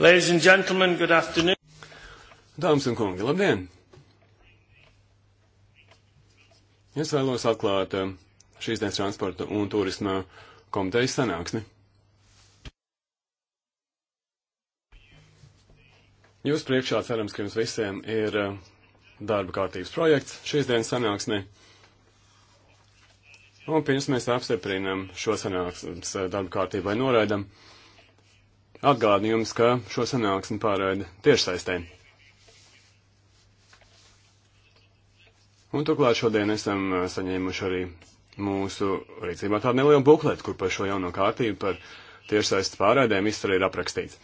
Ladies and gentlemen, good afternoon. Dāmas un kungi, labdien! Es vēlos atklāt eh, šīs dienas transporta un turisma komitejas sanāksmi. Jūs priekšā cerams, ka jums visiem ir eh, darba kārtības projekts šīs dienas sanāksmē. Un pirms mēs apstiprinam šo sanāksmes eh, darba kārtību vai noraidam, uh, Atgādinu jums, ka šo sanāksmi pārraida tiešsaistē. Un turklāt šodien esam saņēmuši arī mūsu rīcībā tādu nelielu bukletu, kur par šo jauno kārtību, par tiešsaistes pārraidēm viss arī ir aprakstīts.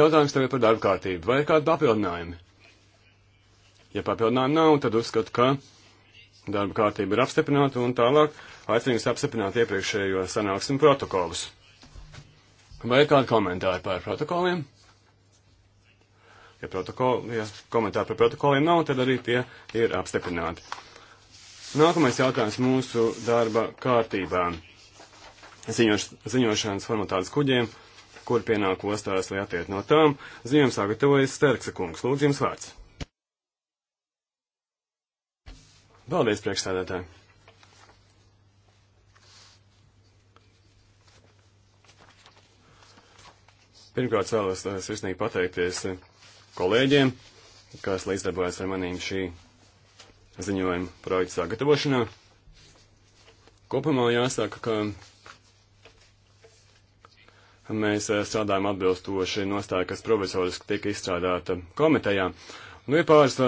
Jautājums tagad par darba kārtību. Vai ir kādi papildinājumi? Ja papildinājumu nav, tad uzskatu, ka darba kārtība ir apstiprināta un tālāk aicinu jūs apstiprināt iepriekšējo sanāksmu protokolus. Vai ir kādi komentāri par protokoliem? Ja, protokoli, ja komentāri par protokoliem nav, tad arī tie ir apstiprināti. Nākamais jautājums mūsu darba kārtībā. Ziņoš, ziņošanas formatātas kuģiem, kur pienāk ostās, lai attiet no tām, ziņojums sagatavojas Sterksa kungs. Lūdzu, jums vārds. Paldies, priekšstādātāji! Pirmkārt, vēlos eh, sirsnīgi pateikties eh, kolēģiem, kas līdzdarbojās ar manīm šī ziņojuma projekta sagatavošanā. Kopumā jāsaka, ka mēs eh, strādājam atbilstoši nostāju, kas provizoriski tika izstrādāta komitejā. Nu, ir pāris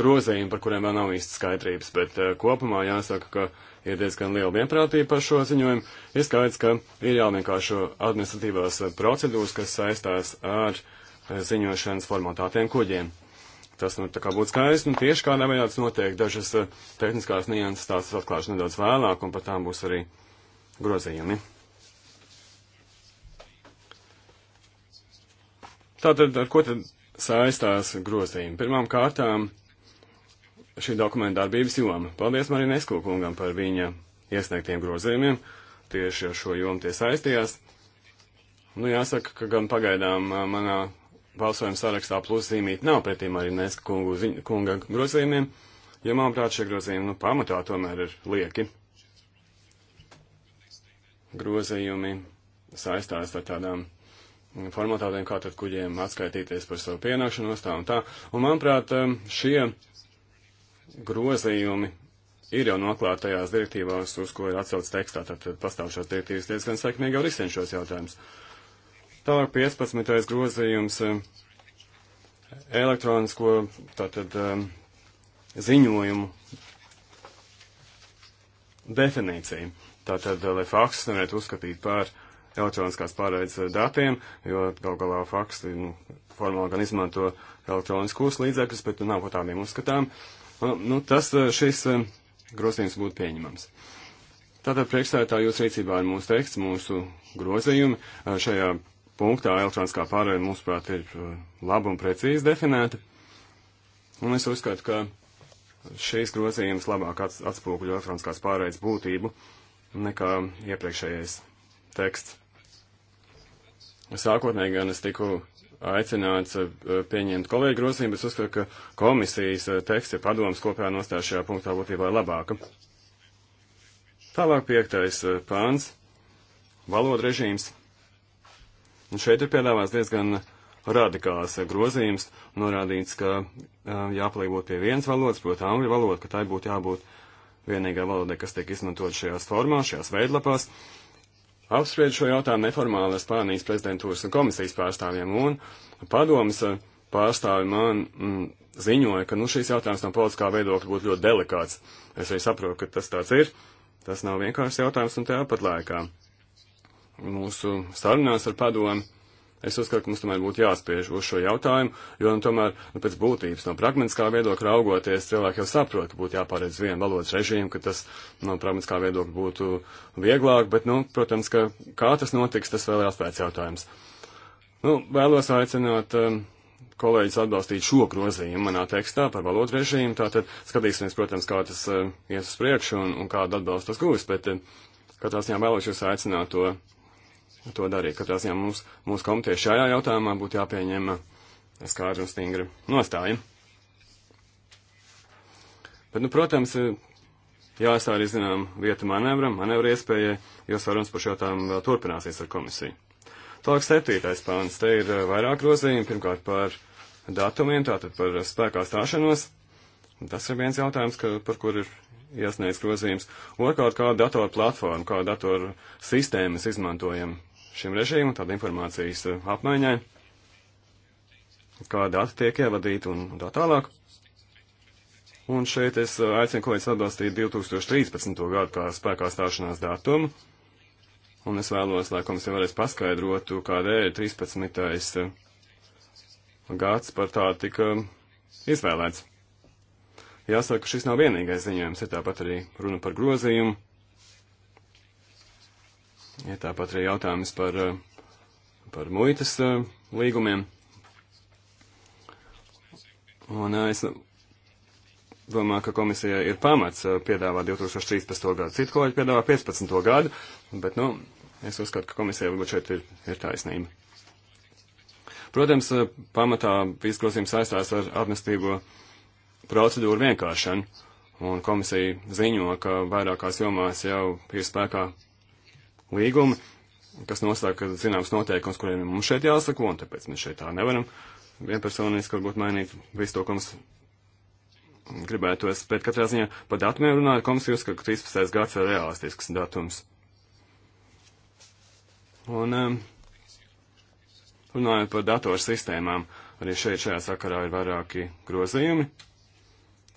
grozījumi, par kuriem vēl nav īsti skaidrības, bet kopumā jāsaka, ka ir diezgan liela vienprātība par šo ziņojumu. Ir skaidrs, ka ir jāvienkāršo administratīvās procedūras, kas saistās ar eh, ziņošanas formātātiem kuģiem. Tas nu tā kā būtu skaisti, un nu, tieši kādā veidā tas notiek. Dažas eh, tehniskās nianses tās atklāšu nedaudz vēlāk, un par tām būs arī grozījumi. Tātad, ar ko tad saistās grozījumi? Pirmām kārtām šī dokumenta darbības joma. Paldies Marinesko kungam par viņa iesniegtiem grozījumiem. Tieši ar šo jomu tie saistījās. Nu, jāsaka, ka gan pagaidām manā balsojuma sarakstā pluszīmīt nav pretī Marinesko kungu, ziņ, kunga grozījumiem, jo, manuprāt, šie grozījumi nu, pamatā tomēr ir lieki. Grozījumi saistās ar tādām formātādiem, kā tad kuģiem atskaitīties par savu pienākšanu ostā un tā. Un, manuprāt, šie grozījumi ir jau noklātajās direktīvās, uz ko ir atsaucis tekstā, tad pastāvšās direktīvas diezgan saikmīgi jau risina šos jautājumus. Tālāk 15. grozījums eh, elektronisko tātad eh, ziņojumu definīcija. Tātad, eh, lai faksus nevarētu uzskatīt par elektroniskās pārraides datiem, jo gal galā faksti nu, formāli gan izmanto elektroniskos līdzekļus, bet nav pat tādiem uzskatām. Uh, nu, tas šis grozījums būtu pieņemams. Tātad priekšstādā jūsu rīcībā ir mūsu teksts, mūsu grozījumi. Šajā punktā elektroniskā pārēja, mūsuprāt, ir laba un precīzi definēta. Un es uzskatu, ka šīs grozījums labāk atspūguļo elektroniskās pārējas būtību nekā iepriekšējais teksts. Sākotnēji gan es tiku aicināts eh, pieņemt kolēģi grozījumu, bet uzskatu, ka komisijas eh, teksts ir padomas kopējā nostāja šajā punktā būtībā labāka. Tālāk piektais eh, pāns - valoda režīms. Un šeit ir piedāvās diezgan radikāls grozījums, norādīts, ka jāpalīgot pie vienas valodas, proti angļu valoda, ka tai būtu jābūt vienīgā valoda, kas tiek izmantot šajās formās, šajās veidlapās. Uh, apspriež šo jautājumu neformāli ar Spānijas prezidentūras un komisijas pārstāvjiem, un padomas eh, pārstāvi man mm, ziņoja, ka nu, šīs jautājums no politiskā viedokļa būtu ļoti delikāts. Es arī saprotu, ka tas tāds ir. Tas nav vienkārši jautājums un tāpat laikā. Mūsu sarunās ar padomu Es uzskatu, ka mums tomēr būtu jāspiež uz šo jautājumu, jo nu, tomēr nu, pēc būtības no pragmatiskā viedokļa raugoties, cilvēki jau saprot, ka būtu jāpārēc vienu valodas režīmu, ka tas no pragmatiskā viedokļa būtu vieglāk, bet, nu, protams, ka kā tas notiks, tas vēl ir atvērts jautājums. Nu, vēlos aicināt um, kolēģis atbalstīt šo grozījumu manā tekstā par valodas režīmu, tātad skatīsimies, protams, kā tas uh, ies uz priekšu un, un kādu atbalstu tas gūs, bet uh, katrā ziņā vēlos jūs aicināt to to darīt. Katrā ziņā mums, mūsu komiteja šajā jautājumā būtu jāpieņem skāri un stingri nostāja. Bet, nu, protams, jāstāv arī, zinām, vieta manevram, manevra iespējai, jo sarunas par šo jautājumu vēl turpināsies ar komisiju. Tālāk septītais pāns. Te ir vairāk grozījumi, pirmkārt par datumiem, tātad par spēkā stāšanos. Tas ir viens jautājums, ka, par kur ir iesniegts grozījums. Otrkārt, kā datora platforma, kā datora sistēmas izmantojam šim režīmam, tāda informācijas eh, apmaiņai, kā dati tiek ievadīti un tā tālāk. Un šeit es eh, aicinu kolēģis atbalstīt 2013. gadu kā spēkā stāšanās datumu, un es vēlos, lai komisija varēs paskaidrotu, kādēļ 13. Eh, gads par tādu tika izvēlēts. Jāsaka, šis nav vienīgais ziņojums, ir tāpat arī runa par grozījumu Ja tāpat arī jautājums par, eh, par muitas eh, līgumiem. Un eh, es domāju, ka komisija ir pamats piedāvāt 2013. gadu. Citu kolēģi piedāvā 15. gadu, bet, nu, es uzskatu, ka komisija varbūt šeit ir, ir taisnība. Protams, pamatā izgrozījums saistās ar administratīvo procedūru vienkāršanu, un komisija ziņo, ka vairākās jomās jau ir spēkā līgumi, kas nosaka zināms noteikums, kuriem mums šeit jāsako, un tāpēc mēs šeit tā nevaram vienpersoniski varbūt mainīt visu to, ko mums gribētos, bet katrā ziņā par datumiem runāja komisija uzskata, ka 13. gads ir realistisks datums. Un um, runājot par datorsistēmām, arī šeit šajā sakarā ir vairāki grozījumi.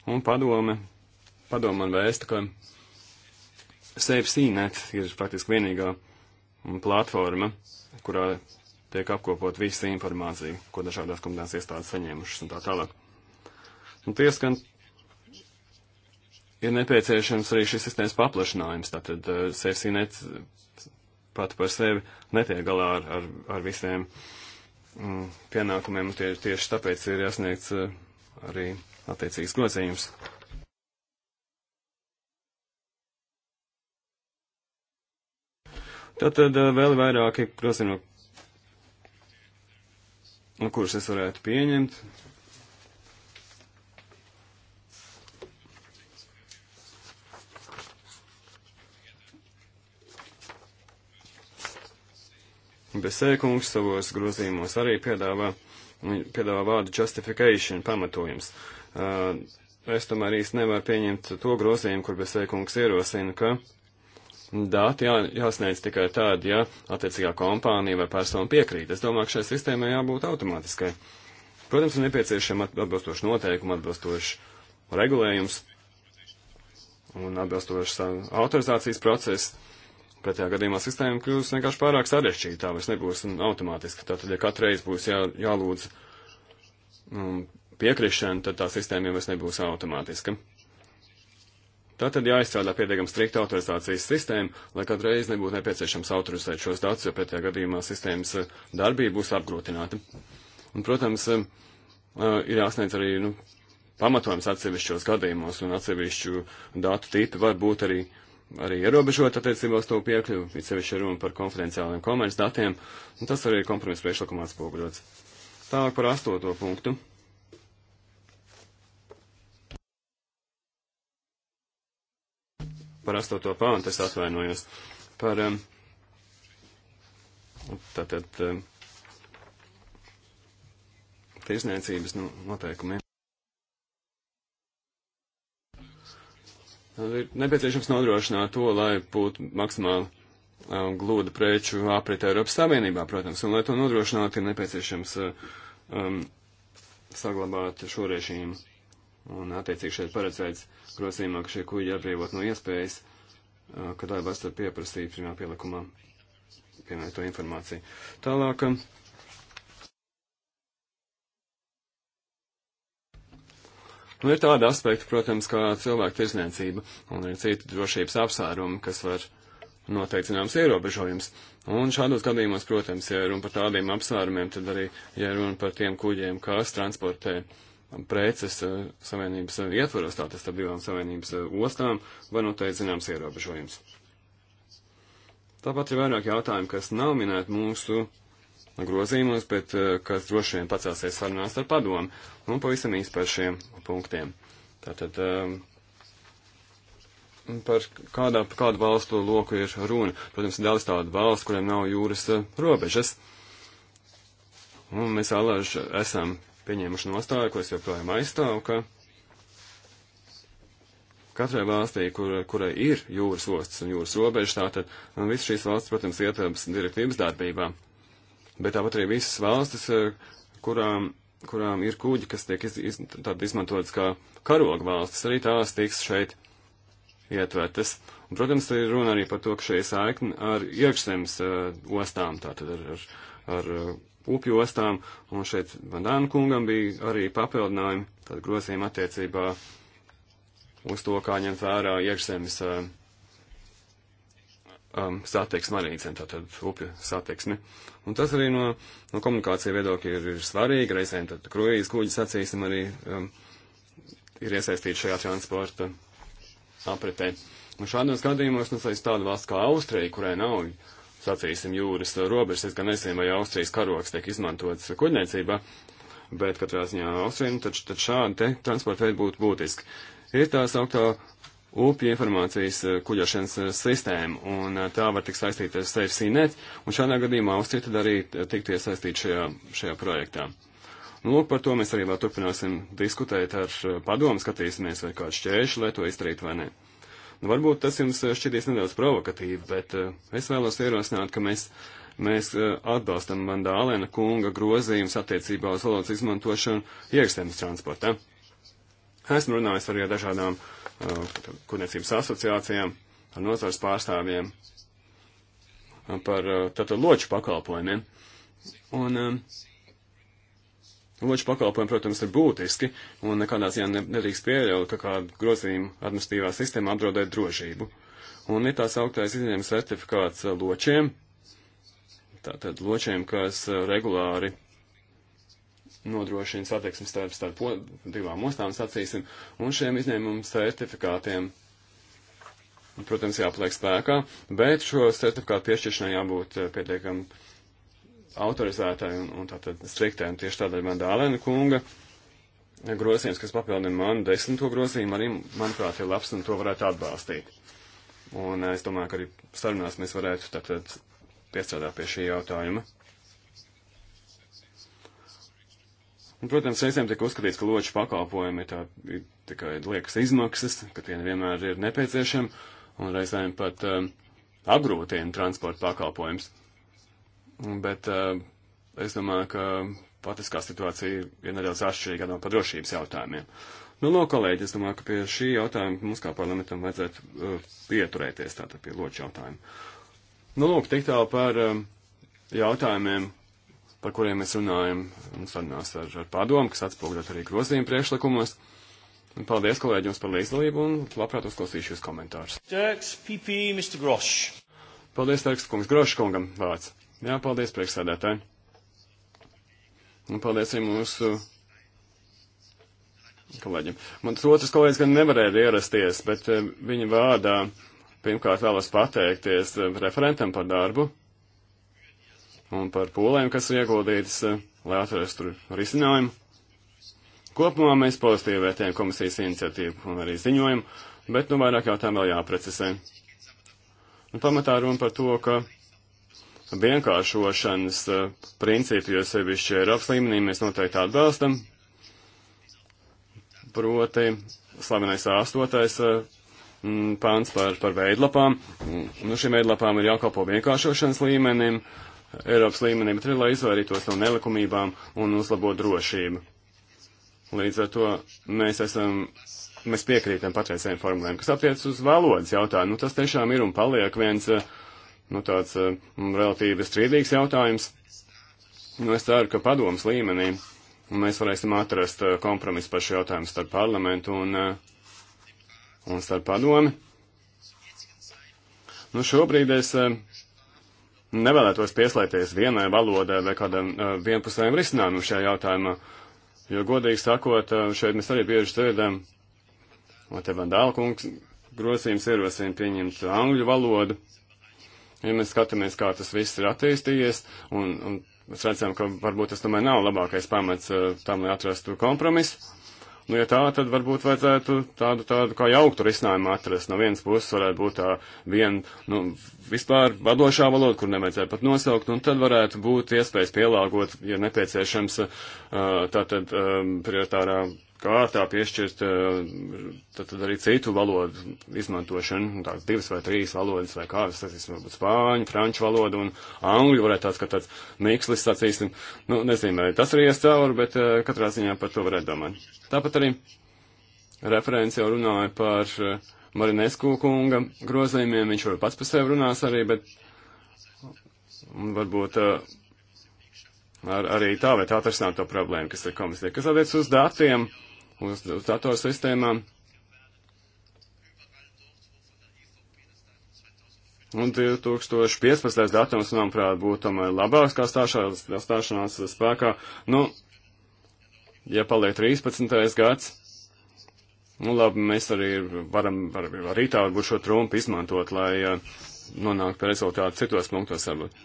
Un padome, padome man vēsta, ka Save CNET ir praktiski vienīgā platforma, kurā tiek apkopot visa informācija, ko dažādās komitēs iestādes saņēmušas un tā tālāk. Un ties, ka ir nepieciešams arī šis sistēmas paplašinājums, tātad uh, eh, SafeCNet pat par sevi netiek galā ar, ar, ar visiem mm, pienākumiem, un tie, tieši tāpēc ir jāsniegts uh, eh, arī attiecīgs grozījums. Tātad eh, vēl vairāki grozījumi, no nu, kurus es varētu pieņemt. Besēkungs savos grozījumos arī piedāvā, nu, piedāvā vārdu justification, pamatojums. Uh, es tomēr īsti nevaru pieņemt to grozījumu, kur Besēkungs ierosina, ka dati jā, jāsniedz tikai tad, ja attiecīgā kompānija vai persona piekrīt. Es domāju, ka šai sistēmai jābūt automātiskai. Protams, ir nepieciešama atbilstoša noteikuma, atbilstoša regulējums un atbilstoša autorizācijas process. Pretējā gadījumā sistēma kļūs vienkārši pārāk sarežģīta, tā vairs nebūs automātiski. Tātad, ja katreiz būs jā, jālūdz um, piekrišana, tad tā sistēma jau vairs nebūs automātiska. Tātad jāizstrādā pietiekami strikta autorizācijas sistēma, lai kādreiz nebūtu nepieciešams autorizēt šos datus, jo pretējā gadījumā sistēmas eh, darbība būs apgrūtināta. Un, protams, eh, eh, ir jāsniedz arī nu, pamatojums atsevišķos gadījumos, un atsevišķu datu tipi var būt arī, arī ierobežot attiecībā uz to piekļuvu, it sevišķi runa par konfidenciāliem komerces datiem, un tas arī ir kompromiss priekšlikumā atspoguļots. Tālāk par astoto punktu. par astoto pāntu, es atvainojos, par, um, tātad, um, tiesniecības nu, noteikumiem. Ir nepieciešams nodrošināt to, lai būtu maksimāli um, glūda preču aprita Eiropas Savienībā, protams, un lai to nodrošinātu, ir nepieciešams uh, um, saglabāt šo režīmu. Un attiecīgi šeit paredzēts grozījumā, ka šie kuģi atbrīvot no iespējas, ka tā basta pieprasīja pirmā pielikumā, piemēram, to informāciju. Tālāk. Nu, ir tāda aspekta, protams, kā cilvēku tirsniecība un ir citi drošības apsvērumi, kas var noteikt zināms ierobežojums. Un šādos gadījumos, protams, ja runa par tādiem apsvērumiem, tad arī, ja runa par tiem kuģiem, kas transportē uh, preces eh, savienības eh, ietvaros, tātad stabilām savienības eh, ostām, var noteikt zināms ierobežojums. Tāpat ir vairāk jautājumu, kas nav minēti mūsu grozījumos, bet kas droši vien pacelsies sarunās ar padomu. Un pavisam īsti par šiem punktiem. Tātad par kādā, par kādu valstu loku ir runa. Protams, ir daudz tādu valstu, kuriem nav jūras robežas. Un mēs alaži esam pieņēmuši nostāju, ko es joprojām aizstāvu, ka katrai valstī, kur, kurai ir jūras ostas un jūras robežas, tātad visas šīs valstis, protams, ietilps um, direktīvas darbībā. Bet tāpat arī visas valstis, uh, kurām, kurām ir kuģi, kas tiek iz, iz, izmantotas kā karoga valstis, arī tās tiks šeit ietvertas. Un, protams, ir runa arī par to, ka šī saikne ar iekšzemes uh, ostām, tātad ar, ar, ar uh, upju ostām, un šeit Vandāna kungam bija arī papildinājumi, tad grozījumi attiecībā uz to, kā ņemt vērā iekšzemes uh, um, satiksmi arī, tātad upju satiksmi. Un tas arī no, no komunikācija viedokļa ir, ir svarīgi, reizēm tad kruīz kuģi sacīsim arī um, ir iesaistīti šajā transporta apritē. Un šādos gadījumos, nu, tāda valsts kā Austrija, kurai nav uh, sacīsim, jūras robežas, es gan nezinu, vai Austrijas karoks tiek izmantots kuģniecībā, bet katrā ziņā Austrijam, nu, tad, tad šādi te transporta veidi būtu būtiski. Ir tā sauktā upju informācijas eh, kuģošanas eh, sistēma, un eh, tā var tikt saistīta ar SafeCNet, un šādā gadījumā Austrija tad arī tiktu iesaistīta šajā, šajā projektā. Nu, lūk, par to mēs arī vēl turpināsim diskutēt ar padomu, skatīsimies, vai kāds šķēršļi, lai to izdarītu vai nē. Nu, varbūt tas jums eh, šķities nedaudz provokatīvi, bet eh, es vēlos ierosināt, ka mēs, mēs eh, atbalstam Vandālēna kunga grozījums attiecībā uz valodas izmantošanu iekšzemes transportā. Esmu runājis arī ar dažādām uh, kurniecības asociācijām, ar nozars pārstāvjiem, par tātad loču pakalpojumiem. Un, uh, Loģiski pakalpojumi, protams, ir būtiski, un nekādā ziņā nedrīkst pieļaut, ka kāda grozījuma administratīvā sistēma apdraudē drošību. Un ir tās augtais izņēmums certifikāts ločiem, tātad ločiem, kas regulāri nodrošina satieksmi starp, starp divām ostām, sacīsim, un šiem izņēmumu certifikātiem, protams, jāpaliek spēkā, bet šo certifikātu piešķiršanai jābūt eh, pietiekami autorizētai un, un tātad striktai, un tieši tādēļ man dālēna kunga grozījums, kas papildina manu desmito grozījumu, arī, manuprāt, ir labs, un to varētu atbalstīt. Un eh, es domāju, ka arī sarunās mēs varētu tātad piestrādāt pie šī jautājuma. Un, protams, reizēm tiek uzskatīts, ka loču pakalpojumi ir, tā, ir tikai liekas izmaksas, ka tie vienmēr ir nepieciešami, un reizēm pat um, apgrūtina transporta pakalpojums. Bet uh, es domāju, ka patiesībā situācija ir nedaudz atšķirīga no padrošības jautājumiem. Nu, no kolēģi, es domāju, ka pie šī jautājuma mums kā parlamentam vajadzētu uh, pieturēties tātad pie loča jautājuma. Nu, lūk, tik tālu par uh, jautājumiem, par kuriem mēs runājam un sarunās ar, ar padomu, kas atspoguļot arī grozījumu priekšlikumos. Un paldies, kolēģi, jums par līdzdalību un labprāt uzklausīšu jūs komentārus. Dirks, PP, Mr. Grošs. Paldies, Dirks, kungs, Grošs kungam vārds. Jā, paldies priekšsādātāji. Un nu, paldies arī mūsu kolēģiem. Mans otrs kolēģis gan nevarēja ierasties, bet eh, viņa vārdā pirmkārt vēlas pateikties eh, referentam par darbu un par pūlēm, kas ir ieguldītas, eh, lai atrastu risinājumu. Kopumā mēs pozitīvi vērtējam komisijas iniciatīvu un arī ziņojumu, bet nu vairāk jautājumu vēl jāprecisē. Un nu, pamatā runa par to, ka vienkāršošanas eh, principu, jo sevišķi Eiropas līmenī mēs noteikti atbalstam. Proti, slavenais astotais eh, pāns par, par veidlapām. Nu, šīm veidlapām ir jākalpo vienkāršošanas līmenim, Eiropas līmenim, bet arī lai izvairītos no nelikumībām un uzlabot drošību. Līdz ar to mēs esam, mēs piekrītam patreizējiem formulēm, kas attiec uz valodas jautājumu. Nu, tas tiešām ir un paliek viens uh, nu, tāds uh, relatīvi strīdīgs jautājums. Nu, es ceru, ka padomas līmenī mēs varēsim atrast uh, kompromisu par šo jautājumu starp parlamentu un, uh, un starp padomi. Nu, šobrīd es uh, nevēlētos pieslēgties vienai valodai vai kādam uh, vienpusējam risinājumam šajā jautājumā, jo, godīgi sakot, uh, šeit mēs arī bieži dzirdam, un te Vandālkungs grozījums ierosina pieņemt angļu valodu. Uh, Ja mēs skatāmies, kā tas viss ir attīstījies, un, un mēs redzam, ka varbūt tas tomēr nav labākais pamats eh, tam, lai atrastu kompromisu. Nu, ja tā, tad varbūt vajadzētu tādu, tādu kā jauktu risinājumu atrast. No vienas puses varētu būt tā viena, nu, vispār vadošā valoda, kur nevajadzētu pat nosaukt, un tad varētu būt iespējas pielāgot, ja nepieciešams, eh, tātad eh, prioritārā kārtā piešķirt eh, tad arī citu valodu izmantošanu, tādas divas vai trīs valodas vai kādas, tas ir varbūt spāņu, franču valodu un angļu varētu tāds, ka tāds mikslis, sacīsim, nu, nezinu, vai tas arī ies cauri, bet eh, katrā ziņā par to varētu domāt. Tāpat arī referents jau runāja par eh, Marinesku kunga grozījumiem, viņš jau pats par sevi runās arī, bet varbūt ar, arī tā vai tā atrisināt to problēmu, kas ir komisija. Kas attiec uz datiem, uh, uz, uz datorsistēmām. Un 2015. datums, manuprāt, būtu tomēr labāks kā stāšanās, stāšanās spēkā. Nu, ja paliek 13. gads, nu labi, mēs arī varam, varam arī tā varbūt šo trumpu izmantot, lai eh, nonāktu pie rezultātu citos punktos varbūt.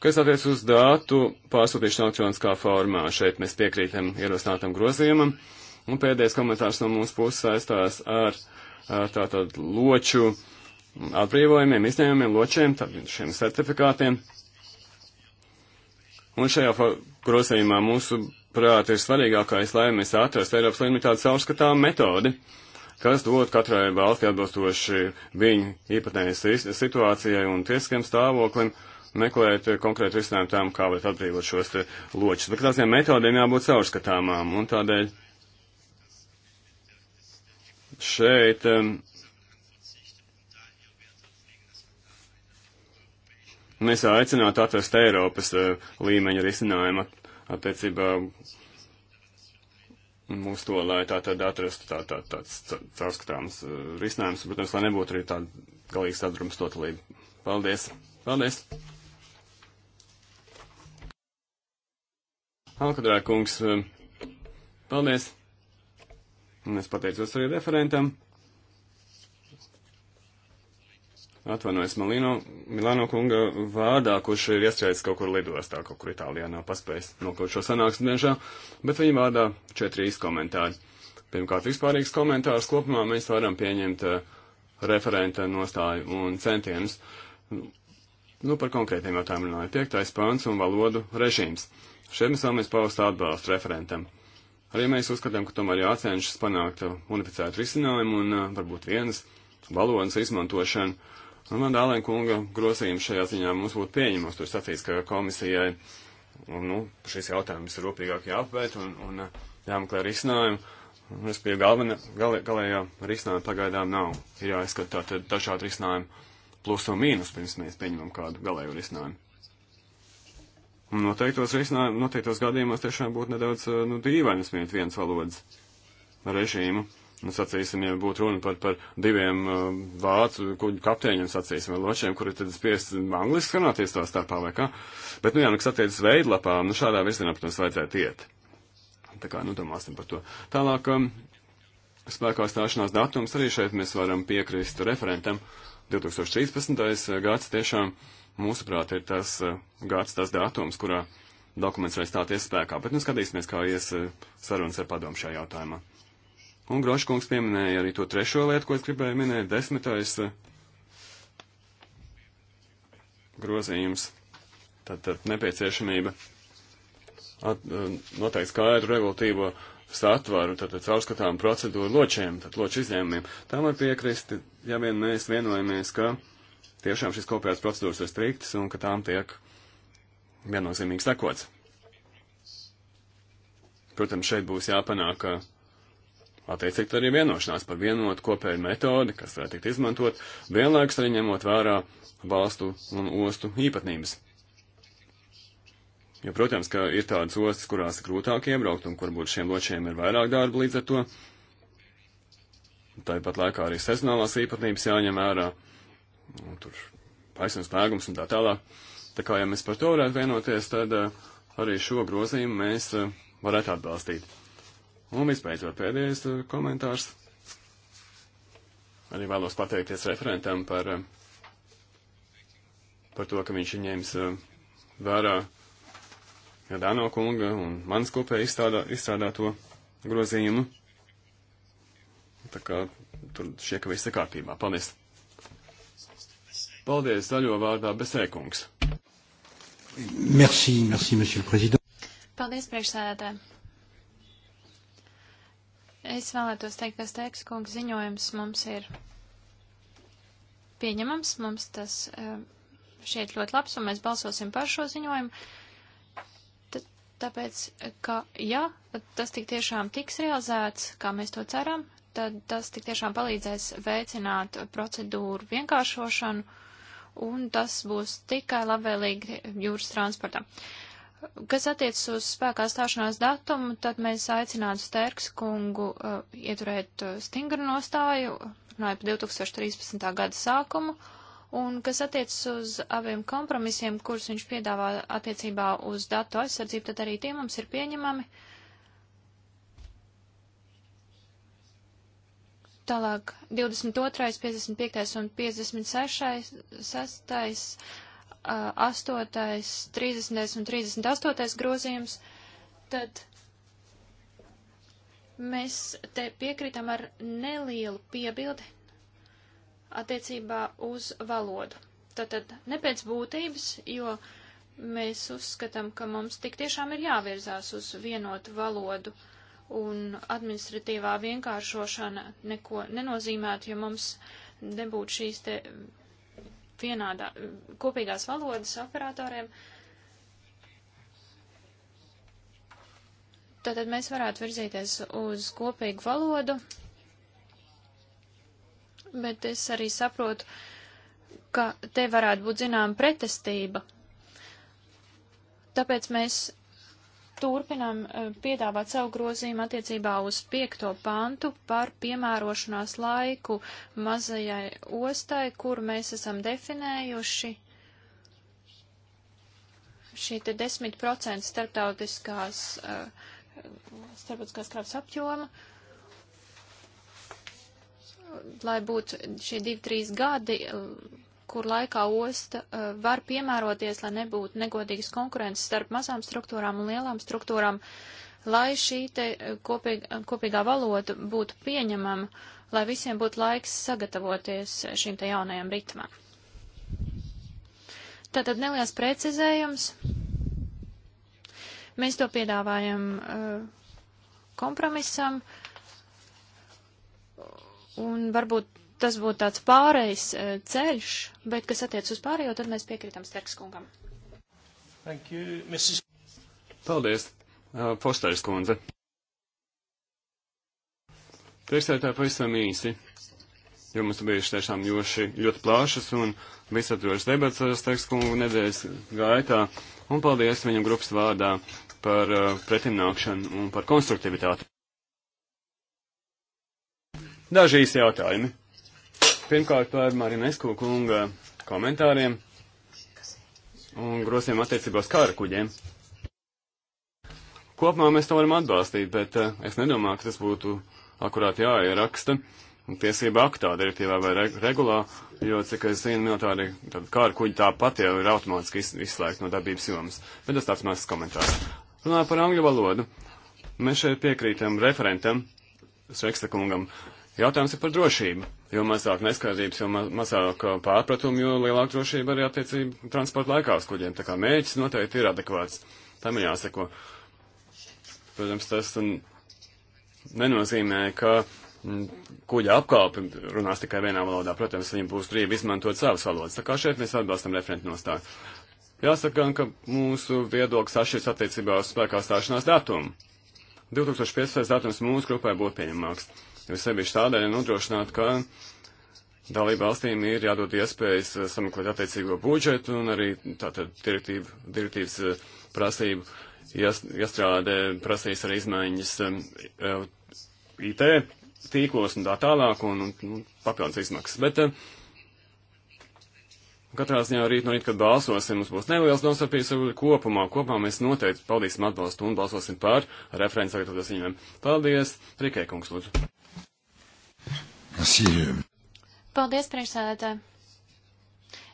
Kas attiec uz datu pārsūtīšanu elektroniskā formā, šeit mēs piekrītam ierosinātam grozījumam. Uh, Un pēdējais komentārs no mūsu puses saistās ar, ar tātad loču atbrīvojumiem, izņēmumiem, ločiem, tātad šiem certifikātiem. Un šajā grozījumā mūsu prāt ir svarīgākais, lai mēs atrastu Eiropas līmenī tādu savskatām metodi, kas dod katrai valstī atbilstoši viņu īpatnējai situācijai un tiesiskiem stāvoklim meklēt konkrētu risinājumu tam, kā var atbrīvot šos ločus. Bet tādiem metodiem jābūt savskatāmām, un tādēļ Šeit mēs aicinātu atrast Eiropas eh, līmeņa risinājumu attiecībā mūsu to, lai tā tad atrastu tā, tā, tāds caurskatāms eh, risinājums, protams, lai nebūtu arī tāda galīga sadrumstotalība. Paldies! Paldies! Alkadrā kungs, eh, paldies! Un es pateicos arī referentam. Atvainojos Malino, Milano kunga vārdā, kurš ir iestrēdzis kaut kur lidostā, kaut kur Itālijā nav paspējis nokaut šo sanāksmi, diemžēl, bet viņa vārdā četri īsti komentāri. Pirmkārt, vispārīgs komentārs kopumā mēs varam pieņemt uh, referenta nostāju un centienus. Nu, par konkrētiem jautājumiem runāja piektais pants un valodu režīms. Šeit mēs vēlamies paust atbalstu referentam. Arī mēs uzskatām, ka tomēr jācenšas panākt uh, unificētu risinājumu un uh, varbūt vienas valodas izmantošanu. Un man Dālēna kunga grozījums šajā ziņā mums būtu pieņemams. Tur sacīts, ka komisijai nu, šis jautājums ir rūpīgāk jāapvērt un, un uh, jāmeklē risinājumu. Es pie galvena, gal, galējā risinājuma pagaidām nav. Ir jāizskatā tad dažādi risinājumi plus un mīnus, pirms mēs pieņemam kādu galēju risinājumu. Un noteiktos, noteiktos gadījumos tiešām būtu nedaudz eh, nu, dīvainas vienot viens valodas režīmu. Nu, sacīsim, ja būtu runa par, par diviem uh, vācu kuģu kapteiņiem, sacīsim, vai ločiem, kuri tad spiest angliski runāties tā starpā vai kā. Bet, nu jā, nu, kas attiecas veidlapā, nu šādā virzienā, protams, vajadzētu iet. Tā kā, nu, domāsim par to. Tālāk, um, spēkā stāšanās datums arī šeit mēs varam piekrist referentam. 2013. Eh, gads tiešām. Uh, mūsuprāt, ir tas eh, gads, tas datums, kurā dokuments var stāties spēkā, bet nu skatīsimies, kā ies eh, sarunas ar padomu šajā jautājumā. Un Groškungs pieminēja arī to trešo lietu, ko es gribēju minēt, desmitais eh, grozījums, tad, tad nepieciešamība at, noteikt skaidru regulatīvo satvaru, tad, tad caurskatām procedūru ločiem, tad loču izņēmumiem. Tam var piekristi, ja vien mēs vienojamies, ka tiešām šīs kopējās procedūras ir striktas un ka tām tiek viennozīmīgi sekots. Protams, šeit būs jāpanāk attiecīgi arī vienošanās par vienotu kopēju metodi, kas varētu tikt izmantot, vienlaikus arī ņemot vērā valstu un ostu īpatnības. Jo, protams, ka ir tādas ostas, kurās ir grūtāk iebraukt un kur būtu šiem ločiem ir vairāk darba līdz ar to. Tāpat laikā arī sezonālās īpatnības jāņem vērā un nu, tur paisnes nāgums un tā tālāk. Tā kā, ja mēs par to varētu vienoties, tad uh, arī šo grozījumu mēs uh, varētu atbalstīt. Un visbeidzot pēdējais uh, komentārs. Arī vēlos pateikties referentam par, par to, ka viņš ņēmis vērā Dāno kunga un mans kopēji izstrādā, izstrādā to grozījumu. Tā kā tur šie, ka viss ir kārtībā. Paldies! Paldies, zaļo vārdā Besēkungs. Merci, merci, monsieur prezident. Paldies, priekšsēdētāji. Es vēlētos teikt, ka Steiks kungs ziņojums mums ir pieņemams, mums tas e, šeit ļoti labs, un mēs balsosim par šo ziņojumu. T tāpēc, ka, ja tas tik tiešām tiks realizēts, kā mēs to ceram, tad tas tik tiešām palīdzēs veicināt procedūru vienkāršošanu un tas būs tikai labvēlīgi jūras transportam. Kas attiecas uz spēkā stāšanās datumu, tad mēs aicinātu Stērks kungu uh, ieturēt uh, stingru nostāju, runājot par 2013. gada sākumu, un kas attiecas uz abiem kompromisiem, kurus viņš piedāvā attiecībā uz datu aizsardzību, tad arī tie mums ir pieņemami. Uh, Tālāk 22., 55. un 56. 6., 8., 30. un 38. grozījums. Tad mēs te piekritam ar nelielu piebildi attiecībā uz valodu. Tātad ne pēc būtības, jo mēs uzskatām, ka mums tik tiešām ir jāvirzās uz vienotu valodu. Uh, un administratīvā vienkāršošana neko nenozīmētu, ja mums nebūtu šīs te vienādā, kopīgās valodas operatoriem. Tātad mēs varētu virzīties uz kopīgu valodu, bet es arī saprotu, ka te varētu būt zinām pretestība. Tāpēc mēs turpinam eh, piedāvāt savu grozījumu attiecībā uz piekto pantu par piemērošanās laiku mazajai ostai, kur mēs esam definējuši šī te 10% starptautiskās, eh, starptautiskās kravas apjoma, lai būtu šie 2-3 gadi kur laikā osta eh, var piemēroties, lai nebūtu negodīgas konkurences starp mazām struktūrām un lielām struktūrām, lai šī te eh, kopīg, kopīgā valoda būtu pieņemama, lai visiem būtu laiks sagatavoties šim te jaunajam ritmam. Tātad neliels precizējums. Mēs to piedāvājam eh, kompromisam, un varbūt tas būtu tāds pārejas e, ceļš, bet kas attiec uz pārējo, tad mēs piekritam Sterkskungam. Thank you, Mrs. Paldies, uh, Postērs kundze. Priekšsētā pavisam īsi, jo mums bija tiešām joši, ļoti plāšas un visaptvarošas debats ar Sterkskungu nedēļas gaitā, un paldies viņam grupas vārdā par uh, pretimnākšanu un par konstruktivitāti. Daži īsi jautājumi. Pirmkārt par Marinesku kunga komentāriem un grosiem attiecībās kara kuģiem. Kopumā mēs to varam atbalstīt, bet uh, es nedomāju, ka tas būtu akurāti jāieraksta tiesība aktā, direktīvā vai re regulā, jo, cik es zinu, militāri kāra kuģi tāpat jau ir automātiski iz, izslēgti no dabības jomas. Bet tas tāds mazs komentārs. Runā par angļu valodu. Mēs šeit piekrītam referentam, Sveksta kungam. Jautājums ir par drošību jo mazāk neskaidrības, jo ma mazāk uh, pārpratumu, jo lielāka drošība arī attiecība transporta laikā uz kuģiem. Tā kā mēģis noteikti ir adekvāts. Tam ir jāseko. Protams, tas nenozīmē, ka kuģa apkalpi runās tikai vienā valodā. Protams, viņiem būs brīvi izmantot savas valodas. Tā kā šeit mēs atbalstam referentu nostāju. Jāsaka gan, ka mūsu viedoklis atšķiras attiecībā uz spēkā stāšanās datumu. 2015. datums mūsu grupai būtu pieņemamāks. Vissevišķi tādēļ ir nodrošināt, ka dalību valstīm ir jādod iespējas eh, sameklēt attiecīgo budžetu un arī tātad direktīvu, direktīvas eh, prasību iestrādē prasīs arī izmaiņas eh, IT tīklos un tā tālāk un, un, un papildus izmaksas. Bet katrā ziņā rīt no rīta, kad balsosim, mums būs neliels domstarpības kopumā. Kopumā mēs noteikti paldīsim atbalstu un balsosim par referents sagatavotas viņiem. Paldies! Rikē kungs, lūdzu! Euh. Paldies, priekšsēdētāji!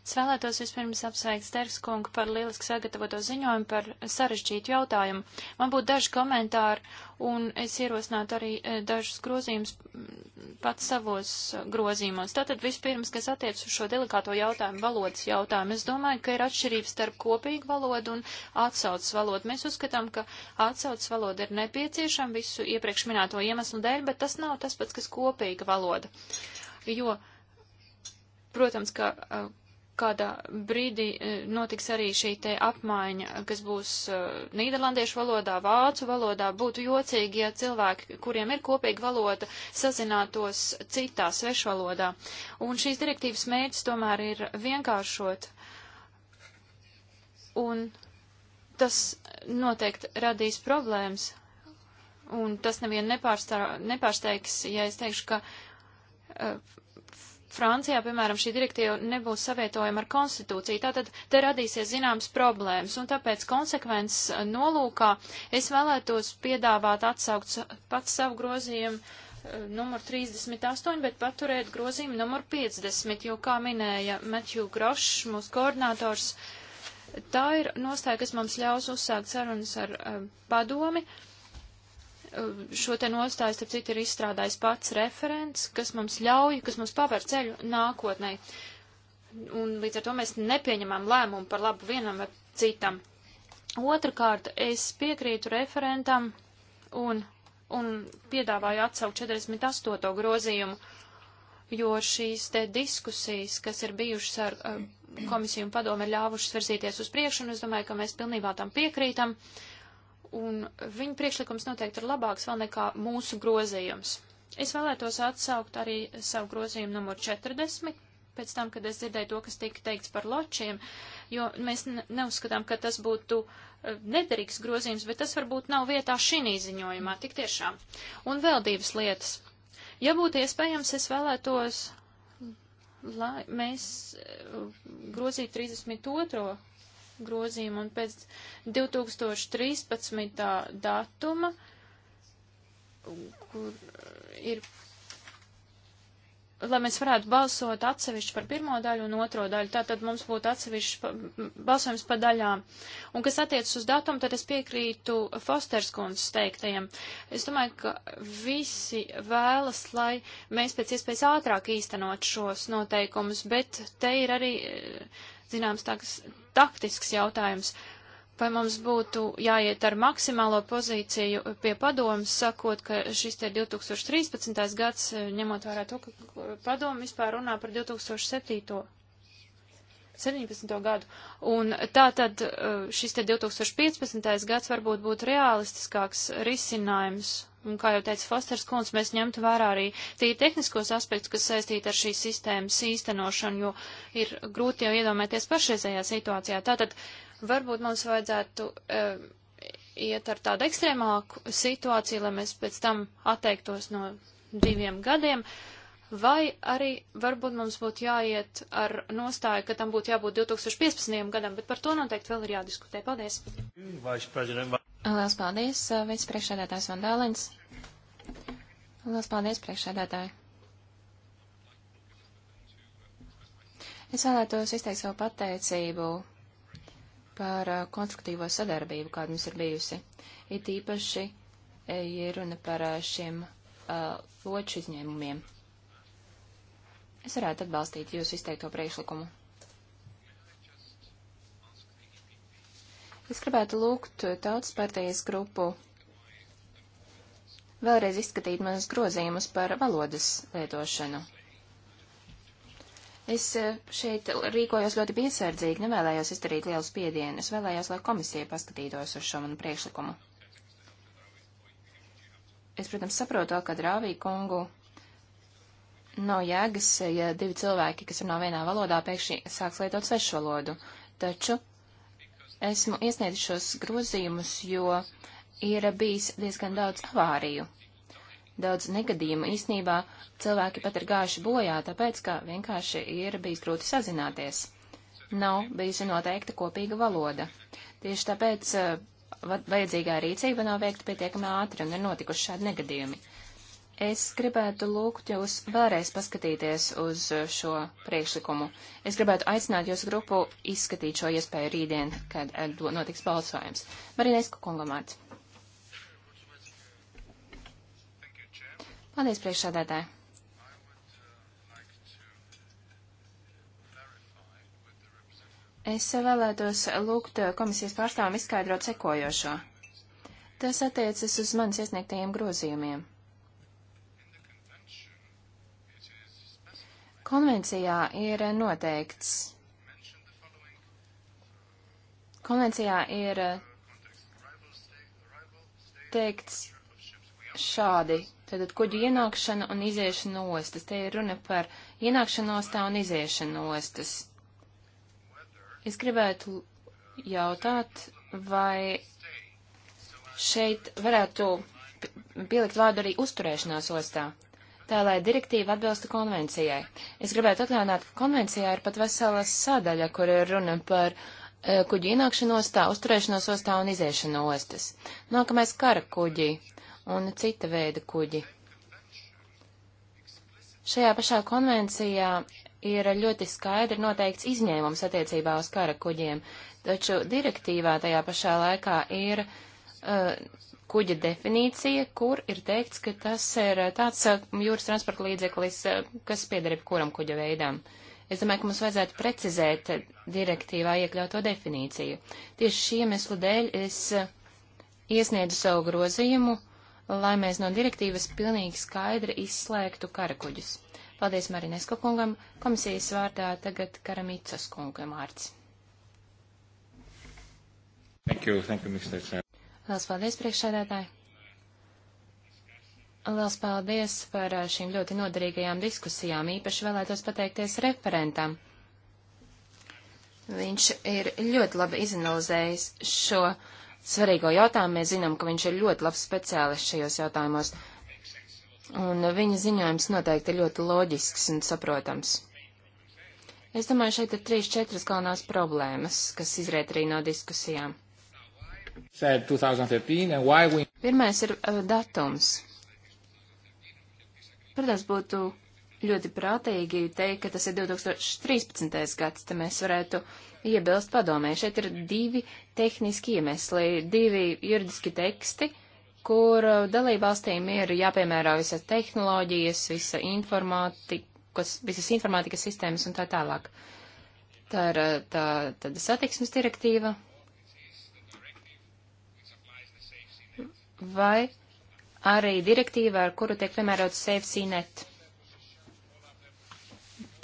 Es vēlētos vispirms apsveikt Sterskungu par lieliski sagatavoto ziņojumu par sarežģītu jautājumu. Man būtu daži komentāri, un es ierosinātu arī e, dažus grozījumus pats savos grozījumos. Tātad vispirms, kas attiec uz šo delikāto jautājumu, valodas jautājumu, es domāju, ka ir atšķirības starp kopīgu valodu un atsaucas valodu. Mēs uzskatām, ka atsaucas valoda ir nepieciešama visu iepriekš minēto iemeslu dēļ, bet tas nav tas pats, kas kopīga valoda. Jo, protams, ka uh, kādā brīdī e, notiks arī šī te apmaiņa, kas būs e, nīderlandiešu valodā, vācu valodā. Būtu jocīgi, ja cilvēki, kuriem ir kopīga valoda, sazinātos citā svešvalodā. Un šīs direktīvas mērķis tomēr ir vienkāršot. Un tas noteikti radīs problēmas. Un tas nevienu nepārsteigs, ja es teikšu, ka uh, Francijā, piemēram, šī direktīva nebūs savietojama ar konstitūciju, tātad te radīsies zināmas problēmas, un tāpēc konsekvences uh, nolūkā es vēlētos piedāvāt atsaukt pats savu grozījumu uh, numur 38, bet paturēt grozījumu numur 50, jo, kā minēja Matthew Grošs, mūsu koordinators, tā ir nostāja, kas mums ļaus uzsākt sarunas ar uh, padomi. Uh, Šo te nostāju, starp citu, ir izstrādājis pats referents, kas mums ļauj, kas mums paver ceļu nākotnē. Un līdz ar to mēs nepieņemam lēmumu par labu vienam vai citam. Otrakārt, es piekrītu referentam un, un piedāvāju atsaukt 48. grozījumu, jo šīs te diskusijas, kas ir bijušas ar eh, komisiju un padomu, ir ļāvušas virzīties uz priekšu, un es domāju, ka mēs pilnībā tam piekrītam. Uh, un viņa priekšlikums noteikti ir labāks vēl nekā mūsu grozījums. Es vēlētos atsaukt arī savu grozījumu numur 40, pēc tam, kad es dzirdēju to, kas tika teikts par ločiem, jo mēs neuzskatām, ka tas būtu eh, nederīgs grozījums, bet tas varbūt nav vietā šī ziņojumā, tik tiešām. Un vēl divas lietas. Ja būtu iespējams, es vēlētos, lai mēs eh, grozītu 32 grozījumu un pēc 2013. datuma, kur uh, ir, lai mēs varētu balsot atsevišķi par pirmo daļu un otro daļu, tātad mums būtu atsevišķi pa, balsojums pa daļām. Un kas attiecas uz datumu, tad es piekrītu Fosters kundzes teiktajam. Es domāju, ka visi vēlas, lai mēs pēc iespējas ātrāk īstenot šos noteikumus, bet te ir arī. Uh, zināms taks, taktisks jautājums. Vai mums būtu jāiet ar maksimālo pozīciju pie padomas, sakot, ka šis te 2013. gads, eh, ņemot vērā to, ka padoma vispār runā par 2007. 17. gadu. Un tā tad eh, šis te 2015. gads varbūt būtu realistiskāks risinājums Un, kā jau teica Fosters kundze, mēs ņemtu vērā arī tī tehniskos aspektus, kas saistīti ar šīs sistēmas īstenošanu, jo ir grūti jau iedomāties pašreizējā situācijā. Tātad varbūt mums vajadzētu e, iet ar tādu ekstrēmāku situāciju, lai mēs pēc tam atteiktos no diviem gadiem. Vai arī varbūt mums būtu jāiet ar nostāju, ka tam būtu jābūt 2015. gadam, bet par to noteikti vēl ir jādiskutē. Paldies! Lielas paldies, eh, vicepriekšsēdētājs Vandālins. Lielas paldies, priekšsēdētāji. Es vēlētos izteikt savu pateicību par eh, konstruktīvo sadarbību, kāda mums ir bijusi. It īpaši, eh, ja runa par šiem uh, loču izņēmumiem. Es varētu atbalstīt jūsu izteikto priekšlikumu. Es gribētu lūgt tautas partijas grupu vēlreiz izskatīt manus grozījumus par valodas lietošanu. Es eh, šeit rīkojos ļoti piesardzīgi, nevēlējos izdarīt lielu spiedienu. Es vēlējos, lai komisija paskatītos uz šo manu priekšlikumu. Es, protams, saprotu, ka Rāvīja kungu nav jēgas, ja divi cilvēki, kas runā vienā valodā, pēkšņi sāks lietot svešu valodu. Taču esmu iesniedzis šos grozījumus, jo ir bijis diezgan daudz avāriju. Daudz negadījumu īsnībā cilvēki pat ir gājuši bojā, tāpēc, ka vienkārši ir bijis grūti sazināties. Nav bijusi noteikta kopīga valoda. Tieši tāpēc eh, vajadzīgā rīcība nav veikta pietiekami ātri un ir notikuši šādi negadījumi. Es gribētu lūgt jūs vēlreiz paskatīties uz šo priekšlikumu. Es gribētu aicināt jūs grupu izskatīt šo iespēju rītdien, kad eh, notiks balsojums. Marinēsku kungam vārds. Paldies, priekšsādētāji. Es vēlētos lūgt komisijas pārstāvam izskaidrot sekojošo. Tas attiecas uz manis iesniegtajiem grozījumiem. Konvencijā ir noteikts. Konvencijā ir eh, teikts šādi. Tātad kuģu ienākšana un iziešana no ostas. Te ir runa par ienākšanu ostā un iziešanu no ostas. Es gribētu jautāt, vai šeit varētu pielikt vārdu arī uzturēšanās ostā tā lai direktīva atbilstu konvencijai. Es gribētu atgādināt, ka konvencijā ir pat vesela sadaļa, kur ir runa par e, kuģi ienākšanu ostā, uzturēšanos ostā un iziešanu ostas. Nākamais kara kuģi un cita veida kuģi. Šajā pašā konvencijā ir ļoti skaidri noteikts izņēmums attiecībā uz kara kuģiem, taču direktīvā tajā pašā laikā ir uh, kuģa definīcija, kur ir teikts, ka tas ir uh, tāds uh, jūras transporta līdzeklis, uh, kas pieder jebkuram kuģa veidam. Es domāju, ka mums vajadzētu precizēt direktīvā iekļauto definīciju. Tieši šī iemesla dēļ es iesniedzu savu grozījumu, lai mēs no direktīvas pilnīgi skaidri izslēgtu karakuģus. Paldies Marinesko kungam, komisijas vārdā tagad Karamicas kungam vārds. Thank you, thank you, Mr. Lielas paldies, priekšsēdētāji! Lielas paldies par eh, šīm ļoti noderīgajām diskusijām. Īpaši vēlētos pateikties referentam. Viņš ir ļoti labi izanalizējis šo svarīgo jautājumu. Mēs zinām, ka viņš ir ļoti labs speciālists šajos jautājumos. Un viņa ziņojums noteikti ir ļoti loģisks un saprotams. Es domāju, šeit ir trīs, četras galvenās problēmas, kas izriet arī no diskusijām. Pirmais ir uh, datums. Protams, būtu ļoti prātīgi teikt, ka tas ir 2013. gads, te mēs varētu iebilst padomē. Šeit ir divi tehniski iemesli, divi juridiski teksti kur uh, dalībvalstīm ir jāpiemēro visas tehnoloģijas, visa informātikas, visas informātikas sistēmas un tā tālāk. Tā ir uh, tā, tāda satiksmes direktīva, vai arī direktīva, ar kuru tiek piemērots SafeCNet.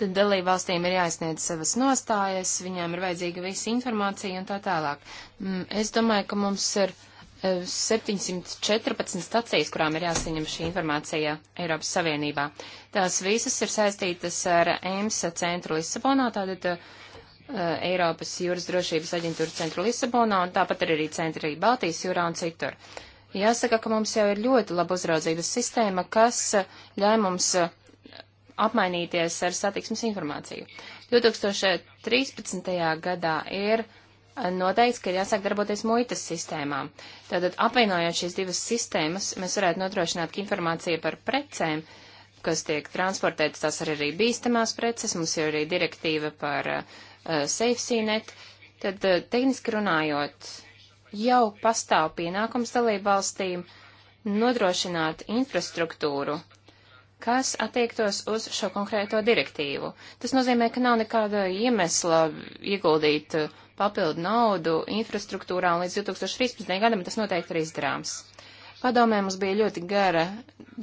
Tad dalībvalstīm ir jāizsniedz savas nostājas, viņām ir vajadzīga visa informācija un tā tālāk. Mm, es domāju, ka mums ir 714 e, stacijas, kurām ir jāsaņem šī informācija Eiropas Savienībā. Tās visas ir saistītas ar EMSA centru Lisabonā, tātad uh, Eiropas jūras drošības aģentūra centru Lisabonā, un tāpat ir arī centri Baltijas jūrā un citur. Uh, Jāsaka, ka mums jau ir ļoti laba uzraudzības sistēma, kas eh, ļauj mums eh, apmainīties ar satiksmes informāciju. 2013. gadā ir eh, noteikts, ka ir jāsāk darboties muitas sistēmām. Tātad apvienojot šīs divas sistēmas, mēs varētu nodrošināt, ka informācija par precēm, kas tiek transportētas, tās ir arī bīstamās preces, mums ir arī direktīva par uh, SafeCNet. Tad uh, tehniski runājot, jau pastāv pienākums dalībvalstīm nodrošināt infrastruktūru, kas attiektos uz šo konkrēto direktīvu. Tas nozīmē, ka nav nekāda iemesla ieguldīt papildu naudu infrastruktūrā, un līdz 2013. gadam tas noteikti ir izdarāms. Padomē mums bija ļoti gara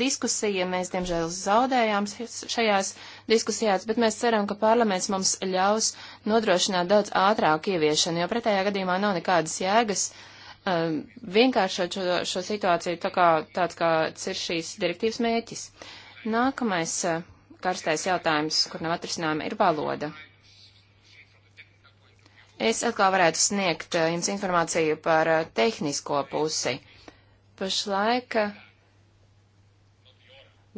diskusija, mēs diemžēl zaudējām šajās diskusijās, bet mēs ceram, ka parlaments mums ļaus nodrošināt daudz ātrāku ieviešanu, jo pretējā gadījumā nav nekādas jēgas um, vienkāršot šo, šo situāciju tā kā, tāds, kāds ir šīs direktīvas mēķis. Nākamais uh, karstais jautājums, kur nav atrisinājuma, ir valoda. Es atkal varētu sniegt uh, jums informāciju par uh, tehnisko pusi pašlaik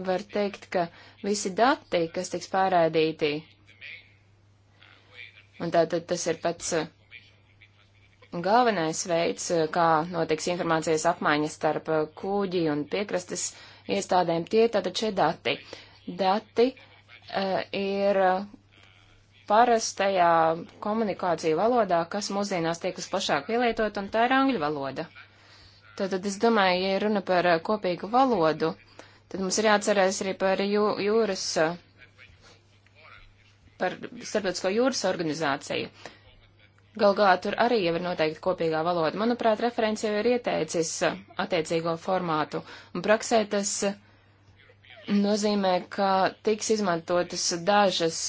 var teikt, ka visi dati, kas tiks pārādīti, un tātad tas ir pats galvenais veids, kā notiks informācijas apmaiņa starp kūģi un piekrastes iestādēm, tie tātad šie dati. Dati uh, ir parastajā komunikāciju valodā, kas mūsdienās tiek uz plašāk pielietot, un tā ir angļu valoda. Uh, Tātad es domāju, ja runa par kopīgu valodu, tad mums ir jāatcerās arī par jū, jūras, par starptautisko jūras organizāciju. Gal galā tur arī jau ir noteikti kopīgā valoda. Manuprāt, referents jau ir ieteicis attiecīgo formātu, un praksē tas nozīmē, ka tiks izmantotas dažas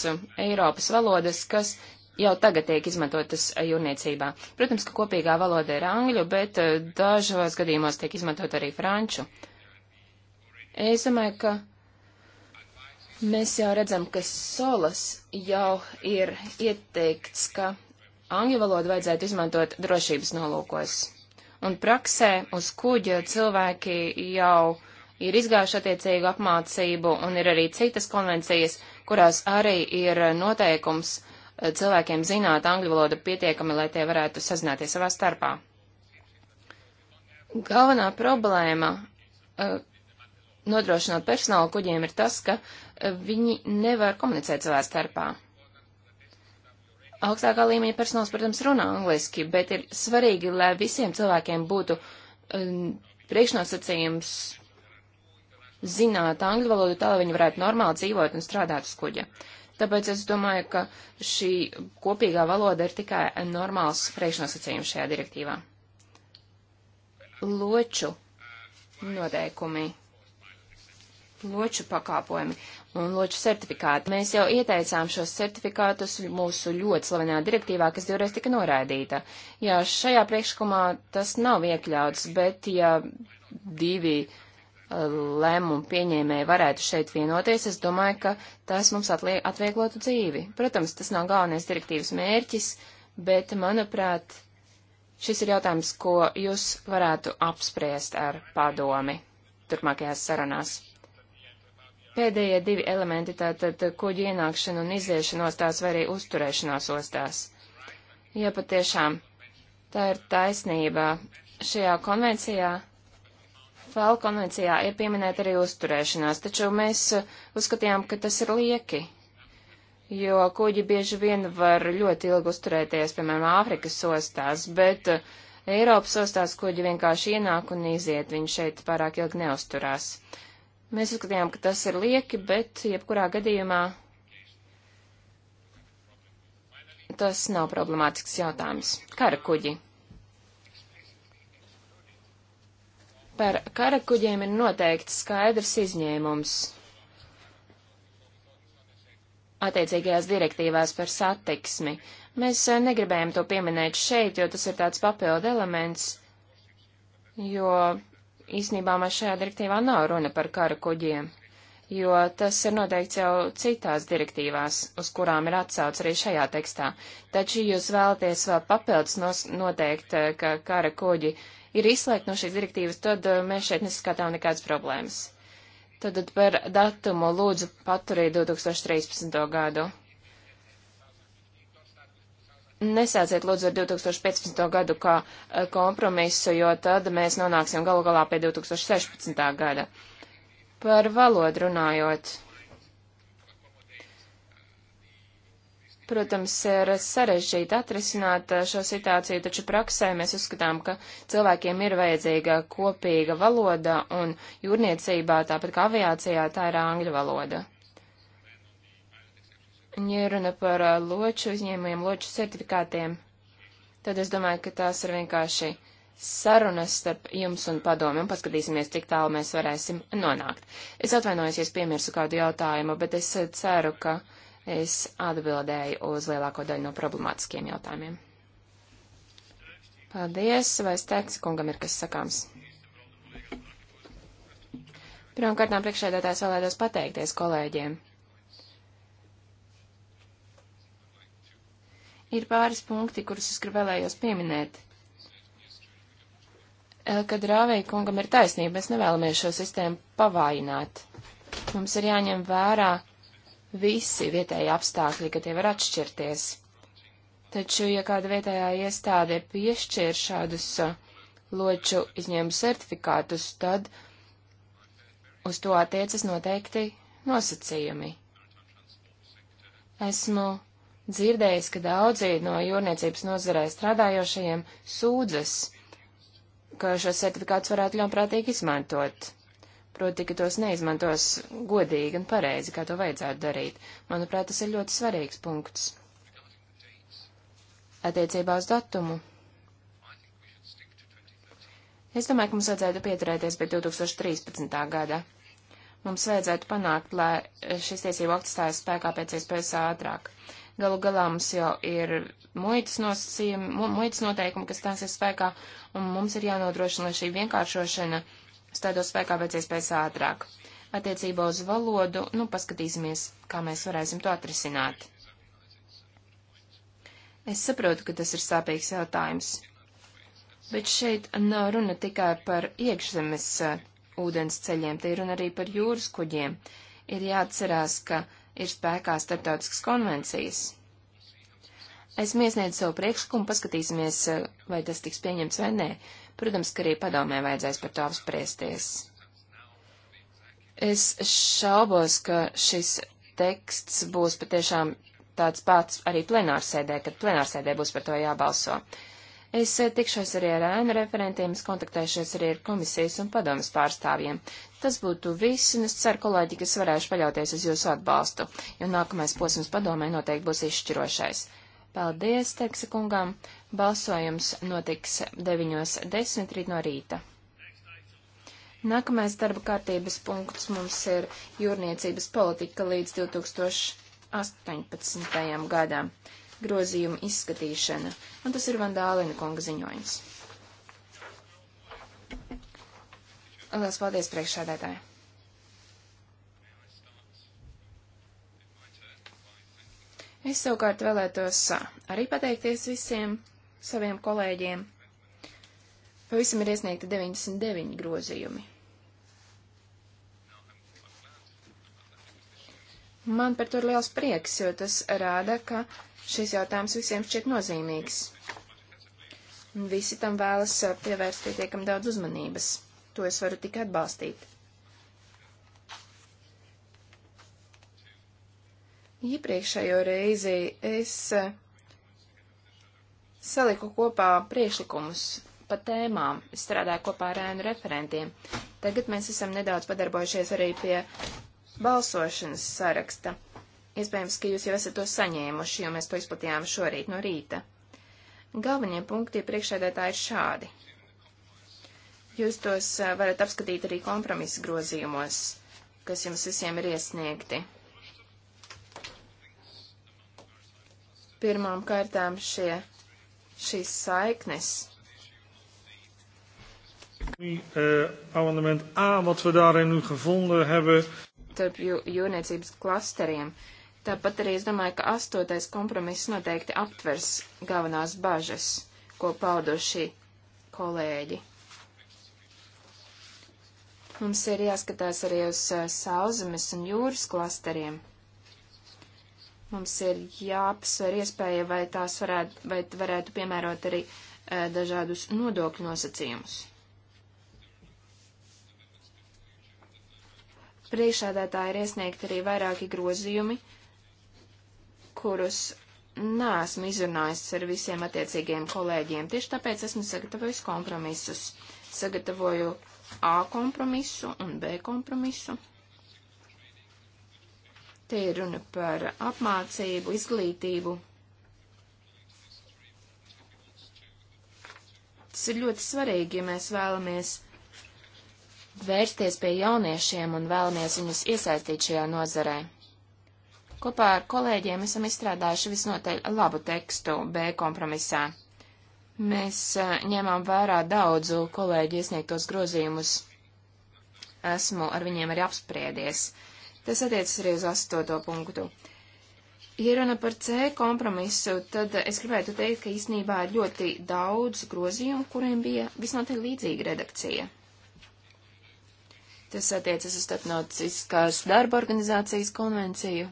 Eiropas valodas, kas jau tagad tiek izmantotas eh, jūrniecībā. Protams, ka kopīgā valoda ir angļu, bet eh, dažos gadījumos tiek izmantot arī franču. Es domāju, ka mēs jau redzam, ka solas jau ir ieteikts, ka angļu valodu vajadzētu izmantot drošības nolūkos. Un praksē uz kuģa cilvēki jau ir izgājuši attiecīgu apmācību, un ir arī citas konvencijas, kurās arī ir noteikums cilvēkiem zināt angļu valodu pietiekami, lai tie varētu sazināties savā starpā. Galvenā problēma e, nodrošinot personālu kuģiem ir tas, ka e, viņi nevar komunicēt savā starpā. Augstākā līmeņa personāls, protams, runā angliski, bet ir svarīgi, lai visiem cilvēkiem būtu um, priekšnosacījums zināt angļu valodu, tā lai viņi varētu normāli dzīvot un strādāt uz kuģa. Uh, Tāpēc es domāju, ka šī kopīgā valoda ir tikai normāls priekšnosacījums šajā direktīvā. Loču noteikumi, loču pakāpojumi un loču certifikāti. Mēs jau ieteicām šos certifikātus mūsu ļoti slavenā direktīvā, kas divreiz tika noraidīta. Jā, šajā priekšlikumā tas nav iekļauts, bet ja divi uh, lēmumu pieņēmēji varētu šeit vienoties, es domāju, ka tas mums atvieglotu dzīvi. Protams, tas nav galvenais direktīvas mērķis, bet, manuprāt, šis ir jautājums, ko jūs varētu apspriest ar padomi turpmākajās sarunās. Pēdējie divi elementi, tātad kuģi ienākšana un iziešana ostās vai arī uzturēšanās ostās. Ja patiešām tā ir taisnība, šajā konvencijā FAL konvencijā ir pieminēta arī uzturēšanās, taču mēs eh, uzskatījām, ka tas ir lieki, jo kuģi bieži vien var ļoti ilgi uzturēties, piemēram, Āfrikas ostās, bet eh, Eiropas ostās kuģi vienkārši ienāk un iziet, viņi šeit pārāk ilgi neusturās. Mēs uzskatījām, ka tas ir lieki, bet jebkurā gadījumā tas nav problemātisks jautājums. Kara kuģi. Par karakuģiem ir noteikts skaidrs izņēmums attiecīgajās direktīvās par satiksmi. Mēs eh, negribējām to pieminēt šeit, jo tas ir tāds papildu elements, jo īsnībā mēs šajā direktīvā nav runa par karakuģiem, jo tas ir noteikts jau citās direktīvās, uz kurām ir atsauts arī šajā tekstā. Taču jūs vēlaties vēl papildus noteikt, eh, ka karakuģi ir izslēgti no šīs direktīvas, tad eh, mēs šeit neskatām nekādas problēmas. Tad par datumu lūdzu paturēt 2013. gadu. Nesāciet lūdzu ar 2015. gadu kā eh, kompromisu, jo tad mēs nonāksim galu galā pie 2016. gada. Par valodu runājot. Protams, ir sarežģīti atrisināt eh, šo situāciju, taču praksē mēs uzskatām, ka cilvēkiem ir vajadzīga kopīga valoda un jūrniecībā, tāpat kā aviācijā, tā ir angļu valoda. Ja runa par eh, loču uzņēmumiem, loču certifikātiem, tad es domāju, ka tās ir vienkārši sarunas starp jums un padomi un paskatīsimies, cik tālu mēs varēsim nonākt. Es atvainojos, ja piemirsu kādu jautājumu, bet es eh, ceru, ka es atbildēju uz lielāko daļu no problemātiskiem jautājumiem. Paldies, vai es teiktu, kungam ir kas sakāms? Pirmkārt, priekšēdētājs vēlētos pateikties kolēģiem. Ir pāris punkti, kurus es gribēlējos pieminēt. Kad Rāvija kungam ir taisnība, mēs nevēlamies šo sistēmu pavājināt. Mums ir jāņem vērā visi vietējie apstākļi, ka tie var atšķirties. Taču, ja kāda vietējā iestāde piešķir šādus uh, loču izņēmu certifikātus, tad uz to attiecas noteikti nosacījumi. Esmu dzirdējis, ka daudzi no jūrniecības nozarē strādājošajiem sūdzas, ka šo certifikātu varētu ļaunprātīgi izmantot proti, ka tos neizmantos godīgi un pareizi, kā to vajadzētu darīt. Manuprāt, tas ir ļoti svarīgs punkts. Attiecībā uz datumu. Es domāju, ka mums vajadzētu pieturēties pie 2013. gada. Mums vajadzētu panākt, lai šis tiesību akts stājas spēkā pēc iespējas ātrāk. Galu galā mums jau ir muitas nosacījumi, muitas noteikumi, kas stāsies spēkā, un mums ir jānodrošina, lai šī vienkāršošana stādos spēkā pēc iespējas ātrāk. Attiecībā uz valodu, nu, paskatīsimies, kā mēs varēsim to atrisināt. Es saprotu, ka tas ir sāpīgs jautājums, bet šeit nav runa tikai par iekšzemes eh, ūdens ceļiem, te ir runa arī par jūras kuģiem. Ir jāatcerās, ka ir spēkā starptautiskas konvencijas. Esmu iesniedzis savu priekšlikumu, paskatīsimies, eh, vai tas tiks pieņemts vai nē. Uh, Protams, ka arī padomē vajadzēs par to apspriesties. Es šaubos, ka šis teksts būs patiešām tāds pats arī plenārsēdē, kad plenārsēdē būs par to jābalso. Es eh, tikšos arī ar ēnu referentiem, es kontaktēšos arī ar komisijas un padomas pārstāvjiem. Tas būtu viss, un es ceru, kolēģi, ka es varēšu paļauties uz jūsu atbalstu, jo nākamais posms padomē noteikti būs izšķirošais. Paldies, Teksa kungam! Balsojums notiks 9.10 rīt no rīta. Nākamais darba kārtības punkts mums ir jūrniecības politika līdz 2018. gadam, grozījuma izskatīšana, un tas ir Vandālina kunga ziņojums. Lielas paldies priekšsādētāji! Es savukārt vēlētos arī pateikties visiem saviem kolēģiem. Pavisam ir iesniegti 99 grozījumi. Man par to ir liels prieks, jo tas rāda, ka šis jautājums visiem šķiet nozīmīgs. Visi tam vēlas uh, pievērst pietiekam daudz uzmanības. To es varu tikai atbalstīt. Iepriekšējo reizi es uh, saliku kopā priekšlikumus pa tēmām, strādāju kopā ar ēnu referentiem. Tagad mēs esam nedaudz padarbojušies arī pie balsošanas saraksta. Iespējams, ka jūs jau esat to saņēmuši, jo mēs to izplatījām šorīt no rīta. Galvenie punkti priekšēdētāji ir šādi. Jūs tos eh, varat apskatīt arī kompromisa grozījumos, kas jums visiem ir iesniegti. Pirmām kārtām šie šīs saiknes. Eh, amendement A, wat we daarin nu gevonden hebben. Starp jūrniecības klasteriem. Tāpat arī es domāju, ka astotais kompromiss noteikti aptvers galvenās bažas, ko pauduši kolēģi. Mums ir jāskatās arī uz eh, sauszemes un jūras klasteriem. Mums ir jāapsver iespēja, vai tās varētu, vai varētu piemērot arī e, dažādus nodokļu nosacījumus. Priekšādātāji ir iesniegti arī vairāki grozījumi, kurus neesmu izrunājis ar visiem attiecīgiem kolēģiem. Tieši tāpēc esmu sagatavojis kompromisus. Sagatavoju A kompromisu un B kompromisu. Te ir runa par apmācību, izglītību. Tas ir ļoti svarīgi, ja mēs vēlamies vērsties pie jauniešiem un vēlamies viņus iesaistīt šajā nozarē. Kopā ar kolēģiem esam izstrādājuši visnotaļ labu tekstu B kompromisā. Mēs eh, ņēmām vērā daudzu kolēģi iesniegtos grozījumus. Esmu ar viņiem arī apspriedies. Uh, Tas attiecas arī uz astoto punktu. Ja runa par C kompromisu, tad es gribētu teikt, ka īstenībā ir ļoti daudz grozījumu, kuriem bija visnotaļ līdzīga redakcija. Tas attiecas uz starptautiskās darba organizācijas konvenciju.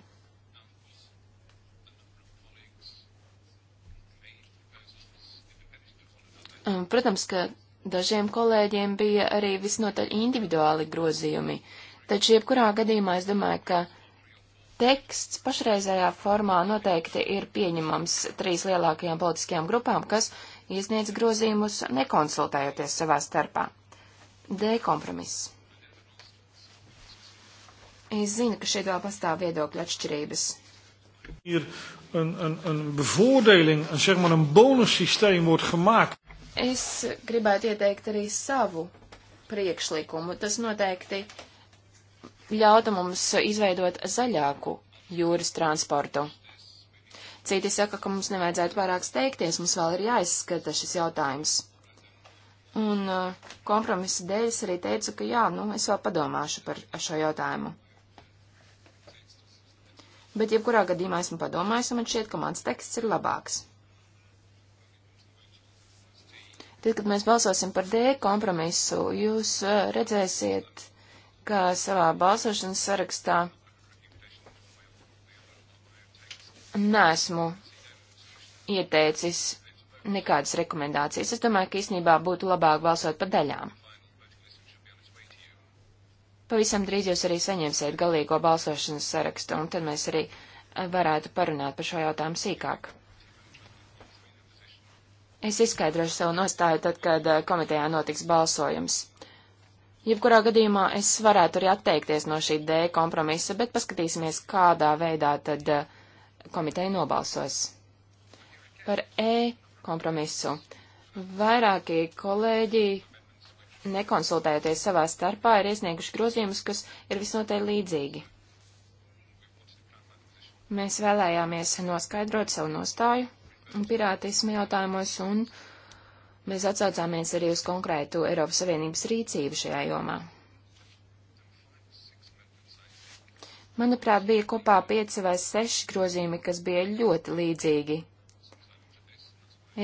Protams, ka dažiem kolēģiem bija arī visnotaļ individuāli grozījumi. Uh, Taču, jebkurā gadījumā, es domāju, ka teksts pašreizējā formā noteikti ir pieņemams trīs lielākajām politiskajām grupām, kas iesniedz grozījumus nekonsultējoties savā starpā. D kompromiss. Es zinu, ka šeit vēl pastāv viedokļu atšķirības. Ir een, een, een bevoordeling, een, zeg maar, een bonussysteem wordt gemaakt. Es gribētu ieteikt arī savu priekšlikumu. Tas noteikti uh, ļautu mums izveidot zaļāku jūras transportu. Citi saka, ka mums nevajadzētu pārāk steigties, mums vēl ir jāizskata šis jautājums. Un uh, kompromisa dēļ es arī teicu, ka jā, nu, es vēl padomāšu par šo jautājumu. Bet, jebkurā gadījumā esmu padomājis, un man šķiet, ka mans teksts ir labāks. Tad, kad mēs balsosim par D kompromisu, jūs uh, redzēsiet, ka savā balsošanas sarakstā nesmu ieteicis nekādas rekomendācijas. Es domāju, ka īstenībā būtu labāk balsot pa daļām. Pavisam drīz jūs arī saņemsiet galīgo balsošanas sarakstu, un tad mēs arī eh, varētu parunāt par šo jautājumu sīkāk. Es izskaidrošu savu nostāju tad, kad eh, komitejā notiks balsojums. Jebkurā gadījumā es varētu arī atteikties no šī D kompromisa, bet paskatīsimies, kādā veidā tad eh, komiteja nobalsos. Par E kompromisu. Vairāki kolēģi nekonsultējoties savā starpā, ir iesnieguši grozījumus, kas ir visnotaļ līdzīgi. Mēs vēlējāmies noskaidrot savu nostāju pirātismu jautājumos un Mēs atsaucāmies arī uz konkrētu Eiropas Savienības rīcību šajā jomā. Manuprāt, bija kopā pieci vai seši grozījumi, kas bija ļoti līdzīgi.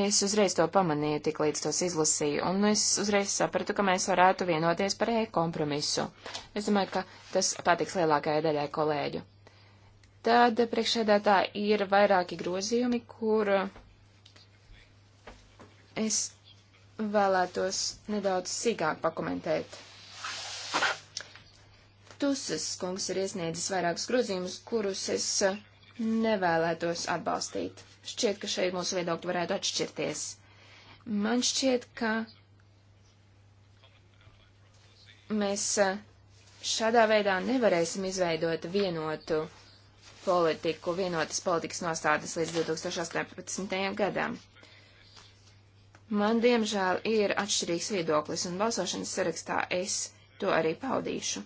Es uzreiz to pamanīju, tik līdz tos izlasīju, un es uzreiz sapratu, ka mēs varētu vienoties par e-kompromisu. Es domāju, ka tas patiks lielākajai daļai kolēģu. Tad priekšēdētā ir vairāki grozījumi, kur es vēlētos nedaudz sīkāk pakomentēt. Tusas kungs ir iesniedzis vairākus grozījumus, kurus es eh, nevēlētos atbalstīt. Šķiet, ka šeit mūsu viedokļi varētu atšķirties. Man šķiet, ka mēs eh, šādā veidā nevarēsim izveidot vienotu politiku, vienotas politikas nostādes līdz 2018. gadam. Man, diemžēl, ir atšķirīgs viedoklis, un balsošanas sarakstā es to arī paudīšu.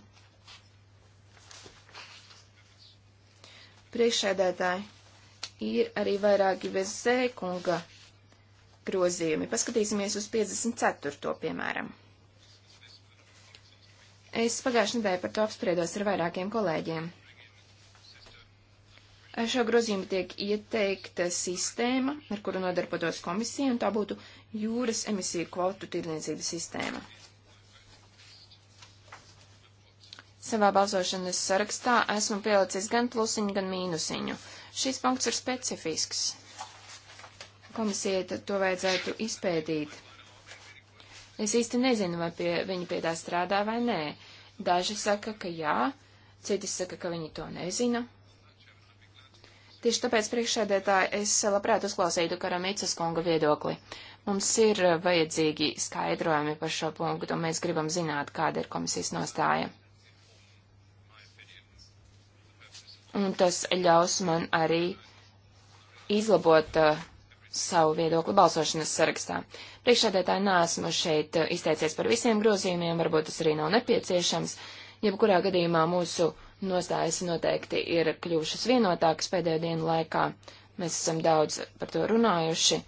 Priekšēdētāji, ir arī vairāki bez zēkunga grozījumi. Paskatīsimies uz 54. piemēram. Es pagājušajā nedēļā par to apspriedos ar vairākiem kolēģiem. Ar šo grozījumu tiek ieteikta sistēma, ar kuru nodarbotos komisija, un tā būtu jūras emisiju kvotu tirdzniecības sistēma. Savā balsošanas sarakstā esmu pielicis gan plusiņu, gan mīnusiņu. Šis punkts ir specifisks. Komisijai to vajadzētu izpētīt. Es īsti nezinu, vai pie, viņi pie tā strādā vai nē. Daži saka, ka jā, citi saka, ka viņi to nezina. Tieši tāpēc, priekšsēdētāji, es labprāt uzklausītu Karamīcas kunga viedokli. Mums ir vajadzīgi skaidrojumi par šo punktu, un mēs gribam zināt, kāda ir komisijas nostāja. Un tas ļaus man arī izlabot uh, savu viedokli balsošanas sarakstā. Priekšsēdētāji nāsmu šeit uh, izteicies par visiem grozījumiem, varbūt tas arī nav nepieciešams. Jebkurā gadījumā mūsu uh, nostājas noteikti ir kļuvušas vienotākas pēdējo dienu laikā. Mēs esam daudz par to runājuši,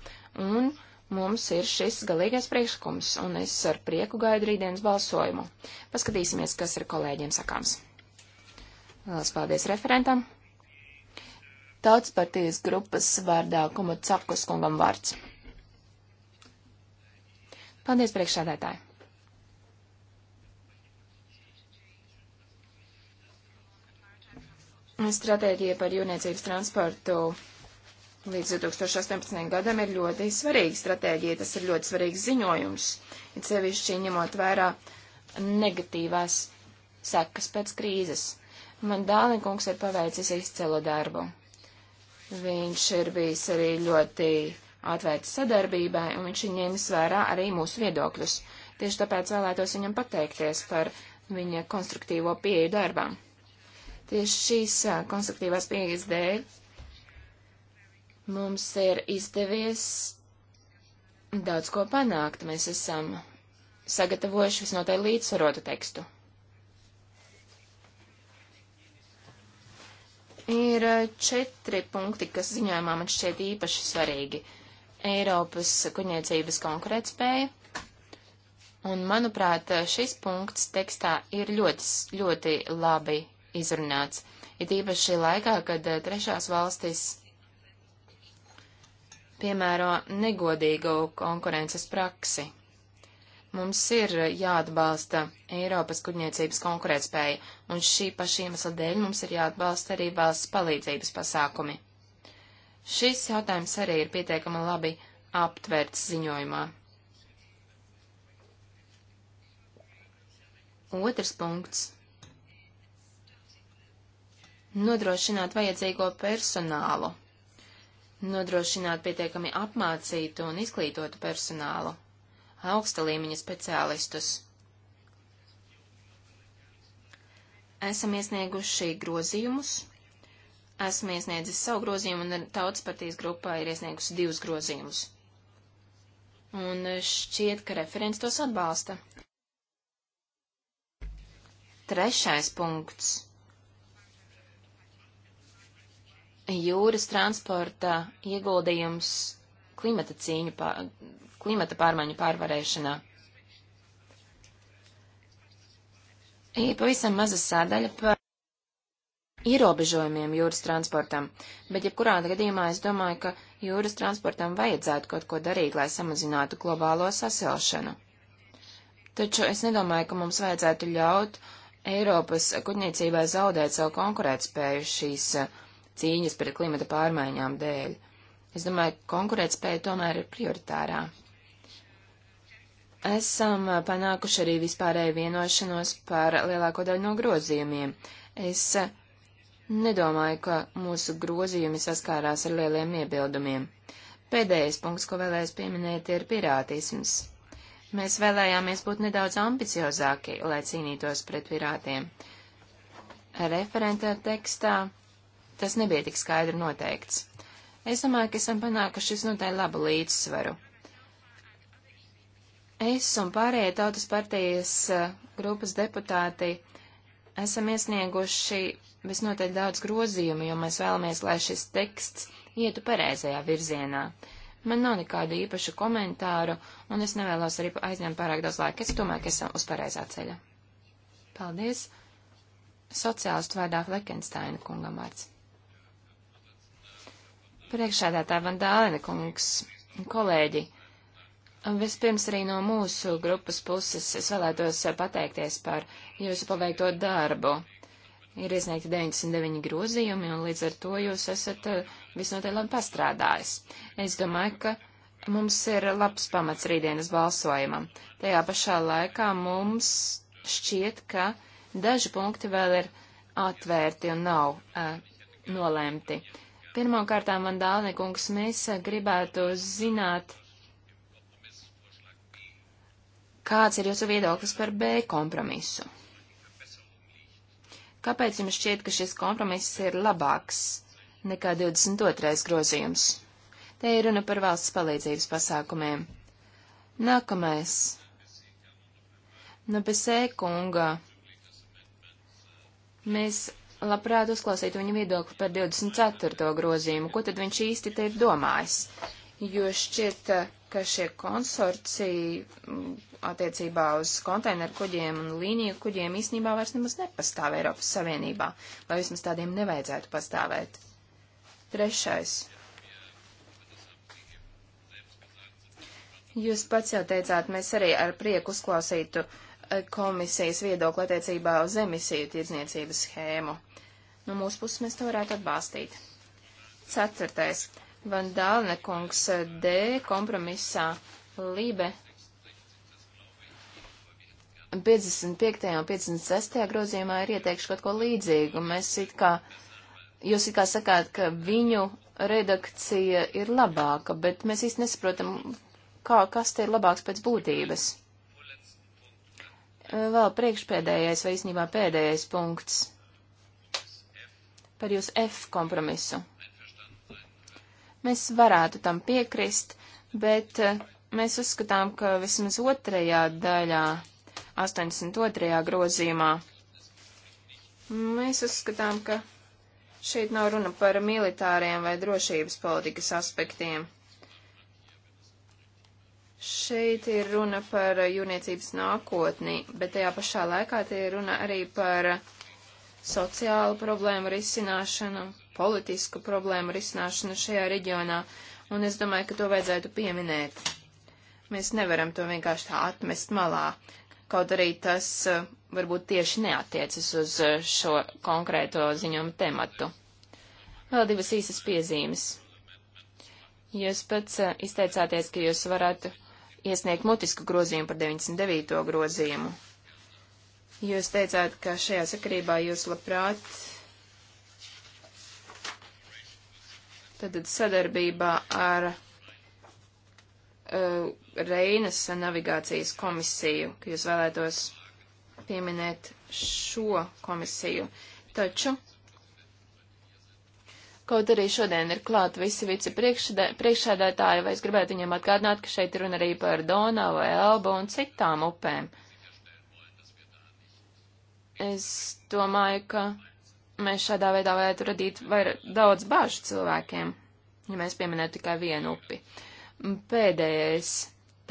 un mums ir šis galīgais priekšlikums, un es ar prieku gaidu rītdienas balsojumu. Paskatīsimies, kas ir kolēģiem sakāms. Lielas paldies referentam. Tautspartijas grupas vārdā Komatsakus kungam vārds. Paldies priekšsādētāji! Stratēģija par jūrniecības transportu līdz 2018. gadam ir ļoti svarīga stratēģija, tas ir ļoti svarīgs ziņojums, it sevišķi ņemot vērā negatīvās sekas pēc krīzes. Man Dālinkungs ir paveicis izcelu darbu. Viņš ir bijis arī ļoti atvērts sadarbībai, un viņš ir ņēmis vērā arī mūsu viedokļus. Tieši tāpēc vēlētos viņam pateikties par viņa konstruktīvo pieeju darbām. Tieši šīs konstruktīvās pieejas dēļ mums ir izdevies daudz ko panākt. Mēs esam sagatavojuši visnotaļ līdzsvarotu tekstu. Ir četri punkti, kas ziņojumā man šķiet īpaši svarīgi. Eiropas kuģniecības konkurētspēja. Un, manuprāt, šis punkts tekstā ir ļoti, ļoti labi izrunāts. Ir īpaši laikā, kad eh, trešās valstis piemēro negodīgu konkurences praksi. Mums ir eh, jāatbalsta Eiropas kuģniecības konkurētspēja, un šī paša iemesla dēļ mums ir jāatbalsta arī valsts palīdzības pasākumi. Šis jautājums arī ir pietiekami labi aptverts ziņojumā. Otrs punkts nodrošināt vajadzīgo personālu, nodrošināt pietiekami apmācītu un izglītotu personālu, augsta līmeņa speciālistus. Esam iesnieguši grozījumus. Esmu iesniedzis savu grozījumu, un tautas partijas grupā ir iesniegusi divus grozījumus. Un šķiet, ka referents tos atbalsta. Trešais punkts jūras transporta ieguldījums klimata cīņu, pār, klimata pārmaiņu pārvarēšanā. Ir pavisam maza sādaļa par ierobežojumiem jūras transportam, bet jebkurā gadījumā es domāju, ka jūras transportam vajadzētu kaut ko darīt, lai samazinātu globālo sasilšanu. Taču es nedomāju, ka mums vajadzētu ļaut Eiropas kuģniecībai zaudēt savu konkurētspēju šīs uh, cīņas pret klimata pārmaiņām dēļ. Es domāju, konkurētspēja tomēr ir prioritārā. Esam eh, panākuši arī vispārēju vienošanos par lielāko daļu no grozījumiem. Es eh, nedomāju, ka mūsu grozījumi saskārās ar lieliem iebildumiem. Pēdējais punkts, ko vēlējos pieminēt, ir pirātisms. Mēs vēlējāmies būt nedaudz ambiciozāki, lai cīnītos pret pirātiem. Referenta tekstā tas nebija tik skaidri noteikts. Es domāju, ka esam panākuši visnotaļ nu, labu līdzsvaru. Es un pārējie tautas partijas eh, grupas deputāti esam iesnieguši visnotaļ daudz grozījumu, jo mēs vēlamies, lai šis teksts ietu pareizajā virzienā. Man nav nekādu īpašu komentāru, un es nevēlos arī aizņemt pārāk daudz laika. Es domāju, ka esam uz pareizā ceļa. Paldies! Sociālistu vārdā Flekensteina kungam vārds. Priekšādātāja Van Dālina kungs, kolēģi, vispirms arī no mūsu grupas puses es vēlētos pateikties par jūsu paveikto darbu. Ir iesniegti 99 grozījumi, un līdz ar to jūs esat eh, visnotaļ labi pastrādājis. Es domāju, ka mums ir labs pamats rītdienas balsojumam. Tajā pašā laikā mums šķiet, ka daži punkti vēl ir atvērti un nav uh, nolēmti. Pirmkārtām, man dāvniekungs, mēs gribētu zināt, kāds ir jūsu viedoklis par B kompromisu. Kāpēc jums šķiet, ka šis kompromiss ir labāks nekā 22. grozījums? Te ir runa par valsts palīdzības pasākumiem. Nākamais. Nu, pēc E kunga mēs labprāt uzklausītu viņa viedokli par 24. grozījumu, ko tad viņš īsti te ir domājis. Jo šķiet, eh, ka šie konsorcija mm, attiecībā uz konteineru kuģiem un līniju kuģiem īstenībā vairs nemaz nepastāv Eiropas Savienībā, vai vismaz tādiem nevajadzētu pastāvēt. Trešais. Jūs pats jau teicāt, mēs arī ar prieku uzklausītu eh, komisijas viedokli attiecībā uz emisiju tirdzniecības schēmu. No mūsu puses mēs to varētu atbalstīt. Ceturtais. Van Dālnekungs eh, D kompromisā Lībe 55. un 56. grozījumā ir ieteikts kaut ko līdzīgu. Mēs it kā, jūs it kā sakāt, ka viņu redakcija ir labāka, bet mēs īsti nesaprotam, kā, kas te ir labāks pēc būtības. Eh, vēl priekšpēdējais vai īstenībā pēdējais punkts par jūsu F kompromisu. Mēs varētu tam piekrist, bet eh, mēs uzskatām, ka vismaz otrajā daļā, 82. grozījumā, mēs uzskatām, ka šeit nav runa par militāriem vai drošības politikas aspektiem. Šeit ir runa par jūniecības nākotni, bet tajā pašā laikā te ir runa arī par uh, sociālu problēmu risināšanu, politisku problēmu risināšanu šajā reģionā, un es domāju, ka to vajadzētu pieminēt. Mēs nevaram to vienkārši tā atmest malā, kaut arī tas eh, varbūt tieši neatiecas uz eh, šo konkrēto ziņojumu tematu. Vēl divas īsas piezīmes. Jūs pats eh, izteicāties, ka jūs varat iesniegt mutisku grozījumu par 99. grozījumu. Jūs teicāt, ka šajā sakarībā jūs labprāt tad sadarbībā ar uh, Reinas navigācijas komisiju, ka jūs vēlētos pieminēt šo komisiju. Taču Kaut arī šodien ir klāt visi vicepriekšsēdētāji, vai es gribētu viņiem atgādināt, ka šeit runa arī par Donavu, Elbu un citām upēm. Es domāju, ka mēs šādā veidā varētu radīt var daudz bāžu cilvēkiem, ja mēs pieminētu tikai vienu upi. Pēdējais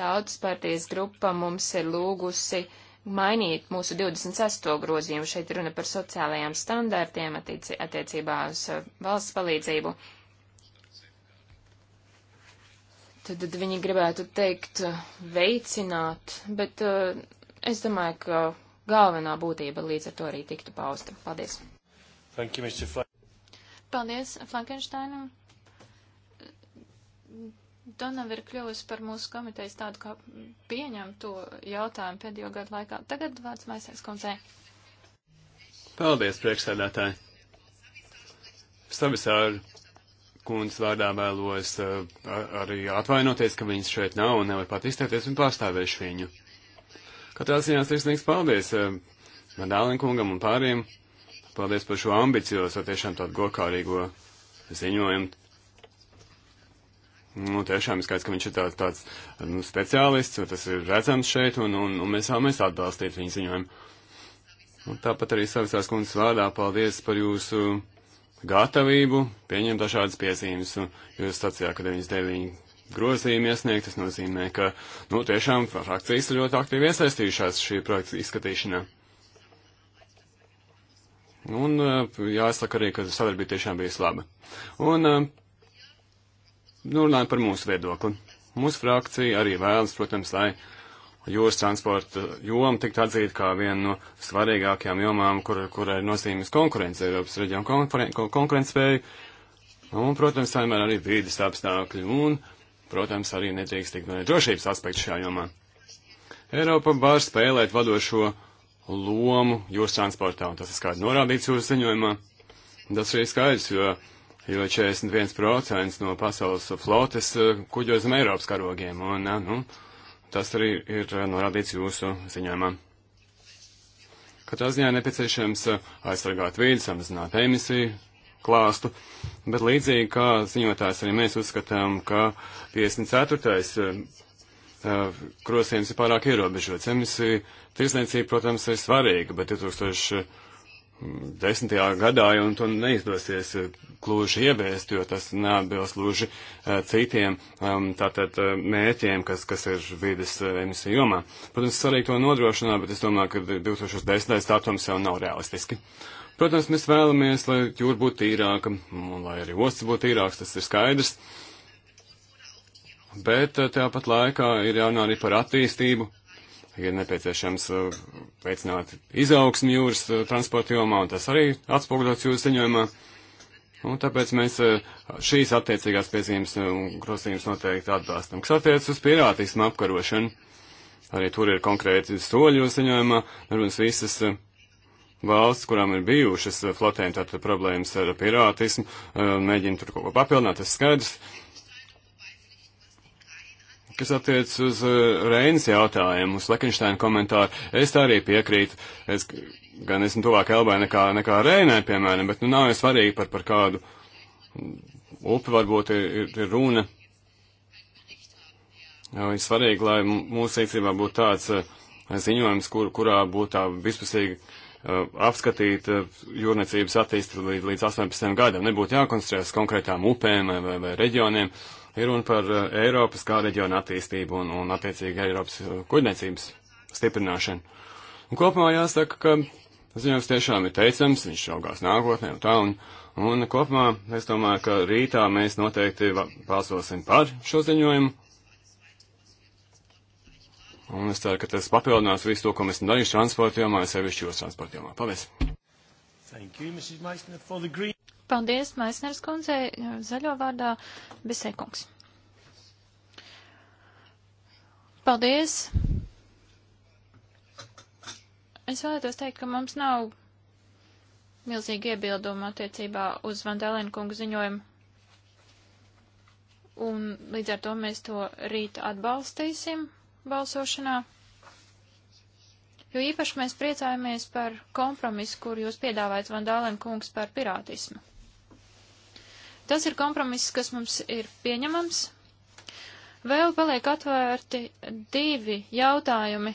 tautas partijas grupa mums ir lūgusi mainīt mūsu 26. grozījumu. Šeit runa par sociālajiem standārtiem attiec attiecībā uz uh, valsts palīdzību. Tad, tad viņi gribētu teikt uh, veicināt, bet uh, es domāju, ka galvenā būtība līdz ar to arī tiktu pausta. Paldies! Thank you, Mr. Fla Paldies Frankensteinam. Donava ir kļuvusi par mūsu komitejas tādu kā pieņemto jautājumu pēdējo gadu laikā. Tagad vārds maisēs kundzei. Paldies, priekšsēdētāji. Savisāru kundzes vārdā vēlos uh, arī atvainoties, ka viņas šeit nav un nevar pat izteikties un pārstāvēšu viņu. Katrā ziņā sirsnīgs paldies eh, Madālinkungam un pāriem. Paldies par šo ambiciozo, tiešām tādu gokārīgo ziņojumu. Nu, tiešām ir skaidrs, ka viņš ir tā, tāds nu, speciālists, tas ir redzams šeit, un, un, un mēs vēlamies atbalstīt viņu ziņojumu. Un tāpat arī savisās kundzes vārdā paldies par jūsu gatavību pieņemt dažādas piezīmes. Jūs sacījāt, ka 99 grozījumi iesniegt. Tas nozīmē, ka, nu, tiešām frakcijas ir ļoti aktīvi iesaistījušās šī projekta izskatīšanā. Un e, jāsaka arī, ka sadarbība tiešām bija slaba. Un, e, nu, runājot par mūsu viedokli. Mūsu frakcija arī vēlas, protams, lai jūras transporta joma tiktu atzīta kā viena no svarīgākajām jomām, kur, kurai ir nozīmes konkurence, Eiropas reģionu konkurencespēju, un, protams, vienmēr arī vīdes apstākļi un Protams, arī nedrīkst tikt no drošības aspektu šajā jomā. Eiropa var spēlēt vadošo lomu jūras transportā, un tas ir skaidri norādīts jūsu ziņojumā. Tas arī skaidrs, jo, jo 41% no pasaules flotes eh, kuģo zem Eiropas karogiem, un, eh, nu, tas arī ir eh, norādīts jūsu ziņojumā. Katrā ziņā nepieciešams aizsargāt vīdu, samazināt emisiju, klāstu, bet līdzīgi kā ziņotājs arī mēs uzskatām, ka 54. Eh, eh, krosējums ir pārāk ierobežots. Zemes tirsniecība, protams, ir svarīga, bet 2010. gadā jau to neizdosies klūži eh, ieviest, jo tas neatbilst lūži citiem um, tātad mērķiem, kas, kas ir vides emisiju jomā. Protams, svarīgi to nodrošināt, bet es domāju, ka 2010. datums jau nav realistiski. Uh, Protams, mēs vēlamies, lai jūra būtu tīrāka, un lai arī ostas būtu tīrāks, tas ir skaidrs. Bet eh, tāpat laikā ir jārunā arī par attīstību, ir nepieciešams eh, veicināt izaugsmu jūras eh, transporta jomā, un tas arī atspoguļots jūsu ziņojumā. Un tāpēc mēs šīs attiecīgās piezīmes un grozījums noteikti atbalstam. Kas attiecas uz pirātismu apkarošanu, arī tur ir konkrēti soļi jūsu ziņojumā, runas visas. Uh, valsts, kurām ir bijušas eh, flotēm tātad problēmas ar pirātismu, eh, mēģina tur kaut ko papilnāt, tas skaidrs. Kas attiec uz eh, Reinas jautājumu, uz Lekinšteina komentāru, es tā arī piekrītu. Es gan esmu tuvāk Elbai nekā, nekā Reinai, piemēram, bet nu nav jau svarīgi par, par kādu upi varbūt ir, ir, ir runa. Ir svarīgi, lai mūsu rīcībā būtu tāds ziņojums, kur, kurā būtu tā vispusīga Uh, apskatīt uh, jūrniecības attīstību līdz, līdz 18 gadam. Nebūtu jākoncentrējas konkrētām upēm vai, vai, vai reģioniem. Ir runa par uh, Eiropas kā reģiona attīstību un, un attiecīgi Eiropas kuģniecības stiprināšanu. Un kopumā jāsaka, ka ziņojums tiešām ir teicams, viņš augās nākotnē un tā. Un, un kopumā es domāju, ka rītā mēs noteikti balsosim par šo ziņojumu Un es ceru, ka tas papildinās visu to, ko mēs darījuši transporta jomā, sevišķi jūras transporta jomā. Paldies! Thank you, Mrs. Meissner, for the green. Paldies, Maisners kundze, zaļo vārdā Bisekungs. Paldies! Es vēlētos teikt, ka mums nav milzīgi iebildumi attiecībā uz Vandēlēnu kungu ziņojumu. Un līdz ar to mēs to rīt atbalstīsim balsošanā, jo īpaši mēs priecājamies par kompromisu, kur jūs piedāvājat Vandālēn kungs par pirātismu. Tas ir kompromiss, kas mums ir pieņemams. Vēl paliek atvērti divi jautājumi,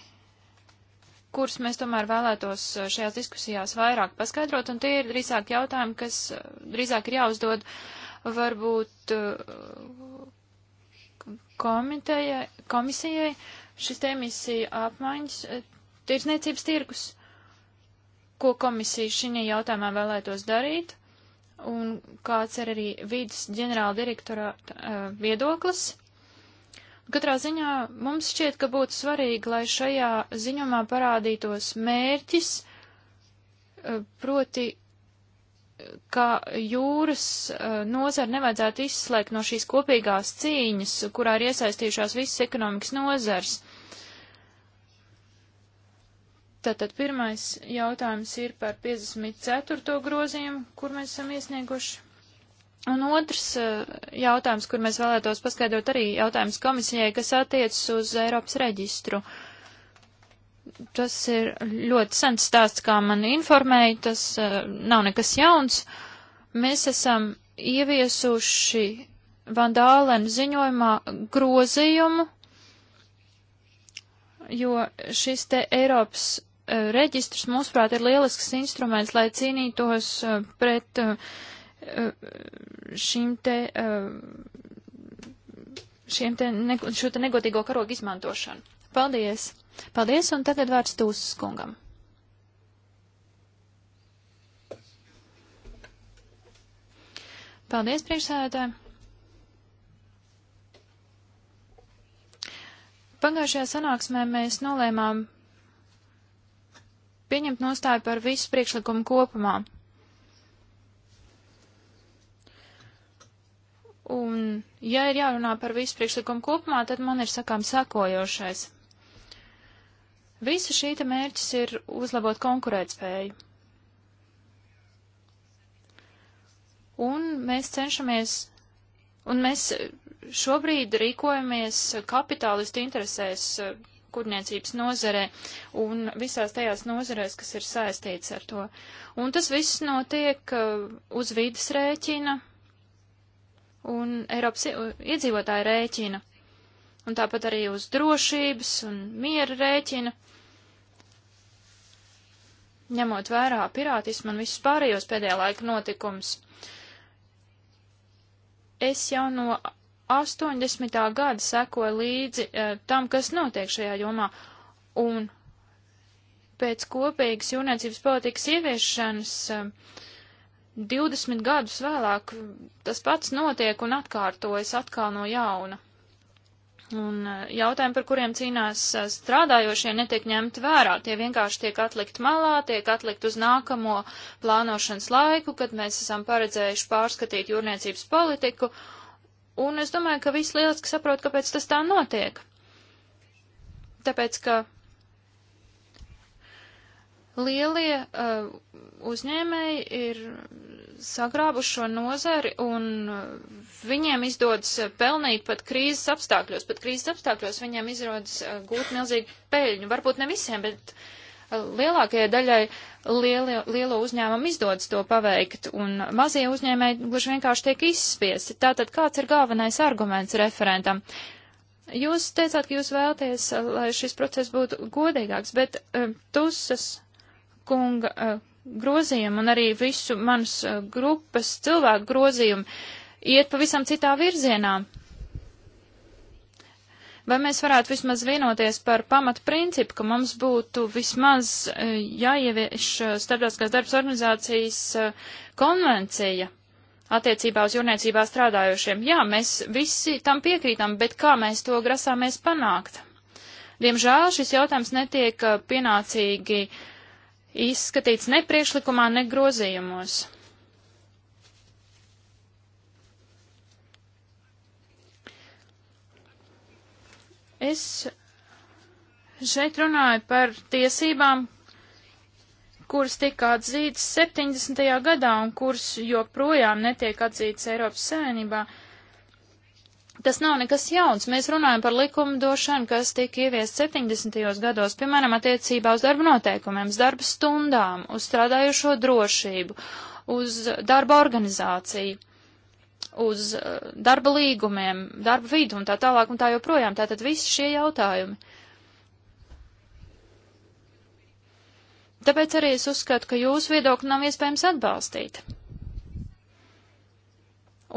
kurus mēs tomēr vēlētos eh, šajās diskusijās vairāk paskaidrot, un tie ir drīzāk jautājumi, kas eh, drīzāk ir jāuzdod varbūt eh, komisijai šis emisiju apmaiņas eh, tirsniecības tirgus, ko komisija šī jautājumā vēlētos darīt, un kāds ir arī vidas ģenerāla direktora eh, viedoklis. Katrā ziņā mums šķiet, ka būtu svarīgi, lai šajā ziņumā parādītos mērķis, eh, proti ka jūras eh, nozara nevajadzētu izslēgt no šīs kopīgās cīņas, kurā ir iesaistījušās visas ekonomikas nozars. Tātad pirmais jautājums ir par 54. grozījumu, kur mēs esam iesnieguši. Un otrs eh, jautājums, kur mēs vēlētos paskaidrot arī jautājums komisijai, kas attiecas uz Eiropas reģistru. Uh, tas ir ļoti sens stāsts, kā man informēja, tas uh, nav nekas jauns. Mēs esam ieviesuši Vandālēna ziņojumā grozījumu, jo šis te Eiropas uh, reģistrs, mūsuprāt, ir lielisks instruments, lai cīnītos uh, pret šīm te, šiem te, ne, šo te negotīgo karogu izmantošanu. Paldies! Paldies, un tagad vārds Tūsas kungam. Paldies, priekšsēdētāji! Pagājušajā sanāksmē mēs nolēmām pieņemt nostāju par visu priekšlikumu kopumā. Un, ja ir jārunā par visu priekšlikumu kopumā, tad man ir sakām sakojošais. Visu šī te mērķis ir uzlabot konkurētspēju. Un mēs cenšamies, un mēs šobrīd rīkojamies kapitālistu interesēs eh, kurniecības nozarē un visās tajās nozarēs, kas ir saistīts ar to. Un tas viss notiek eh, uz vidas rēķina un Eiropas iedzīvotāju rēķina un tāpat arī uz drošības un miera rēķina. Ņemot vērā pirātismu un visus pārējos pēdējā laika notikums, es jau no 80. gada sekoju līdzi e, tam, kas notiek šajā jomā, un pēc kopīgas jūrniecības politikas ieviešanas e, 20 gadus vēlāk tas pats notiek un atkārtojas atkal no jauna. Un eh, jautājumi, par kuriem cīnās eh, strādājošie, netiek ņemti vērā. Tie vienkārši tiek atlikt malā, tiek atlikt uz nākamo plānošanas laiku, kad mēs esam paredzējuši pārskatīt jūrniecības politiku. Un es domāju, ka viss lieliski saprot, kāpēc tas tā notiek. Tāpēc, ka lielie uh, uzņēmēji ir sagrābuši šo nozari un viņiem izdodas pelnīt pat krīzes apstākļos. Pat krīzes apstākļos viņiem izdodas eh, gūt milzīgu peļņu. Varbūt ne visiem, bet eh, lielākajai daļai lieli, lielo uzņēmumu izdodas to paveikt un mazie uzņēmēji gluži vienkārši tiek izspiesti. Tātad kāds ir galvenais arguments referentam? Jūs teicāt, ka jūs vēlaties, eh, lai šis process būtu godīgāks, bet uh, Tusas kunga. Uh, grozījumi un arī visu manas eh, grupas cilvēku grozījumi iet pavisam citā virzienā. Vai mēs varētu vismaz vienoties par pamatu principu, ka mums būtu vismaz eh, jāievieš eh, starptautiskās darbas organizācijas konvencija attiecībā uz jūrniecībā strādājošiem? Jā, mēs visi tam piekrītam, bet kā mēs to grasāmies panākt? Diemžēl šis jautājums netiek pienācīgi uh, izskatīts ne priekšlikumā, ne grozījumos. Es šeit runāju par tiesībām, kuras tika atzītas 70. gadā un kuras joprojām netiek atzītas Eiropas Savienībā. Uh, Tas nav nekas jauns. Mēs runājam par likumdošanu, kas tika ieviest 70. gados, piemēram, attiecībā uz darba noteikumiem, uz darba stundām, uz strādājušo drošību, uz darba organizāciju, uz eh, darba līgumiem, darba vidu un tā tālāk un tā joprojām. Tātad visi šie jautājumi. Tāpēc arī es uzskatu, ka jūsu viedokli nav iespējams atbalstīt.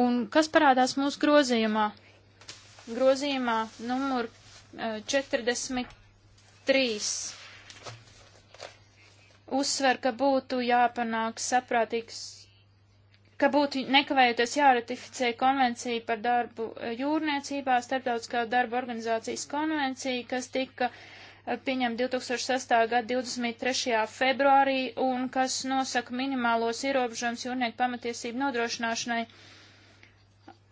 Un kas parādās mūsu grozījumā? grozījumā numur 43 e, uzsver, ka būtu jāpanāk saprātīgs, ka būtu nekavējoties jāratificē konvencija par darbu e, jūrniecībā, starptautiskā darba organizācijas konvencija, kas tika e, pieņemta 2006. gada 23. februārī un kas nosaka minimālos ierobežojumus jūrnieku pamatiesību nodrošināšanai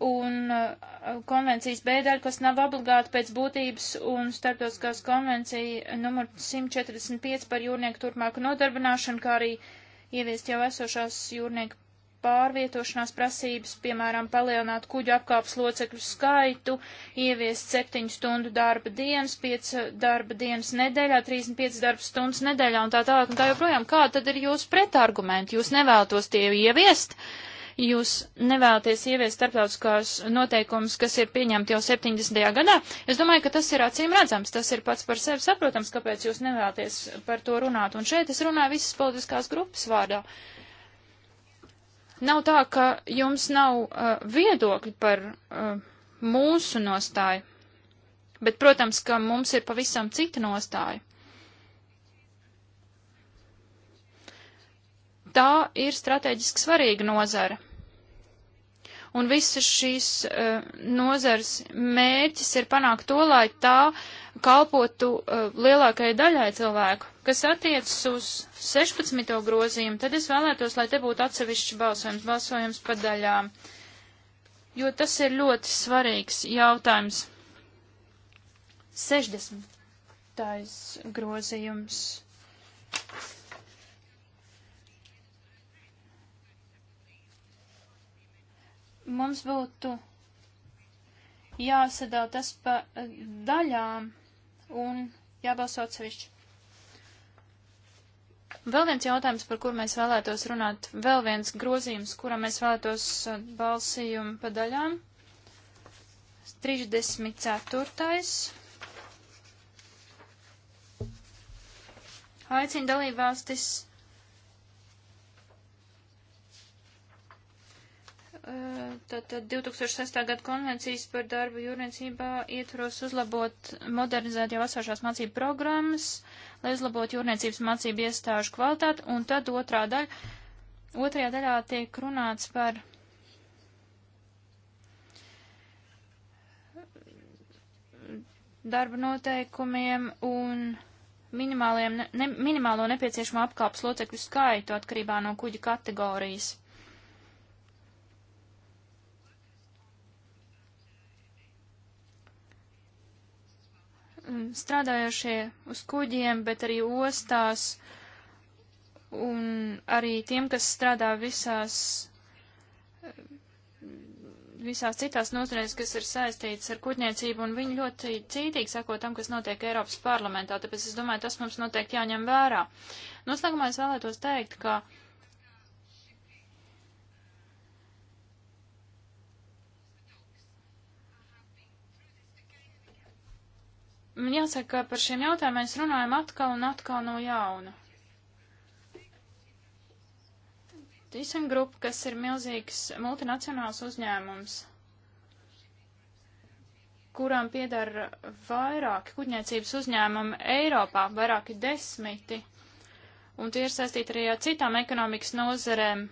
un uh, konvencijas B daļa, kas nav obligāta pēc būtības un starptautiskās konvencija numur 145 par jūrnieku turpmāku nodarbināšanu, kā arī ieviest jau esošās jūrnieku pārvietošanās prasības, piemēram, palielināt kuģu apkāpes locekļu skaitu, ieviest 7 stundu darba dienas, 5 darba dienas nedēļā, 35 darba stundas nedēļā un tā tālāk un tā joprojām. Kā tad ir jūsu pretargumenti? Jūs nevēlatos tie ieviest? Uh, jūs nevēlaties ieviest starptautiskās noteikumus, kas ir pieņemti jau 70. gadā. Es domāju, ka tas ir acīm redzams, tas ir pats par sevi saprotams, kāpēc jūs nevēlaties par to runāt. Un šeit es runāju visas politiskās grupas vārdā. Nav tā, ka jums nav uh, viedokļi par uh, mūsu nostāju, bet, protams, ka mums ir pavisam cita nostāja. tā ir strateģiski svarīga nozara un visas šīs uh, e, nozars mērķis ir panākt to, lai tā kalpotu uh, lielākajai daļai cilvēku. Kas attiecas uz 16. grozījumu, tad es vēlētos, lai te būtu atsevišķi balsojums, balsojums pa daļām, jo tas ir ļoti svarīgs jautājums. 60. grozījums. mums būtu jāsadala tas pa eh, daļām un jābalso atsevišķi. Vēl viens jautājums, par kur mēs vēlētos runāt, vēl viens grozījums, kuram mēs vēlētos eh, balsījumu pa daļām. 34. Aicina dalībvalstis Tātad 2006. gada konvencijas par darbu jūrniecībā ietvaros uzlabot, modernizēt jau esošās mācību programmas, lai uzlabotu jūrniecības mācību iestāžu kvalitāti, un tad otrā daļa, otrajā daļā tiek runāts par darba noteikumiem un minimāliem, ne, minimālo nepieciešamo apkalpas locekļu skaitu atkarībā no kuģa kategorijas. Mm, strādājošie uz kuģiem, bet arī ostās un arī tiem, kas strādā visās, eh, visās citās nozarēs, kas ir saistīts ar kuģniecību, un viņi ļoti cītīgi sako tam, kas notiek Eiropas parlamentā, tāpēc es domāju, tas mums noteikti jāņem vērā. Noslēgumā es vēlētos teikt, ka Man jāsaka, ka par šiem jautājumiem mēs runājam atkal un atkal no jauna. Tīsen grupa, kas ir milzīgs multinacionāls uzņēmums, kurām piedara vairāki kuģniecības uzņēmumi Eiropā, vairāki desmiti, un tie ir saistīti arī ar citām ekonomikas nozerēm.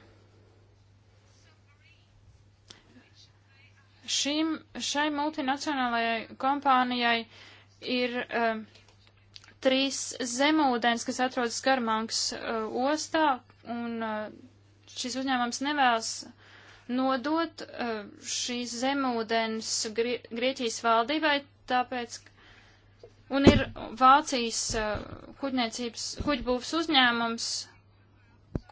Šim, šai multinacionālajai kompānijai uh, ir uh, trīs zemūdens, kas atrodas Garmanks uh, ostā, un uh, šis uzņēmums nevēlas nodot uh, šīs zemūdens Grie Grieķijas valdībai, tāpēc, un ir Vācijas uh, kuģniecības, kuģbūvs uzņēmums,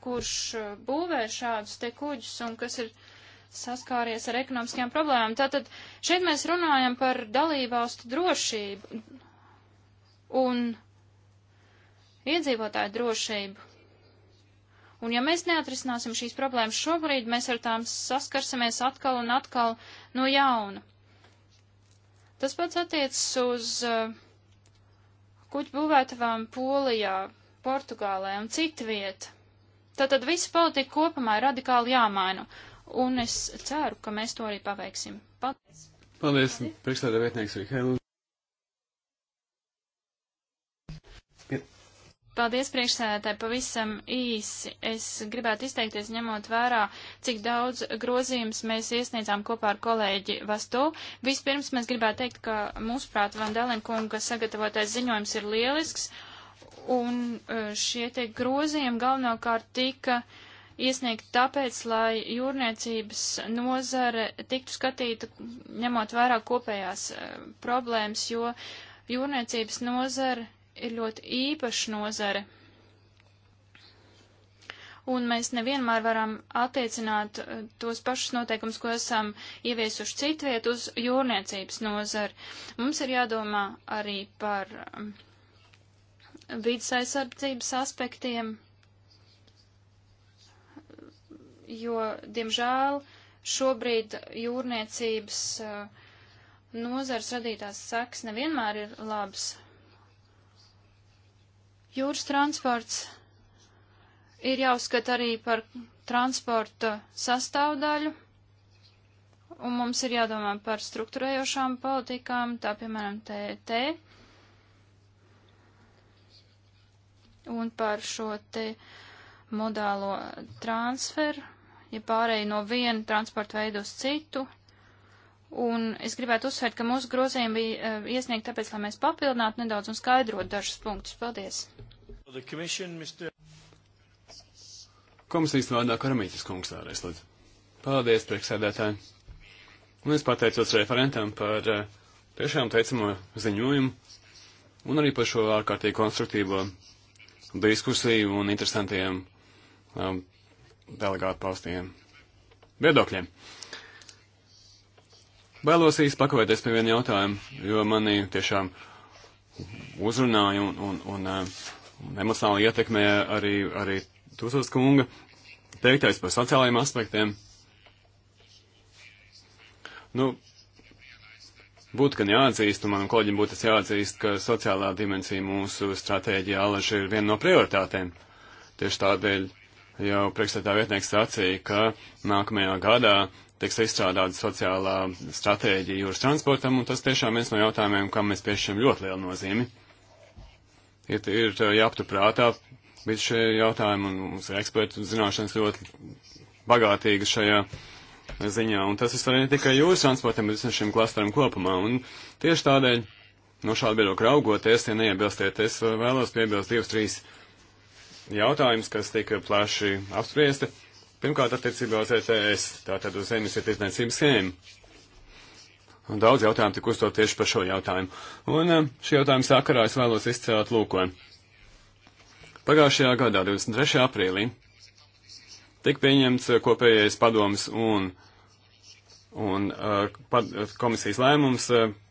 kurš uh, būvē šādus te kuģus, un kas ir saskāries ar ekonomiskajām problēmām. Tātad šeit mēs runājam par dalībvalstu drošību un iedzīvotāju drošību. Un ja mēs neatrisināsim šīs problēmas šobrīd, mēs ar tām saskarsimies atkal un atkal no jauna. Tas pats attiecas uz uh, kuģu būvētavām Polijā, Portugālē un citviet. Tātad visa politika kopumā ir radikāli jāmaina un es ceru, ka mēs to arī paveiksim. Paldies! Paldies, Paldies. priekšstādā vietnieks Vihēlu. Paldies, priekšsēdētāji, pavisam īsi. Es gribētu izteikties ņemot vērā, cik daudz grozījums mēs iesniedzām kopā ar kolēģi Vastu. Vispirms mēs gribētu teikt, ka mūsuprāt Vandelin kunga sagatavotais ziņojums ir lielisks, un e, šie te grozījumi galvenokārt tika uh, iesniegt tāpēc, lai jūrniecības nozare tiktu skatīta, ņemot vērā kopējās uh, problēmas, jo jūrniecības nozare ir ļoti īpaša nozare. Un mēs nevienmēr varam attiecināt uh, tos pašus noteikumus, ko esam ieviesuši citviet uz jūrniecības nozari. Mums ir jādomā arī par um, vidas aizsardzības aspektiem, jo, diemžēl, šobrīd jūrniecības uh, nozars radītās saks nevienmēr ir labs. Jūras transports ir jāuzskata arī par transporta sastāvdaļu, un mums ir jādomā par struktūrējošām politikām, tā piemēram TT, un par šo te modālo transferu ja pārēja no viena transporta veidu uz citu. Un es gribētu uzsvērt, ka mūsu grozījumi bija uh, iesniegti tāpēc, lai mēs papildinātu nedaudz un skaidrotu dažus punktus. Paldies! Komisijas vārdā Karamītis kungs vēlreiz lūdzu. Paldies, priekšsēdētāji! Un es pateicos referentam par uh, tiešām teicamo ziņojumu un arī par šo ārkārtīgi konstruktīvo diskusiju un interesantiem um, delegātu paustiem viedokļiem. Vēlos īsti pakavēties pie viena jautājuma, jo mani tiešām uzrunāja un, un, un, eh, un emocionāli ietekmē arī, arī Tūsos kunga teiktais par sociālajiem aspektiem. Nu, būtu gan jāatzīst, un manam kolēģim būtu tas jāatzīst, ka sociālā dimensija mūsu stratēģijā alaži ir viena no prioritātēm. Tieši tādēļ jau priekšstādā vietnieks sacīja, ka nākamajā gadā tiks izstrādāta sociālā stratēģija jūras transportam, un tas tiešām viens no jautājumiem, kam mēs piešķiram ļoti lielu nozīmi. Ir, ir jāpaturprātā visi šie jautājumi, un mums ir ekspertu zināšanas ļoti bagātīgas šajā ziņā, un tas ir svarīgi ne tikai jūras transportam, bet visam šim klasteram kopumā, un tieši tādēļ no šāda biedokļa raugoties, ja neiebilstiet, es vēlos piebilst divas, trīs jautājums, kas tika plaši apspriesti. Pirmkārt, attiecībā uz ETS, tātad uz emisiju tirdzniecības schēmu. Un daudz jautājumu tika uzdot tieši par šo jautājumu. Un eh, šī jautājuma sakarā es vēlos izcelt lūko. Pagājušajā gadā, 23. aprīlī, tika pieņemts eh, kopējais padoms un, un eh, pad, komisijas lēmums,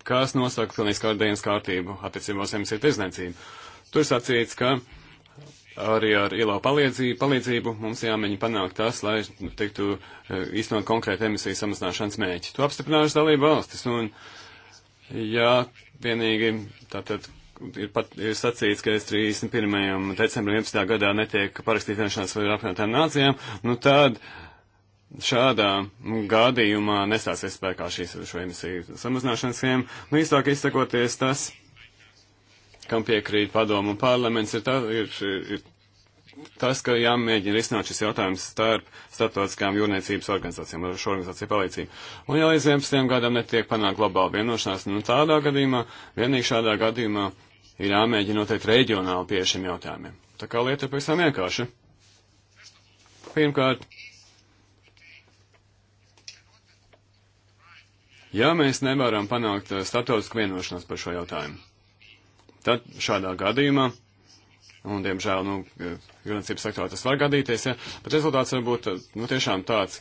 kas nosaka pilnīgi skārdienas kārtību attiecībos emisiju tirdzniecību. Tur sacīts, ka arī ar ILO palīdzību, palīdzību mums jāmēģina panākt tas, lai tiktu e, īstenot konkrēti emisiju samazināšanas mēķi. To apstiprinājuši dalību valstis. Un, ja vienīgi tātad ir, pat, ir sacīts, ka līdz 31. decembrim 11. gadā netiek parakstīt vienošanās ar apvienotām nācijām, nu tad šādā gadījumā nestāsies spēkā šīs šo emisiju samazināšanas schēma. Nu, īstāk izsakoties tas kam piekrīt padomu un parlaments, ir, tā, ir, ir tas, ka jāmēģina risināt šis jautājums starp starptautiskām jūrniecības organizācijām ar šo organizāciju palīdzību. Un ja līdz 11. gadam netiek panākt globāla vienošanās, nu tādā gadījumā, vienīgi šādā gadījumā ir jāmēģina noteikt reģionāli pie šiem jautājumiem. Tā kā lieta ir pavisam vienkārša. Pirmkārt, ja mēs nevaram panākt eh, starptautisku vienošanos par šo jautājumu, Tad šādā gadījumā, un diemžēl, nu, jūrniecības sektorā tas var gadīties, ja, bet rezultāts var būt, nu, tiešām tāds,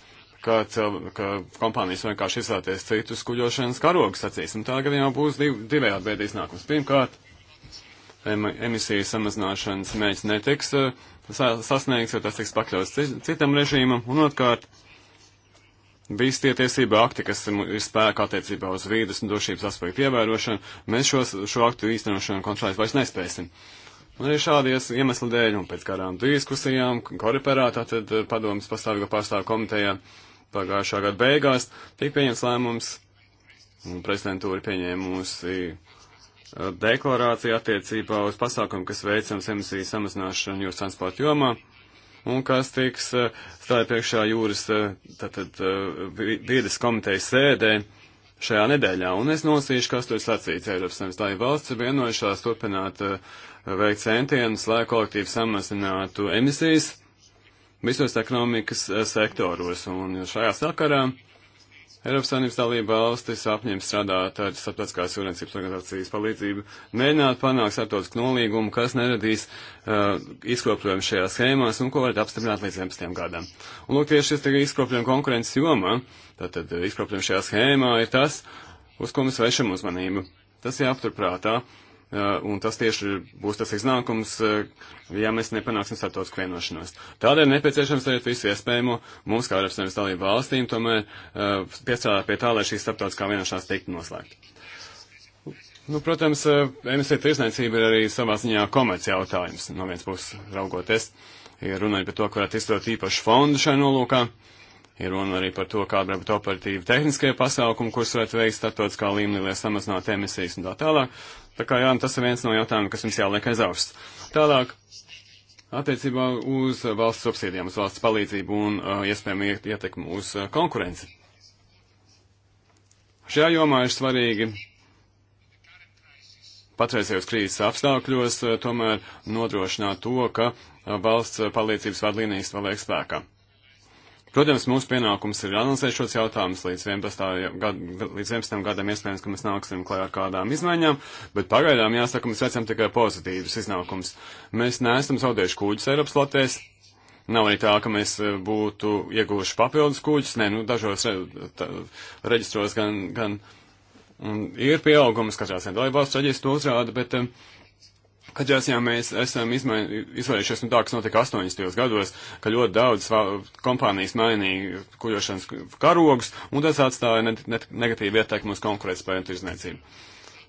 ka, ka kompānijas vienkārši izvēlēties citus kuģošanas karogus, sacīsim, tā gadījumā būs div, divējādi veidi iznākums. Pirmkārt, em, emisiju samazināšanas mēģis netiks uh, sasniegts, jo tas tiks pakļauts citam režīmam, un otrkārt, Visi tie tiesība akti, kas ir spēkā attiecībā uz vīdes un drošības aspektu ievērošanu, mēs šos, šo aktu īstenošanu kontrolēt vairs nespēsim. Un arī šādies iemesli dēļ un pēc kādām diskusijām, koriperā, tātad eh, padomas pastāvīgo pārstāvu komitejā pagājušā gada beigās, tika pieņems lēmums, un prezidentūra pieņēmusi eh, deklarāciju attiecībā uz pasākumu, kas veicams emisiju samazināšanu jūras transporta jomā un kas tiks eh, stāja priekšā jūras eh, tātad, eh, vīdes komitejas sēdē šajā nedēļā. Un es nosīšu, kas tur sacīts. Eiropas Savienības dalība valsts ir vienojušās turpināt veikt centienus, lai kolektīvi samazinātu emisijas visos ekonomikas sektoros. Un šajā sakarā. Eiropas Savienības dalība valstis apņem strādāt ar starptautiskās jūrniecības organizācijas palīdzību, mēģināt panākt starptautisku nolīgumu, kas neradīs uh, izkropļojumu šajā schēmās un ko varat apstiprināt līdz 11. gadam. Un lūk, tieši šis izkropļojums konkurences jomā, tātad uh, izkropļojums šajā schēmā ir tas, uz ko mēs vēršam uzmanību. Tas jāaptur prātā. Uh, Eh, un tas tieši būs tas iznākums, eh, ja mēs nepanāksim starptautisku vienošanos. Tādēļ nepieciešams darīt visu iespējamo mums, kā Eiropas Savienības dalību valstīm, tomēr eh, piestrādāt pie tā, lai šī starptautiskā vienošanās tiktu noslēgta. Nu, protams, emisija tirsniecība ir arī savā ziņā komerci jautājums, no viens puses raugoties, ja runājot par to, ka varētu izstot īpašu fondu šai nolūkā. Uh, Ir runa arī par to, kāda varētu būt operatīva tehniskie pasākumi, kurus varētu veikt starptautiskā līmenī, lai samazinātu emisijas un tā tālāk. Tā kā jā, nu, tas ir viens no jautājumiem, kas jums jāliek aiz auss. Tālāk, attiecībā uz valsts subsīdijām, uz valsts palīdzību un uh, iespējami ietekmu uz uh, konkurenci. Šajā jomā ir svarīgi patreizējos krīzes apstākļos uh, tomēr nodrošināt to, ka uh, valsts palīdzības vadlīnijas paliek spēkā. Protams, mūsu pienākums ir analizēt šos jautājumus līdz 11. Gad, līdz 11. gadam, iespējams, ka mēs nāksim klajā ar kādām izmaiņām, bet pagaidām jāsaka, mēs redzam tikai pozitīvas iznākums. Mēs neesam zaudējuši kūģus Eiropas latēs, Nav arī tā, ka mēs eh, būtu ieguvuši papildus kuģus, nē, nu, dažos re, tā, reģistros gan, gan ir pieaugums, katrā centrālajā valsts reģistru uzrāda, bet eh, Katrā ziņā mēs esam izvairījušies no tā, kas notika 80. gados, ka ļoti daudz kompānijas mainīja kuģošanas karogus, un tas atstāja ne ne negatīvu ietekmi uz konkurētspēju un tirzniecību.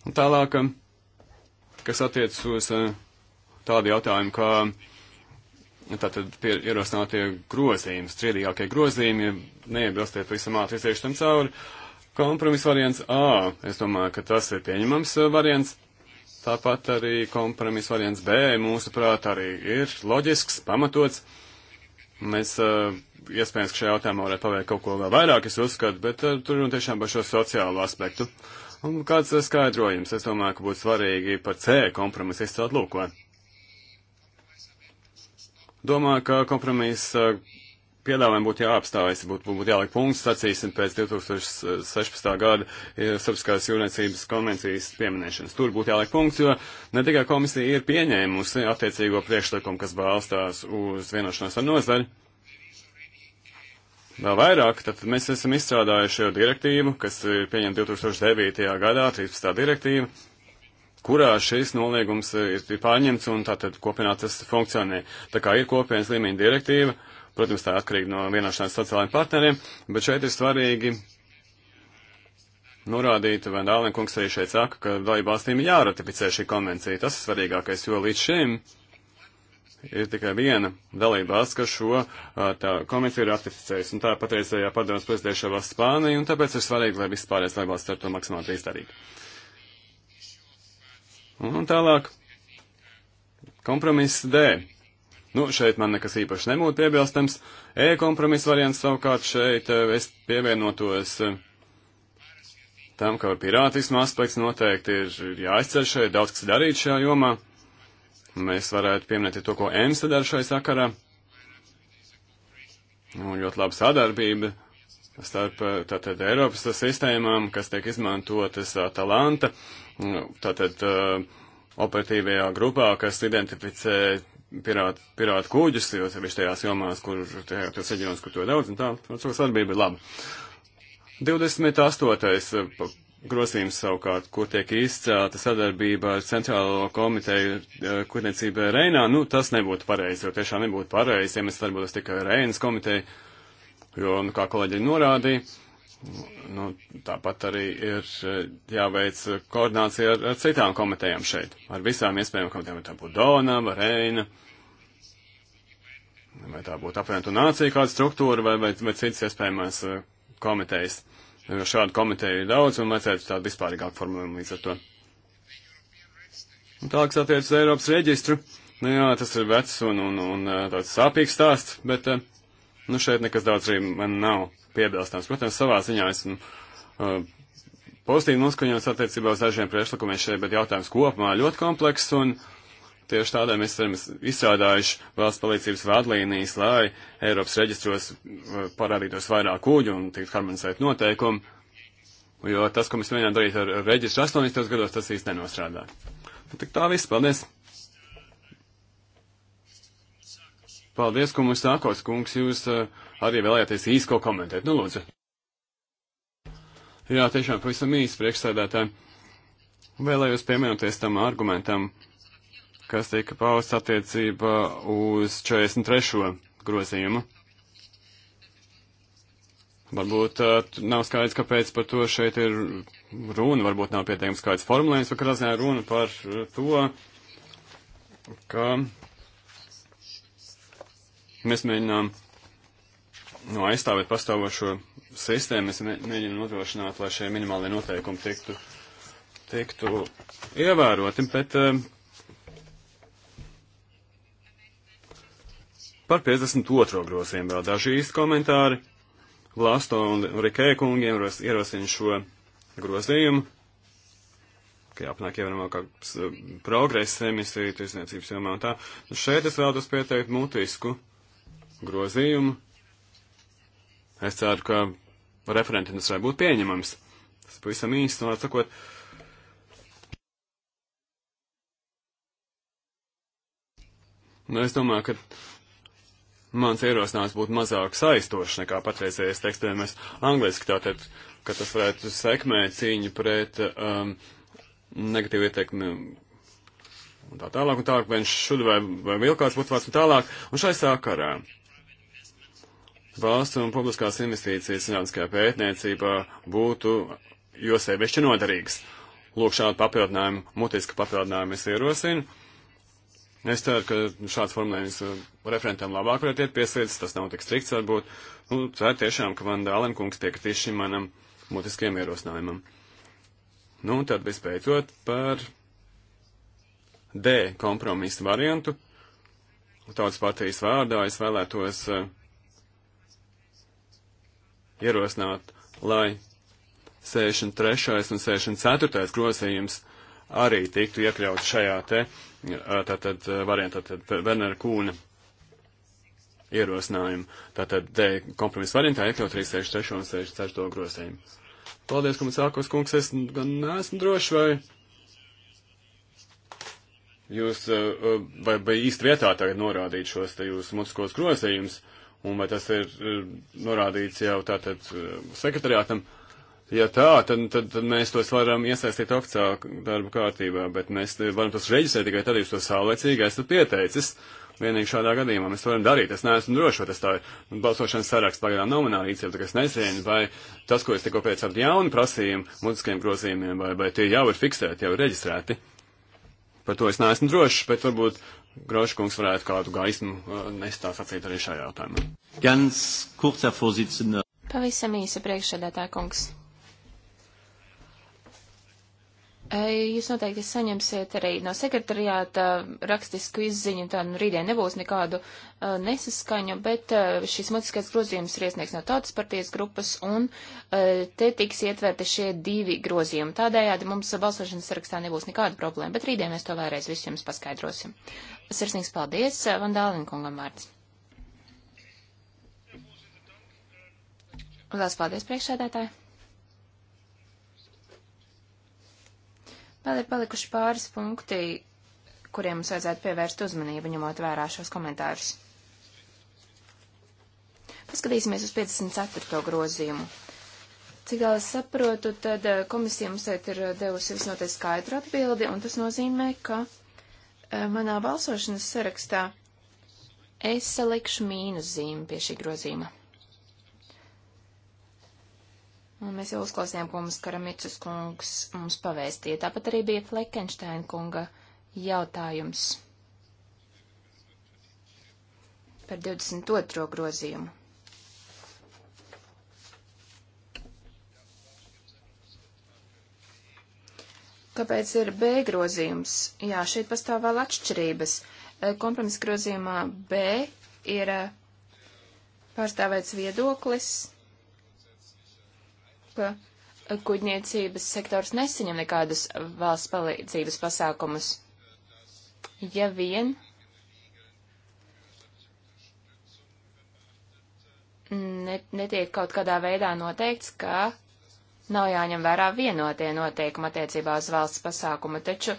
Un tālāk, kas attiec uz eh, tādu jautājumu, kā tātad ierosinātie grozījumi, strīdīgākie grozījumi, neiebilstiet visam ātri iziešu tam cauri, kompromis variants A, es domāju, ka tas ir pieņemams variants Tāpat arī kompromis variants B, mūsuprāt, arī ir loģisks, pamatots. Mēs uh, iespējams, ka šajā jautājumā varētu paveikt kaut ko vēl vairāk, es uzskatu, bet uh, tur un tiešām par šo sociālo aspektu. Un kāds uh, skaidrojums, es domāju, ka būtu svarīgi par C kompromisu izcelt lūko. Domāju, ka kompromiss piedāvājumi būtu jāapstājas, būtu, būtu jāliek punkts, sacīsim, pēc 2016. gada starpskās jūrniecības konvencijas pieminēšanas. Tur būtu jāliek punkts, jo ne tikai komisija ir pieņēmusi attiecīgo priekšlikumu, kas balstās uz vienošanos ar nozari, vēl vairāk, tad mēs esam izstrādājuši jau direktīvu, kas ir pieņemta 2009. gadā, 13. direktīva kurā šis noliegums ir pārņemts un tātad kopienā tas funkcionē. Tā kā ir kopienas līmeņa direktīva, uh, Protams, tā atkarīga no vienošanās sociālajiem partneriem, bet šeit ir svarīgi norādīt, vai Dālenkungs arī šeit saka, ka dalību valstīm jāratificē šī konvencija. Tas ir svarīgākais, jo līdz šim ir tikai viena dalība valsts, kas šo tā, konvenciju ir ratificējusi, un tā patreizējā padomas prezidēšā valsts Spānija, un tāpēc ir svarīgi, lai viss pārējais dalība valsts ar to maksimāli izdarītu. Un, un tālāk, kompromiss D. Nu, šeit man nekas īpaši nebūtu piebilstams. E-kompromisa variants savukārt šeit eh, es pievienotos eh, tam, ka pirātisma aspekts noteikti ir, ir jāizceļ šeit, daudz kas darīt šajā jomā. Mēs varētu pieminēt to, ko EMSA dara šai sakarā. Nu, ļoti laba sadarbība starp eh, tātad Eiropas sistēmām, kas tiek izmantotas Atalanta, nu, tātad operatīvajā grupā, kas identificē pirātu, pirātu kuģus, jo sevišķi tajās jomās, kur tajos reģionos, kur to ir daudz, un tā, tā sadarbība ir laba. 28. Eh, grozījums savukārt, kur tiek izcēlta sadarbība ar Centrālo komiteju eh, kurniecībai Reinā, nu, tas nebūtu pareizi, jo tiešām nebūtu pareizi, ja mēs darbotos tikai Reinas komiteju, jo, nu, kā kolēģi norādīja, Nu, tāpat arī ir eh, jāveic koordinācija ar, ar citām komitejām šeit, ar visām iespējām komitejām, vai tā būtu Dona, vai Reina, vai tā būtu apvienotu nāciju kāda struktūra, vai, vai, vai citas iespējamās eh, komitejas. Jo šādu komiteju ir daudz, un vajadzētu tādu vispārīgāku formulējumu līdz ar to. Un tālāk satiec uz Eiropas reģistru. Nu jā, tas ir vecs un, un, un eh, tāds sāpīgs stāsts, bet nu, šeit nekas daudz arī man nav piebilstams. Protams, savā ziņā esmu uh, pozitīvi noskaņots attiecībā uz dažiem priekšlikumiem šeit, bet jautājums kopumā ļoti komplekss un tieši tādēļ mēs esam izstrādājuši valsts palīdzības vadlīnijas, lai Eiropas reģistros uh, parādītos vairāk kuģu un tiktu harmonizēt noteikumi, jo tas, ko mēs mēģinām darīt ar reģistru 80. gados, tas īsti nenostrādā. Nu, tik tā viss, paldies! Paldies, ko mums sākos, kungs, jūs uh, arī vēlējāties īsti ko komentēt. Nu, lūdzu. Jā, tiešām pavisam īsti priekšsēdētāji. Vēlējos pieminēties tam argumentam, kas tika pausts attiecībā uz 43. grozījumu. Varbūt uh, nav skaidrs, kāpēc par to šeit ir runa, varbūt nav pietiekams kāds formulējums, bet katrā ziņā runa par to, ka mēs mēģinām no nu, aizstāvēt pastāvošo sistēmu, mēs mē, mēģinām nodrošināt, lai šie minimālie noteikumi tiktu, tiktu ievēroti, bet um, par 52. grozījumu vēl daži īsti komentāri. Vlasto un Rikē kungiem ierosina šo grozījumu, ka jāpanāk ievērojamākāks progress emisiju tirsniecības jomā un tā. Nu šeit es vēlos pieteikt mutisku grozījumu Es ceru, ka referentam tas varētu būt pieņemams. Tas pavisam īsti, un atsakot. Nu, es domāju, ka mans ierosinājums būtu mazāk saistošs nekā patreizējais teksts, ja mēs angliski tātad, ka tas varētu sekmēt cīņu pret um, negatīvu ietekmi un tā tālāk un tālāk, viņš šud vai, vai vilkās būtu vārds un tālāk, un šai sākarā. Uh, valsts un publiskās investīcijas zinātniskajā pētniecībā būtu jo sevišķi noderīgas. Lūk, šādu papildinājumu, mutisku papildinājumu es ierosinu. Es ceru, ka šāds formulējums uh, referentam labāk varētu iet piesaicis, tas nav tik strikts varbūt. Nu, ceru tiešām, ka Van Dālen kungs piekritīs šim manam mutiskiem ierosinājumam. Nu, un tad vispēcot par D kompromisu variantu. Tautas partijas vārdā es vēlētos uh, ierosināt, lai 63. un 64. grozījums arī tiktu iekļauts šajā te, tātad variantā, tātad Wernera Kūna ierosinājumu. Tātad kompromisa variantā iekļaut arī 63. un 64. grozījumu. Paldies, komisārkos kungs, es gan neesmu droši, vai jūs, vai, vai īsti vietā tagad norādīt šos te jūsu mutiskos grozījumus. Uh, un vai tas ir norādīts jau tātad eh, sekretariātam. Ja tā, tad, tad, tad mēs tos varam iesaistīt oficiālā darba kārtībā, bet mēs eh, varam tos reģistrēt tikai tad, ja jūs to saulēcīgi esat pieteicis. Vienīgi šādā gadījumā mēs to varam darīt. Es neesmu drošs, vai tas tā ir balsošanas saraksts pagaidām nav manā rīcībā, tā kā es nezinu, vai tas, ko es tikko pēc ar jaunu prasījumu, mutiskiem grozījumiem, vai, vai tie jau ir fiksēti, jau ir reģistrēti. Par to es neesmu drošs, bet varbūt Groškungs varētu kādu gaismu uh, nestā sacīt arī šajā jautājumā. Gans kursa pozicionā. Pavisam īsi priekšsēdētā kungs. Jūs noteikti saņemsiet arī no sekretariāta rakstisku izziņu, tā nu rītdien nebūs nekādu uh, nesaskaņu, bet uh, šis mutiskais grozījums ir iesniegts no tautas partijas grupas, un uh, te tiks ietverti šie divi grozījumi. Tādējādi mums balsošanas sarakstā nebūs nekāda problēma, bet rītdien mēs to vēlreiz visu jums paskaidrosim. Sirsnīgs paldies, uh, Vandālin kungam vārds. Lielas paldies, priekšsēdētāji! Vēl ir palikuši pāris punkti, kuriem mums vajadzētu pievērst uzmanību, ņemot vērā šos komentārus. Paskatīsimies uz 54. grozījumu. Cik tālu es saprotu, tad eh, komisija mums šeit ir eh, devusi visnotaļ skaidru atbildi, un tas nozīmē, ka eh, manā balsošanas sarakstā es salikšu mīnus zīmi pie šī grozījuma. Un mēs jau uzklausījām, ko mums Karamicus kungs mums pavēstīja. Tāpat arī bija Fleckensteina kunga jautājums par 22. grozījumu. Kāpēc ir B grozījums? Jā, šeit pastāv vēl atšķirības. E, kompromisa grozījumā B ir e, pārstāvēts viedoklis, ka eh, kuģniecības sektors nesaņem nekādus valsts palīdzības pasākumus. Ja vien netiek kaut kādā veidā noteikts, ka nav jāņem vērā vienotie noteikumi attiecībā uz valsts pasākumu, taču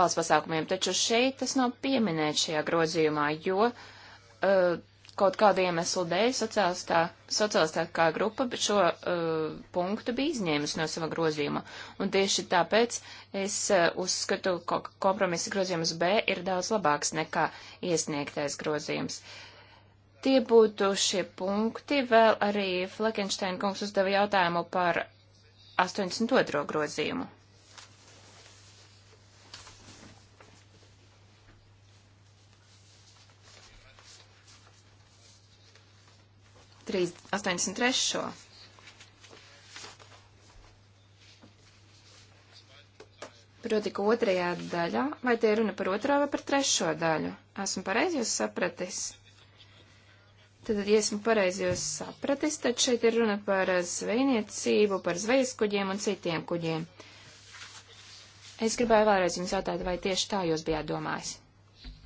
valsts pasākumiem, taču šeit tas nav pieminēts šajā grozījumā, jo uh, kaut kādu iemeslu dēļ sociālistā, sociālistā kā grupa šo uh, punktu bija izņēmusi no sava grozījuma. Un tieši tāpēc es uh, uzskatu, ka ko, kompromisa grozījums B ir daudz labāks nekā iesniegtais grozījums. Tie būtu šie punkti. Vēl arī Fleckensteina kungs uzdeva jautājumu par 82. grozījumu. 3, 83. Proti, ka otrajā daļā, vai te ir runa par otro vai par trešo daļu? Esmu pareizi jūs sapratis. Tad, ja esmu pareizi jūs sapratis, tad šeit ir runa par zvejniecību, par zvejas kuģiem un citiem kuģiem. Es gribēju vēlreiz jums jautāt, vai tieši tā jūs bijāt domājis?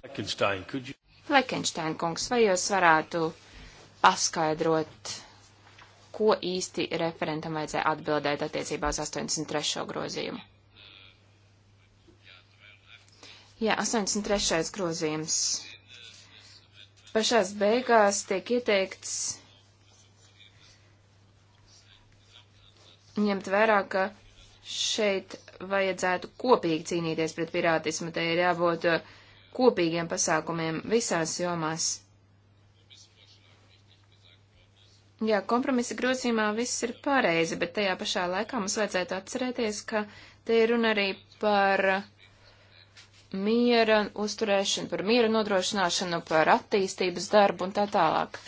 Lekenštain, you... kungs, vai jūs varētu paskaidrot, ko īsti referentam vajadzēja atbildēt attiecībā uz 83. grozījumu. Jā, 83. grozījums. Pašās beigās tiek ieteikts ņemt vērā, ka šeit vajadzētu kopīgi cīnīties pret pirātismu, te ir jābūt kopīgiem pasākumiem visās jomās. Jā, kompromisa grozījumā viss ir pareizi, bet tajā pašā laikā mums vajadzētu atcerēties, ka te ir runa arī par miera uzturēšanu, par miera nodrošināšanu, par attīstības darbu un tā tālāk.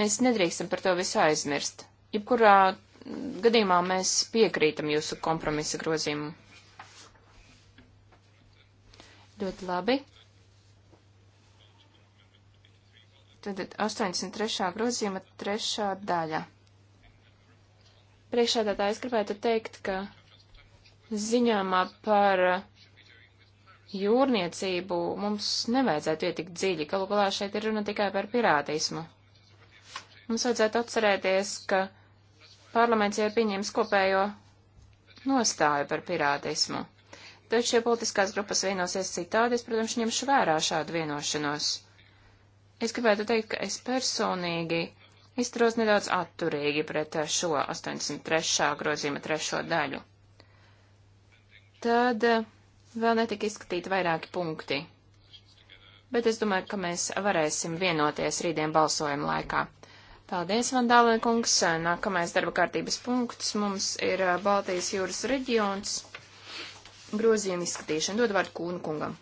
Mēs nedrīkstam par to visu aizmirst. Jebkurā gadījumā mēs piekrītam jūsu kompromisa grozījumu. Ļoti labi. Tad 83. grozījuma trešā daļa. Priekšādā es gribētu teikt, ka ziņāmā par jūrniecību mums nevajadzētu ietikt dziļi. Galu galā šeit ir runa tikai par pirātismu. Mums vajadzētu atcerēties, ka parlaments jau ir pieņēmis kopējo nostāju par pirātismu. Taču, ja politiskās grupas vienosies citādi, es, protams, ņemšu vērā šādu vienošanos. Es gribētu teikt, ka es personīgi izturos nedaudz atturīgi pret šo 83. grozījuma trešo daļu. Tad eh, vēl netika izskatīti vairāki punkti, bet es domāju, ka mēs varēsim vienoties rītdien balsojuma laikā. Paldies, Vandālēn kungs. Nākamais darba kārtības punkts mums ir eh, Baltijas jūras reģions. Grozījuma izskatīšana. Dod vārdu Kūnu kungam.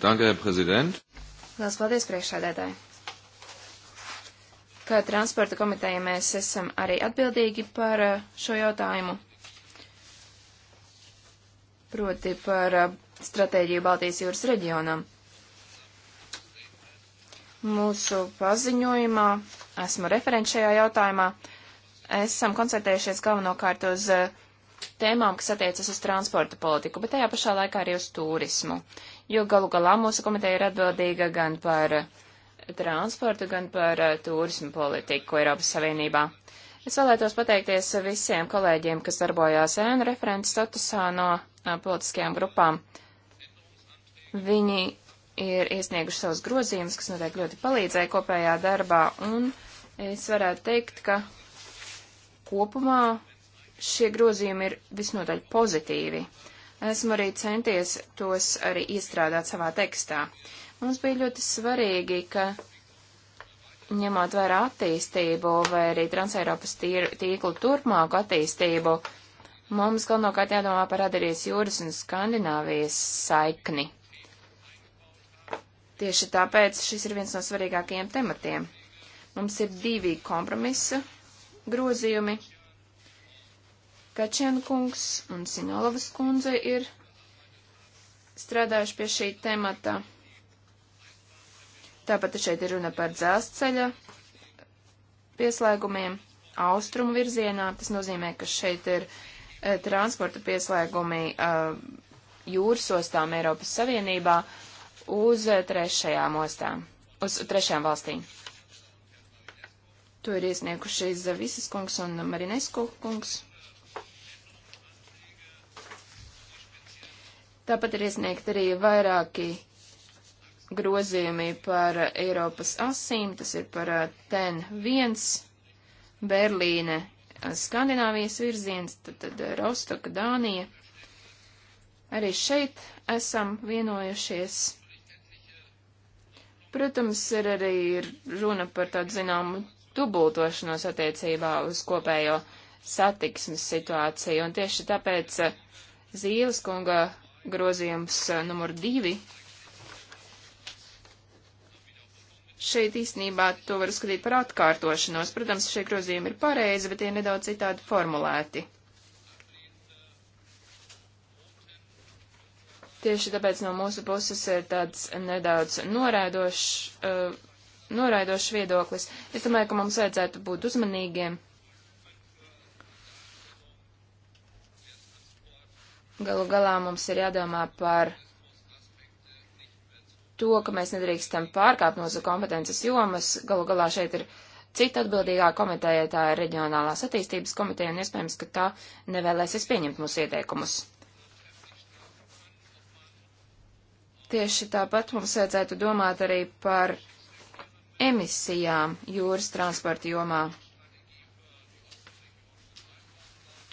Danke, Herr Präsident. Lielas paldies priekšsēdētāji. Kā transporta komiteja mēs esam arī atbildīgi par eh, šo jautājumu, proti par eh, stratēģiju Baltijas jūras reģionam. Mūsu paziņojumā, esmu referents šajā jautājumā, esam koncentrējušies galvenokārt uz eh, tēmām, kas attiecas uz transporta politiku, bet tajā pašā laikā arī uz turismu jo galu galā mūsu komiteja ir atbildīga gan par transportu, gan par eh, turismu politiku Eiropas Savienībā. Es vēlētos pateikties visiem kolēģiem, kas darbojās ēnu referents statusā no eh, politiskajām grupām. Viņi ir iesnieguši savus grozījumus, kas noteikti ļoti palīdzēja kopējā darbā, un es varētu teikt, ka kopumā šie grozījumi ir visnotaļ pozitīvi. Esmu arī centies tos arī iestrādāt savā tekstā. Mums bija ļoti svarīgi, ka ņemot vērā attīstību vai arī Transeiropas tīklu turpmāku attīstību, mums galvenokārt jādomā par Adarijas jūras un Skandināvijas saikni. Tieši tāpēc šis ir viens no svarīgākajiem tematiem. Mums ir divi kompromisa grozījumi. Kačenkungs un Sinolovas kundze ir strādājuši pie šī temata. Tāpat šeit ir runa par dzelzceļa pieslēgumiem austrumu virzienā. Tas nozīmē, ka šeit ir e, transporta pieslēgumi e, jūras ostām Eiropas Savienībā uz eh, trešajām ostām, uz trešajām valstīm. To ir iesniegušies Zavisas kungs un Marinesku kungs. Tāpat ir iesniegt arī vairāki grozījumi par Eiropas asīm, tas ir par TEN1, Berlīne, Skandināvijas virziens, tad, tad Rostoka, Dānija. Arī šeit esam vienojušies. Protams, ir arī runa par tādu zināmu dubultošanos attiecībā uz kopējo satiksmes situāciju, un tieši tāpēc Zīles kunga grozījums eh, numur divi. Šeit īstenībā to var uzskatīt par atkārtošanos. Protams, šie grozījumi ir pareizi, bet tie nedaudz citādi formulēti. Tieši tāpēc no mūsu puses ir tāds nedaudz noraidošs, uh, noraidošs viedoklis. Es domāju, ka mums vajadzētu būt uzmanīgiem Galu galā mums ir jādomā par to, ka mēs nedrīkstam pārkāpt mūsu kompetences jomas. Galu galā šeit ir cita atbildīgā komiteja, tā ir reģionālās attīstības komiteja, un iespējams, ka tā nevēlēsies pieņemt mūsu ieteikumus. Tieši tāpat mums vajadzētu domāt arī par emisijām jūras transporta jomā.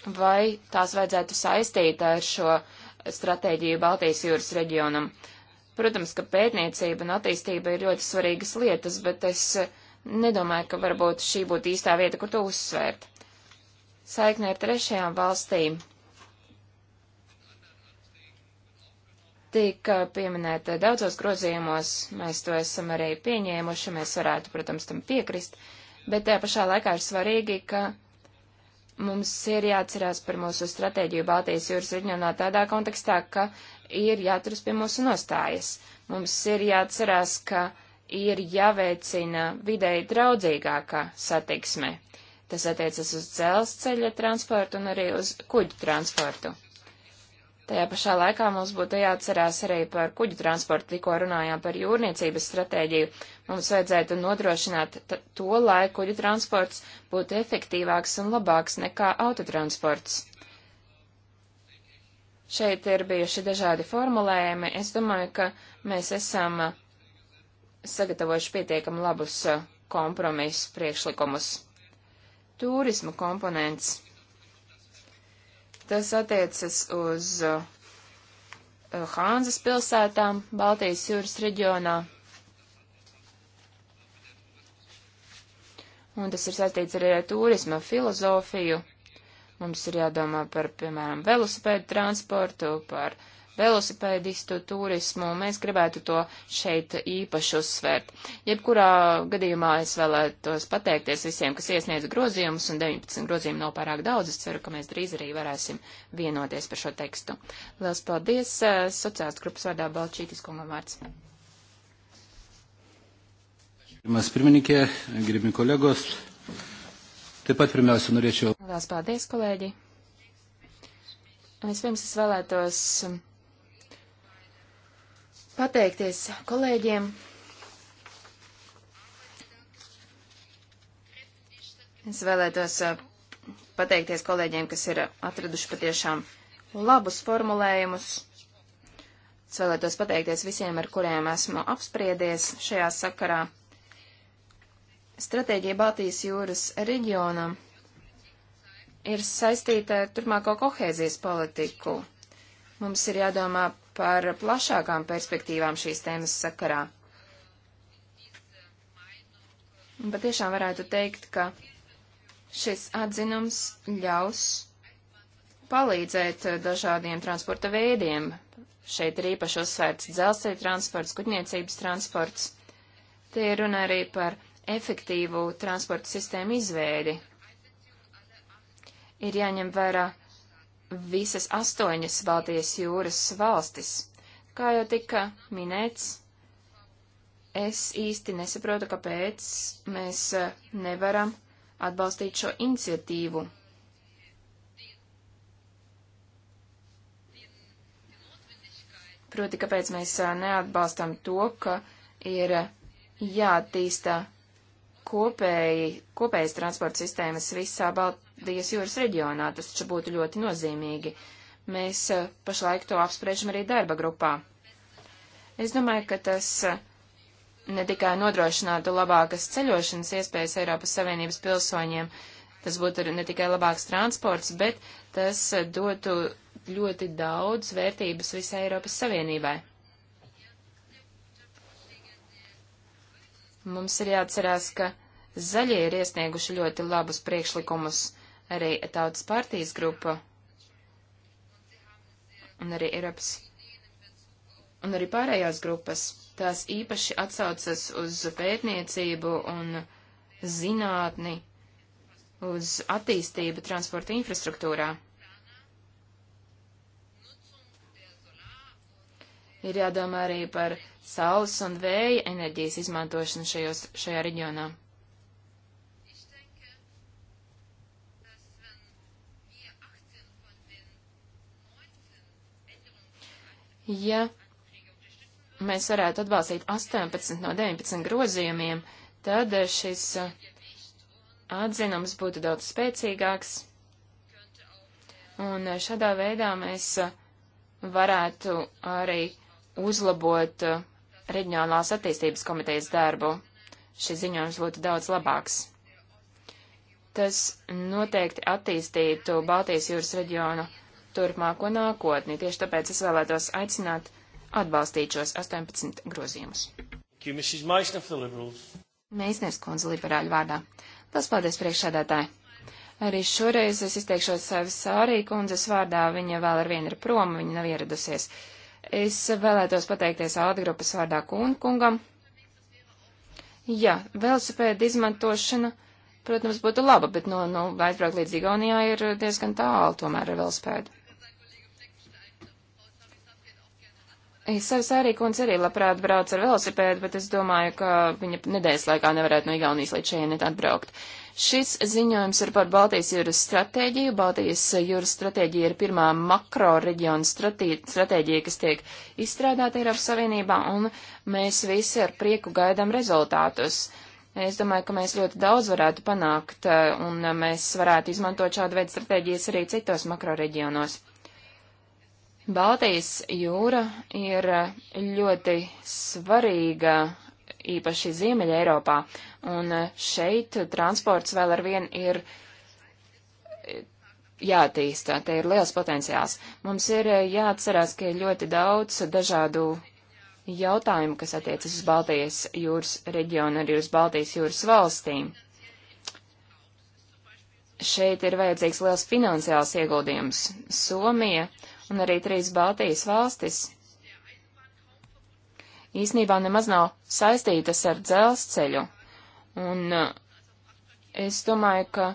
vai tās vajadzētu saistīt ar šo stratēģiju Baltijas jūras reģionam. Protams, ka pētniecība un attīstība ir ļoti svarīgas lietas, bet es nedomāju, ka varbūt šī būtu īstā vieta, kur to uzsvērt. Saiknē ar trešajām valstīm tika pieminēta daudzos grozījumos, mēs to esam arī pieņēmuši, mēs varētu, protams, tam piekrist, bet tajā pašā laikā ir svarīgi, ka mums ir jāatcerās par mūsu stratēģiju Baltijas jūras reģionā tādā kontekstā, ka ir jāturas pie mūsu nostājas. Mums ir jāatcerās, ka ir jāveicina videi draudzīgākā satiksme. Tas attiecas uz dzelzceļa transportu un arī uz kuģu transportu. Tajā pašā laikā mums būtu jāatcerās arī par kuģu transportu, tikko runājām par jūrniecības stratēģiju. Mums vajadzētu nodrošināt to, lai kuģu transports būtu efektīvāks un labāks nekā autotransports. Šeit ir bijuši dažādi formulējumi. Es domāju, ka mēs esam uh, sagatavojuši pietiekam labus uh, kompromisu priekšlikumus. Turisma komponents. Tas attiecas uz Hānzas uh, uh, pilsētām Baltijas jūras reģionā. Un tas ir saistīts arī ar turisma filozofiju. Mums ir jādomā par, piemēram, velosipēdu transportu, par uh, velosipēdistu turismu, mēs gribētu to šeit īpaši uzsvērt. Jebkurā gadījumā es vēlētos pateikties visiem, kas iesniedz grozījumus, un 19 grozījumu nav pārāk daudz. Es ceru, ka mēs drīz arī varēsim vienoties par šo tekstu. Lielas paldies! Eh, sociālistu grupas vārdā Balčītis kungam vārds. Pirmās pirmininkē, gribim kolegos. Taip pat pirmiausia norėčiau. Lielas paldies, kolēģi! Vispirms es vēlētos pateikties kolēģiem. Es vēlētos uh, pateikties kolēģiem, kas ir uh, atraduši patiešām labus formulējumus. Es vēlētos pateikties visiem, ar kuriem esmu apspriedies šajā sakarā. Stratēģija Baltijas jūras reģionam ir saistīta ar turpmāko kohēzijas politiku. Mums ir jādomā par plašākām perspektīvām šīs tēmas sakarā. Bet tiešām varētu teikt, ka šis atzinums ļaus palīdzēt dažādiem transporta veidiem. Šeit ir īpaši uzsvērts dzelzceļa transports, kuģniecības transports. Tie ir runa arī par efektīvu transporta sistēmu izveidi. Ir jāņem vērā visas astoņas Baltijas jūras valstis. Kā jau tika minēts, es īsti nesaprotu, kāpēc mēs eh, nevaram atbalstīt šo iniciatīvu. Proti, kāpēc mēs eh, neatbalstam to, ka ir jāattīstā kopēji, kopējas transporta sistēmas visā Balt Dijas jūras reģionā. Tas taču būtu ļoti nozīmīgi. Mēs eh, pašlaik to apspriežam arī darba grupā. Es domāju, ka tas eh, ne tikai nodrošinātu labākas ceļošanas iespējas Eiropas Savienības pilsoņiem, tas būtu ne tikai labāks transports, bet tas eh, dotu ļoti daudz vērtības visai Eiropas Savienībai. Mums ir jāatcerās, ka zaļie ir iesnieguši ļoti labus priekšlikumus arī Tautas partijas grupa un arī Eiropas un arī pārējās grupas. Tās īpaši atsaucas uz pētniecību un zinātni, uz attīstību transporta infrastruktūrā. Ir jādomā arī par saules un vēja enerģijas izmantošanu šajos, šajā reģionā. Ja mēs varētu atbalstīt 18 no 19 grozījumiem, tad šis uh, atzinums būtu daudz spēcīgāks. Un uh, šādā veidā mēs uh, varētu arī uzlabot reģionālās attīstības komitejas darbu. Šis ziņojums būtu daudz labāks. Tas noteikti attīstītu Baltijas jūras reģionu turpmāko nākotni. Tieši tāpēc es vēlētos aicināt atbalstīt šos 18 grozījumus. Meisners kundze liberāļu vārdā. Tas paldies priekšsēdētāji. Arī šoreiz es izteikšos savas Sārī kundzes vārdā, viņa vēl ar vienu ir prom, viņa nav ieradusies. Es vēlētos pateikties Alda grupas vārdā Kūnkungam. Jā, velosipēda izmantošana, protams, būtu laba, bet no, nu, no nu, aizbraukt līdz Igaunijā ir diezgan tālu tomēr ar velosipēdu. Savas arī kundze arī labprāt brauc ar velosipēdu, bet es domāju, ka viņa nedēļas laikā nevarētu no Igaunijas līdz šeit atbraukt. Šis ziņojums ir par Baltijas jūras stratēģiju. Baltijas jūras stratēģija ir pirmā makro reģiona stratēģija, kas tiek izstrādāta Eiropas Savienībā, un mēs visi ar prieku gaidām rezultātus. Es domāju, ka mēs ļoti daudz varētu panākt, eh, un eh, mēs varētu izmantot šādu veidu stratēģijas arī citos makro reģionos. Baltijas jūra ir ļoti svarīga, īpaši Ziemeļa Eiropā, un šeit transports vēl ar vien ir jātīstā, te ir liels potenciāls. Mums ir jāatcerās, ka ir ļoti daudz dažādu jautājumu, kas attiecas uz Baltijas jūras reģionu, arī uz Baltijas jūras valstīm. Šeit ir vajadzīgs liels finansiāls ieguldījums. Somija un arī trīs Baltijas valstis īsnībā nemaz nav saistītas ar dzelzceļu. Un uh, es domāju, ka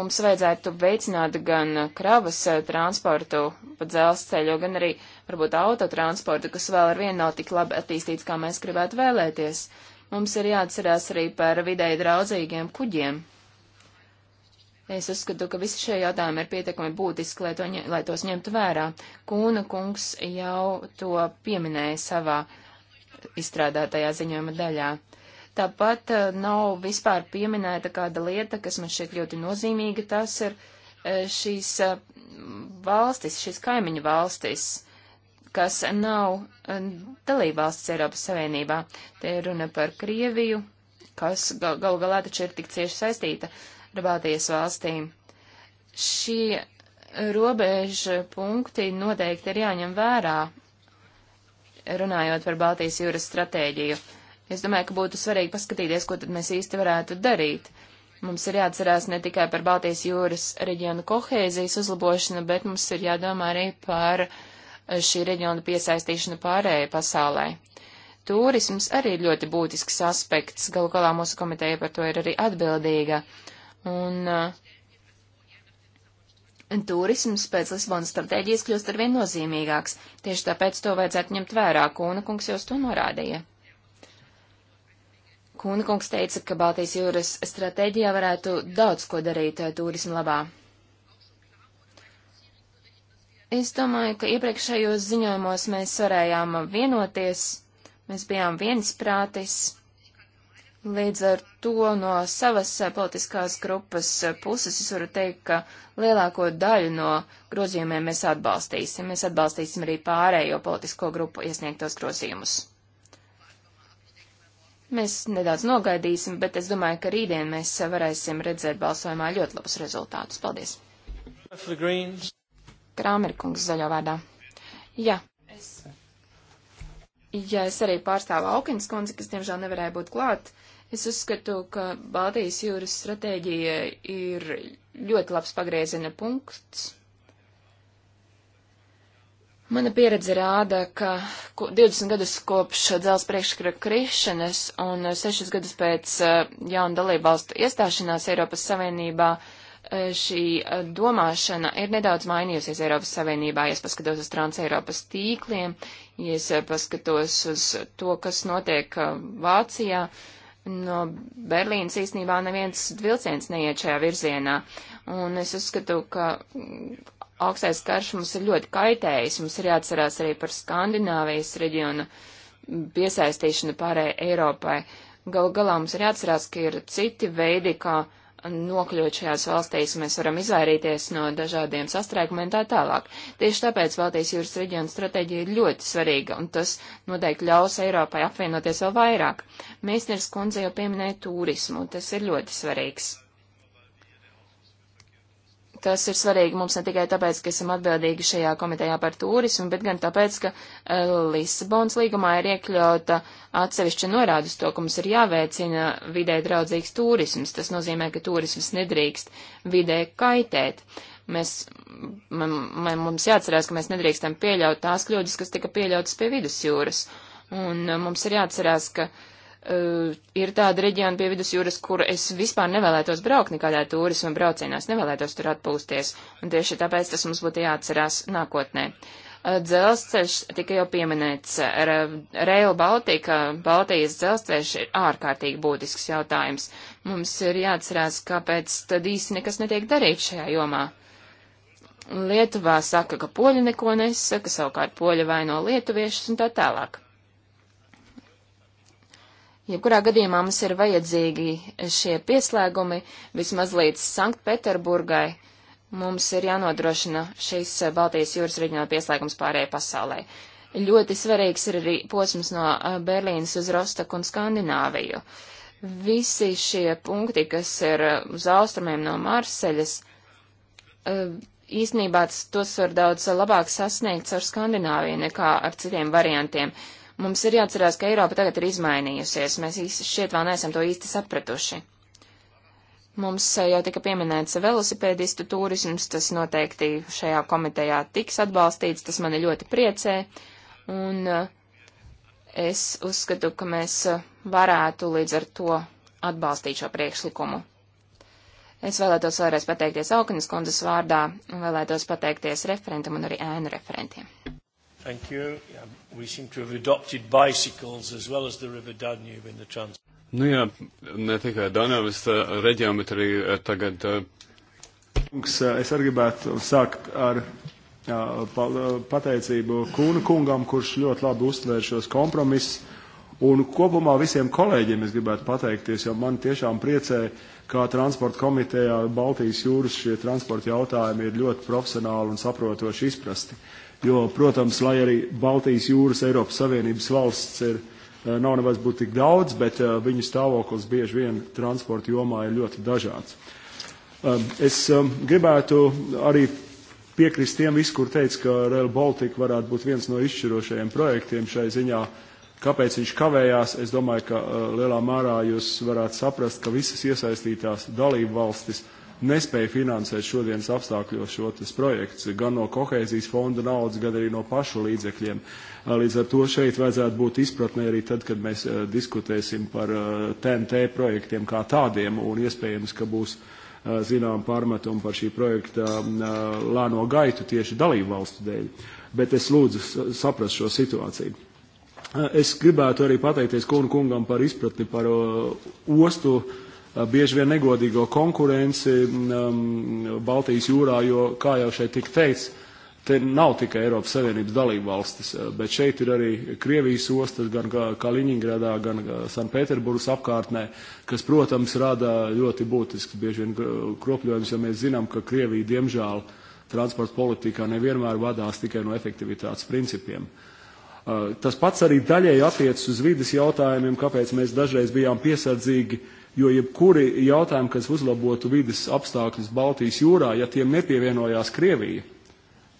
mums vajadzētu veicināt gan uh, kravas uh, transportu pa dzelzceļu, gan arī varbūt autotransportu, kas vēl ar vienu nav tik labi attīstīts, kā mēs gribētu vēlēties. Mums ir jāatcerās arī par vidēji draudzīgiem kuģiem. Es uzskatu, ka visi šie jautājumi ir pietiekami būtiski, lai, to, lai tos ņemtu vērā. Kūna kungs jau to pieminēja savā izstrādātajā ziņojuma daļā. Tāpat eh, nav vispār pieminēta kāda lieta, kas man šķiet ļoti nozīmīga, tas ir eh, šīs eh, valstis, šīs kaimiņu valstis, kas nav dalībvalstis Eiropas Savienībā. Te ir runa par Krieviju, kas gal, galu galā taču ir tik cieši saistīta ar Baltijas valstīm. Šie robeža punkti noteikti ir jāņem vērā, runājot par Baltijas jūras stratēģiju. Es domāju, ka būtu svarīgi paskatīties, ko tad mēs īsti varētu darīt. Mums ir jāatcerās ne tikai par Baltijas jūras reģionu kohēzijas uzlabošanu, bet mums ir jādomā arī par šī reģiona piesaistīšanu pārējai pasaulē. Turisms arī ir ļoti būtisks aspekts, galu galā mūsu komiteja par to ir arī atbildīga, Un uh, Turisms pēc Lisbonas stratēģijas kļūst arvien nozīmīgāks, tieši tāpēc to vajadzētu ņemt vērā, Kūna kungs jau to norādīja. Kūna kungs teica, ka Baltijas jūras stratēģijā varētu daudz ko darīt uh, turismu labā. Es domāju, ka iepriekšējos ziņojumos mēs varējām vienoties, mēs bijām viensprātis Līdz ar to no savas eh, politiskās grupas eh, puses es varu teikt, ka lielāko daļu no grozījumiem mēs atbalstīsim. Mēs atbalstīsim arī pārējo politisko grupu iesniegtos grozījumus. Mēs nedaudz nogaidīsim, bet es domāju, ka rītdien mēs eh, varēsim redzēt balsojumā ļoti labus rezultātus. Paldies! Krāmerkungs zaļo vārdā. Jā. Es... Ja es arī pārstāvu Aukins kundzi, kas diemžēl nevarēja būt klāt, uh, Es uzskatu, ka Baltijas jūras stratēģija ir ļoti labs pagrieziena punkts. Mana pieredze rāda, ka 20 gadus kopš dzels priekškara krišanas un 6 gadus pēc eh, jaunu dalībvalstu iestāšanās Eiropas Savienībā eh, šī eh, domāšana ir nedaudz mainījusies Eiropas Savienībā, ja es paskatos uz Trans-Eiropas tīkliem, ja es paskatos uz to, kas notiek Vācijā. Uh, no Berlīnas īstenībā neviens vilciens neiet šajā virzienā. Un es uzskatu, ka mm, augstais karš mums ir ļoti kaitējis. Mums ir jāatcerās arī par Skandināvijas reģionu piesaistīšanu pārējai Eiropai. Galu galā mums ir jāatcerās, ka ir citi veidi, kā. Ka nokļūt šajās valstīs, mēs varam izvairīties no dažādiem sastrēgumiem tā tālāk. Tieši tāpēc Baltijas jūras reģiona stratēģija ir ļoti svarīga, un tas noteikti ļaus Eiropai apvienoties vēl vairāk. Mēsnieks kundze jau pieminēja turismu, tas ir ļoti svarīgs. Tas ir svarīgi mums ne tikai tāpēc, ka esam atbildīgi šajā komitejā par turismu, bet gan tāpēc, ka uh, Lisabonas līgumā ir iekļauta atsevišķa norādes to, ka mums ir jāveicina vidē draudzīgs turisms. Tas nozīmē, ka turisms nedrīkst vidē kaitēt. Mēs, man, man, mums jāatcerās, ka mēs nedrīkstam pieļaut tās kļūdas, kas tika pieļautas pie vidusjūras. Un uh, mums ir jāatcerās, ka uh, Uh, ir tāda reģiona pie vidusjūras, kur es vispār nevēlētos braukt nekādā turisma braucienās, nevēlētos tur atpūsties, un tieši tāpēc tas mums būtu jāatcerās nākotnē. Uh, dzelzceļš tika jau pieminēts, Rail Baltica, Baltijas dzelzceļš ir ārkārtīgi būtisks jautājums. Mums ir jāatcerās, kāpēc tad īsti nekas netiek darīts šajā jomā. Lietuvā saka, ka poļi neko nesaka, savukārt poļi vaino lietuviešus un tā tālāk. Jebkurā gadījumā mums ir vajadzīgi šie pieslēgumi vismaz līdz Sanktpēterburgai. Mums ir jānodrošina šis Baltijas jūras reģionāla pieslēgums pārējai pasaulē. Ļoti svarīgs ir arī posms no eh, Berlīnas uz Rostoku un Skandināviju. Visi šie punkti, kas ir eh, uz austrumiem no Marseļas, eh, īstenībā tos var daudz labāk sasniegt ar Skandināviju nekā ar citiem variantiem. Uh, Mums ir jāatcerās, ka Eiropa tagad ir izmainījusies, mēs īsti šeit vēl neesam to īsti sapratuši. Mums eh, jau tika pieminēts velosipēdistu turisms, tas noteikti šajā komitejā tiks atbalstīts, tas mani ļoti priecē, un eh, es uzskatu, ka mēs eh, varētu līdz ar to atbalstīt šo priekšlikumu. Es vēlētos vēlreiz pateikties Aukanas kundzes vārdā, vēlētos pateikties referentam un arī ēnu referentiem. Thank you. Yeah, we seem to have adopted bicycles as well as the river Danube in the trans. Nu jā, ne tikai Danavas reģionā, bet arī uh, uh, tagad. Uh, es arī gribētu sākt ar pateicību Kūna kungam, kurš ļoti labi uztvēr šos kompromisus. Un kopumā visiem kolēģiem es gribētu pateikties, jo man tiešām priecē, kā transporta komitejā Baltijas jūras šie transporta jautājumi ir ļoti profesionāli un saprotoši izprasti. Uh, Jo, protams, lai arī Baltijas jūras Eiropas Savienības valsts ir, eh, nav nevairs būt tik daudz, bet eh, viņu stāvoklis bieži vien transporta jomā ir ļoti dažāds. Ehm, es ehm, gribētu arī piekrist tiem visu, kur teica, ka Rail Baltica varētu būt viens no izšķirošajiem projektiem šai ziņā. Kāpēc viņš kavējās? Es domāju, ka eh, lielā mērā jūs varētu saprast, ka visas iesaistītās dalību valstis uh, nespēja finansēt šodienas apstākļos šo projektu, gan no kohēzijas fonda naudas, gan arī no pašu līdzekļiem. Līdz ar to šeit vajadzētu būt izpratnē arī tad, kad mēs diskutēsim par TNT projektiem kā tādiem, un iespējams, ka būs zinām pārmetumu par šī projekta lēno gaitu tieši dalību valstu dēļ. Bet es lūdzu saprast šo situāciju. Es gribētu arī pateikties Kunu kungam par izpratni par ostu uh, Eh, bieži vien negodīgo konkurenci um, Baltijas jūrā, jo, kā jau šeit tika teikts, te nav tikai Eiropas Savienības dalība valstis, eh, bet šeit ir arī Krievijas ostas, gan Kaliņingradā, gan eh, Sanpēterburgas apkārtnē, kas, protams, rada ļoti būtisks bieži vien kropļojums, jo mēs zinām, ka Krievija, diemžēl, transporta politikā nevienmēr vadās tikai no efektivitātes principiem. Tas pats arī daļēji attiecas uz vidas jautājumiem, kāpēc mēs dažreiz bijām piesardzīgi uh, Jo jebkuri jautājumi, kas uzlabotu vidas apstākļus Baltijas jūrā, ja tiem nepievienojās Krievija,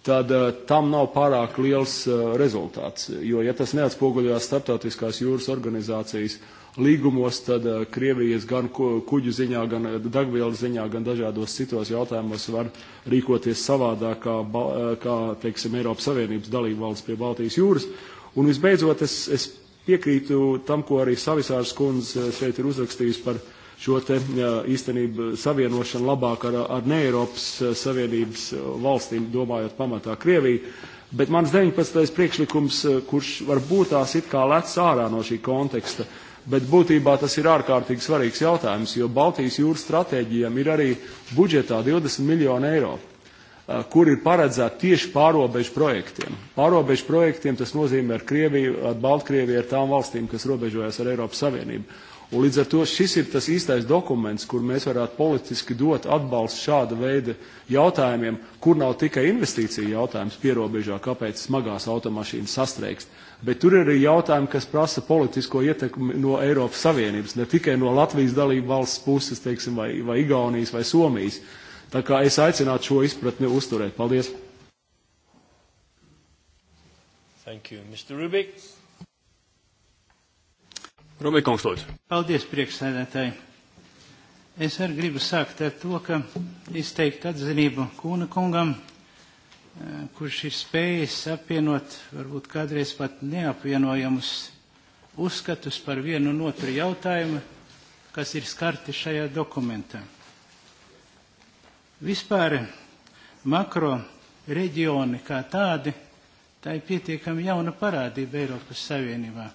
tad uh, tam nav pārāk liels uh, rezultāts. Jo, ja tas neatspoguļojās starptautiskās jūras organizācijas līgumos, tad uh, Krievijas gan kuģu ziņā, gan dagvielu ziņā, gan dažādos citos jautājumos var rīkoties savādāk kā, kā teiksim, Eiropas Savienības dalībvalsts pie Baltijas jūras. Un visbeidzot, es, es Piekrītu tam, ko arī Savisārs kundze eh, šeit ir uzrakstījis par šo te eh, īstenību savienošanu labāk ar, ar ne Eiropas eh, Savienības valstīm, domājot pamatā Krieviju. Bet mans 19. priekšlikums, kurš varbūt tās it kā lec ārā no šī konteksta, bet būtībā tas ir ārkārtīgi svarīgs jautājums, jo Baltijas jūras stratēģijam ir arī budžetā 20 miljonu eiro. Eh, kur ir paredzēta tieši pārobežu projektiem. Pārobežu projektiem tas nozīmē ar Krieviju, ar Baltkrieviju, ar tām valstīm, kas robežojas ar Eiropas Savienību. Un līdz ar to šis ir tas īstais dokuments, kur mēs varētu politiski dot atbalstu šāda veida jautājumiem, kur nav tikai investīcija jautājums pierobežā, kāpēc smagās automašīnas sastrēgst, bet tur ir arī jautājumi, kas prasa politisko ietekmi no Eiropas Savienības, ne tikai no Latvijas dalību valsts puses, teiksim, vai, vai Igaunijas vai Somijas. Uh, Tā kā es aicinātu šo izpratni uzturēt. Paldies! Thank you. Mr. Rubik. Rubik, kungs, lūdzu. Paldies, priekšsēdētāji. Es arī gribu sākt ar to, ka izteikt atzinību Kūna kungam, eh, kurš ir spējis apvienot, varbūt kādreiz pat neapvienojamus uzskatus par vienu un otru jautājumu, kas ir skarti šajā dokumentā. Vispār makro reģioni kā tādi, tā ir pietiekami jauna parādība Eiropas Savienībā.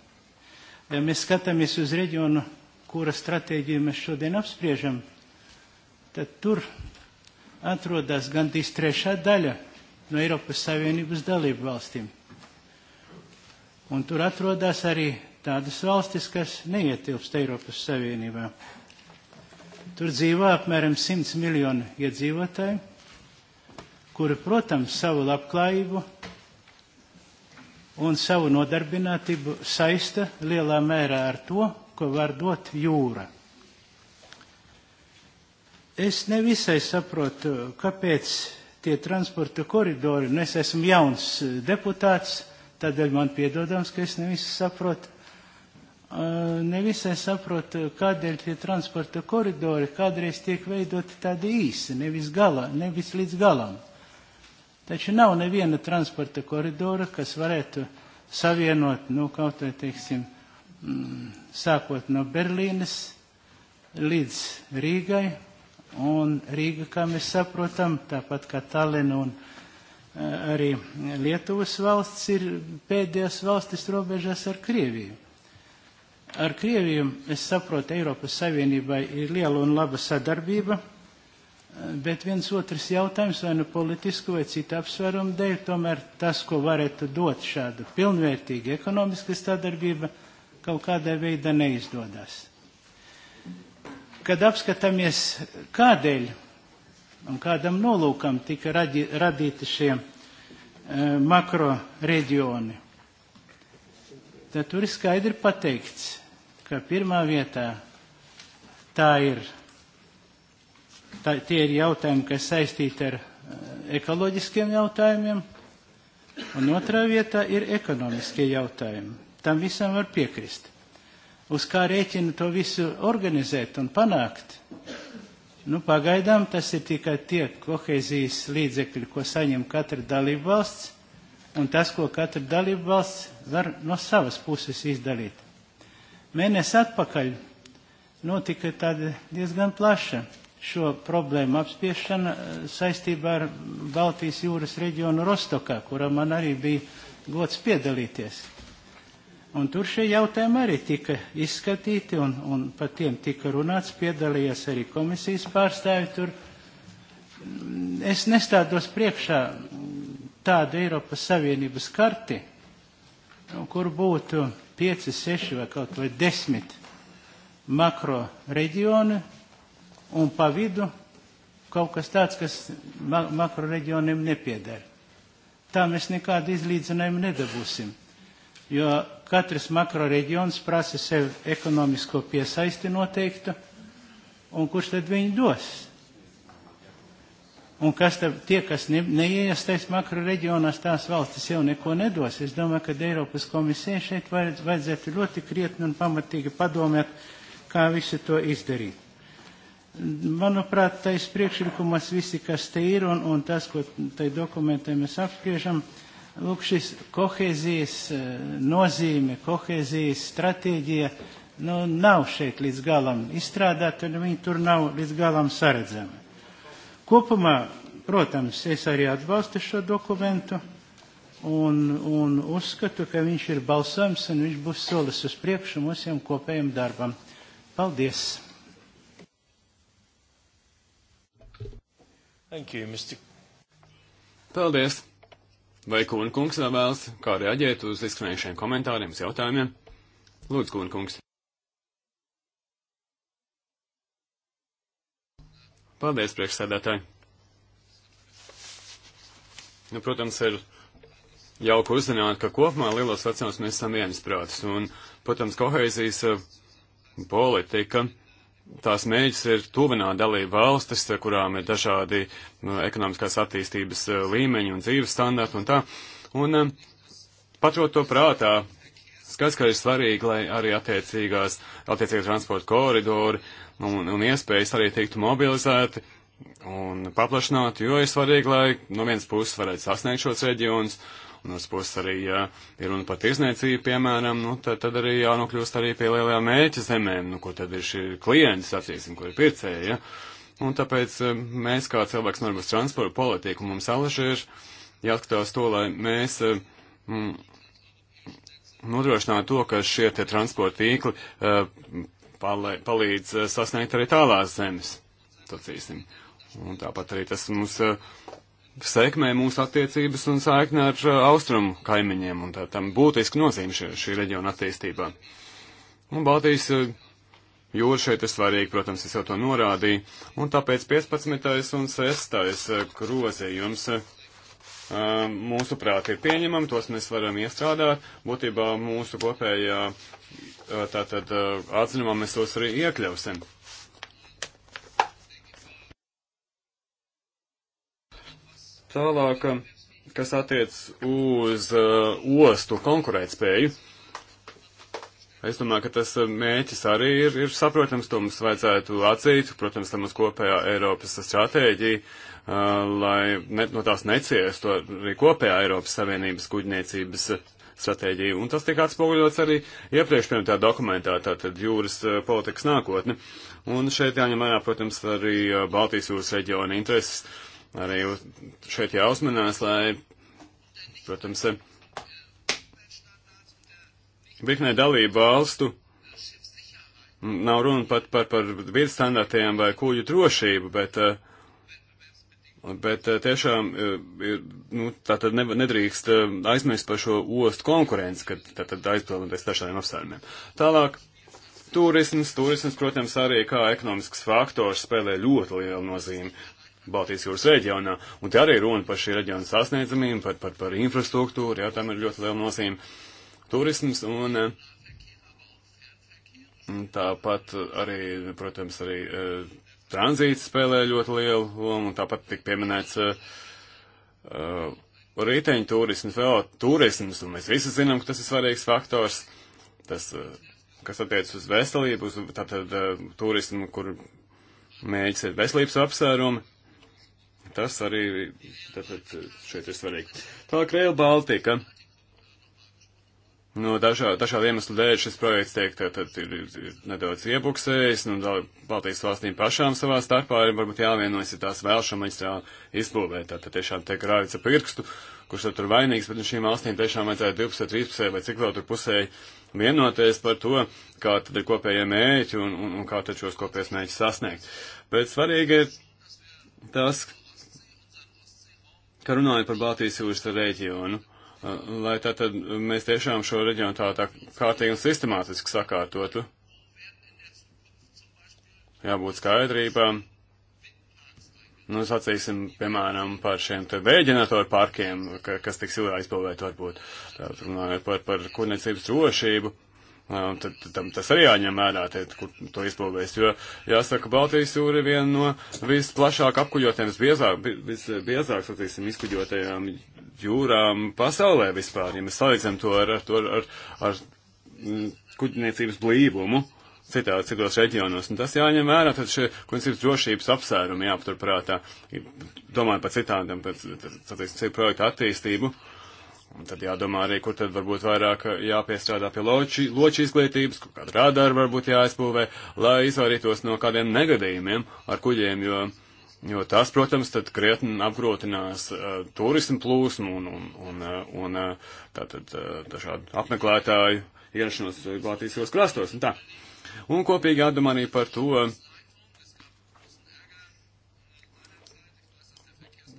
Ja mēs skatāmies uz reģionu, kura stratēģiju mēs šodien apspriežam, tad tur atrodas gandrīz trešā daļa no Eiropas Savienības dalību valstīm. Un tur atrodas arī tādas valstis, kas neietilpst Eiropas Savienībā. Tur dzīvo apmēram 100 miljonu iedzīvotāju, kuri, protams, savu labklājību un savu nodarbinātību saista lielā mērā ar to, ko var dot jūra. Es nevisai saprotu, kāpēc tie transporta koridori, un nu, es esmu jauns eh, deputāts, tādēļ man piedodams, ka es nevisu saprotu, ne visai saprotu, kādēļ tie transporta koridori kādreiz tiek veidoti tādi īsi, nevis, galā, nevis līdz galam. Taču nav neviena transporta koridora, kas varētu savienot, nu, kaut vai, teiksim, mm, sākot no Berlīnes līdz Rīgai, un Rīga, kā mēs saprotam, tāpat kā Talina un e, arī Lietuvas valsts ir pēdējās valstis robežās ar Krieviju. Ar Krieviju, es saprotu, Eiropas Savienībai ir liela un laba sadarbība, bet viens otrs jautājums, vai nu politisku vai citu apsvērumu dēļ, tomēr tas, ko varētu dot šādu pilnvērtīgu ekonomiska sadarbība, kaut kādā veidā neizdodas. Kad apskatāmies, kādēļ un kādam nolūkam tika radi, radīti šie e, makro reģioni, tad tur ir skaidri pateikts, ka pirmā vietā tā ir, tā, tie ir jautājumi, kas saistīti ar eh, ekoloģiskiem jautājumiem, un otrā vietā ir ekonomiskie jautājumi. Tam visam var piekrist. Uz kā rēķina to visu organizēt un panākt? Nu, pagaidām tas ir tikai tie kohēzijas līdzekļi, ko saņem katra dalība valsts, un tas, ko katra dalība valsts var no savas puses izdalīt. Mēnesi atpakaļ notika tāda diezgan plaša šo problēmu apspiešana eh, saistībā ar Baltijas jūras reģionu Rostokā, kurā man arī bija gods piedalīties. Un tur šie jautājumi arī tika izskatīti un, un par tiem tika runāts, piedalījās arī komisijas pārstāvi tur. Es nestādos priekšā tādu Eiropas Savienības karti, kur būtu 5, 6 vai kaut vai 10 makro reģioni un pa vidu kaut kas tāds, kas ma makro reģioniem nepieder. Tā mēs nekādu izlīdzinājumu nedabūsim, jo katrs makro reģions prasa sev ekonomisko piesaisti noteiktu, un kurš tad viņu dos? Un kas tad tie, kas ne, neiesaistīs makro reģionās, tās valstis jau neko nedos. Es domāju, ka Eiropas komisija šeit vajadz, vajadzētu ļoti krietni un pamatīgi padomāt, kā visu to izdarīt. Manuprāt, tais priekšlikumas visi, kas te ir un, un tas, ko tai dokumentē mēs apspriežam, lūk šis kohēzijas eh, nozīme, kohēzijas stratēģija, nu, nav šeit līdz galam izstrādāta un viņi tur nav līdz galam saredzama. Kopumā, protams, es arī atbalstu šo dokumentu un, un uzskatu, ka viņš ir balsams un viņš būs solis uz priekšu mūsiem kopējiem darbam. Paldies! Thank you, Mr. Paldies! Vai Kūna kungs vēl vēlas kā reaģēt uz izskanējušiem komentāriem, jautājumiem? Lūdzu, Kūna kungs. Paldies, priekšsēdētāji. Nu, protams, ir jauku uzzināt, ka kopumā lielos vecumos mēs esam viensprātis. Un, protams, kohēzijas eh, politika, tās mēģis ir tuvināt dalību valstis, eh, kurām ir dažādi nu, ekonomiskās attīstības eh, līmeņi un dzīves standarti un tā. Un paturot to prātā, skats, ka ir svarīgi, lai arī attiecīgās, attiecīgās transporta koridori un, un iespējas arī tiktu mobilizēti un paplašināti, jo ir svarīgi, lai no vienas puses varētu sasniegt šos reģionus, un no otras puses arī, ja ir runa par tirzniecību, piemēram, nu, tad, tad arī jānokļūst arī pie lielajām mēķa zemēm, nu, kur tad ir šī klienti, sacīsim, kur ir pircēji, ja? Un tāpēc eh, mēs, kā cilvēks narbas transporta politika, mums alaži ir jāskatās to, lai mēs eh, mm, nodrošinātu to, ka šie tie transporta tīkli uh, palē, palīdz eh, sasniegt arī tālās zemes. Tacīsim. Un tāpat arī tas mums eh, sekmē mūsu attiecības un saikni ar eh, austrumu kaimiņiem, un tā tam būtiski nozīme šī, šī reģiona attīstībā. Un Baltijas jūra šeit ir svarīga, protams, es jau to norādīju, un tāpēc 15. un 6. grozījums. jums mūsuprāt ir pieņemami, tos mēs varam iestrādāt. Būtībā mūsu kopējā tātad atzinumā mēs tos arī iekļausim. Tālāk, kas attiec uz uh, ostu konkurētspēju. Es domāju, ka tas eh, mēķis arī ir, ir saprotams, to mums vajadzētu atzīt, protams, tam uz kopējā Eiropas stratēģija, eh, lai ne, no tās neciestu arī kopējā Eiropas Savienības kuģniecības eh, stratēģija. Un tas tiek atspoguļots arī iepriekš pieminētā dokumentā, tātad jūras politikas nākotne. Un šeit jāņem vērā, protams, arī Baltijas jūras reģiona intereses. Arī šeit jāuzmanās, lai, protams, virknē dalību valstu nav runa pat par, par vidas standartiem vai kuģu drošību, bet, eh, bet eh, tiešām eh, ir, nu, tā tad nedrīkst aizmirst par šo ostu konkurenci, kad tā tad aizpildīties dažādiem apstākļiem. Tālāk, turisms, turisms, protams, arī kā ekonomisks faktors spēlē ļoti lielu nozīmi. Baltijas jūras reģionā, un te arī runa par šī reģiona sasniedzamību, par, par, par infrastruktūru, jā, tam ir ļoti liela nozīme. Uh, turisms eh, un tāpat arī, protams, arī eh, tranzīts spēlē ļoti lielu lomu un tāpat tik pieminēts eh, riteņu turisms, vēl turisms, un mēs visi zinām, ka tas ir svarīgs faktors. Tas, kas attiec uz veselību, uz tātad turismu, kur mēģis ir veselības apsvērumi, tas arī tātad šeit ir svarīgi. Tālāk Rail Baltica. No nu, dažā, dažādu iemeslu dēļ šis projekts tiek tātad ir, ir nedaudz iebuksējis, nu, Baltijas valstīm pašām savā starpā ir varbūt jāvienojas, ja tās vēl šo maģistrālu izbūvē, tātad tiešām tiek rādīts ar pirkstu, kurš tad tur vainīgs, bet nu, šīm valstīm tiešām vajadzētu 12, 13 vai cik vēl tur pusē vienoties par to, kā tad ir kopējie mēķi un, un, un kā tad šos kopējos mēķus sasniegt. Bet svarīgi ir tas, ka runājot par Baltijas jūras reģionu. Nu, lai tātad mēs tiešām šo reģionu tā, tā kārtīgi un sistemātiski sakārtotu. Jābūt skaidrībām. Nu, sacīsim, piemēram, par šiem te vēģenatoru parkiem, ka, kas tiks ilgāk izpildēt varbūt, tātad runājot par, par kurniecības drošību. Um, tad, tad, tas arī jāņem vērā, tad, kur to izpildēs, jo jāsaka, Baltijas jūra ir viena no visplašāk apkuļotiem, visbiezāk, visbiezāk, sacīsim, izkuļotajām jūrām pasaulē vispār, ja mēs salīdzinām to ar, ar, ar, ar, ar mm, kuģniecības blīvumu citā, citos reģionos. Un tas jāņem vērā, tad šie kuģniecības drošības apsvērumi jāpaturprātā, domājot par citādiem, par citu projektu attīstību. Un tad jādomā arī, kur tad varbūt vairāk jāpiestrādā pie loči, loči izglītības, kaut kāda rādara varbūt jāizbūvē, lai izvairītos no kādiem negadījumiem ar kuģiem, jo Jo tas, protams, tad krietni apgrotinās uh, turismu plūsmu un, un, un, uh, un uh, tātad uh, dažādu apmeklētāju ierašanos Latvijas jūras krastos un tā. Un kopīgi jādomā arī par to, uh,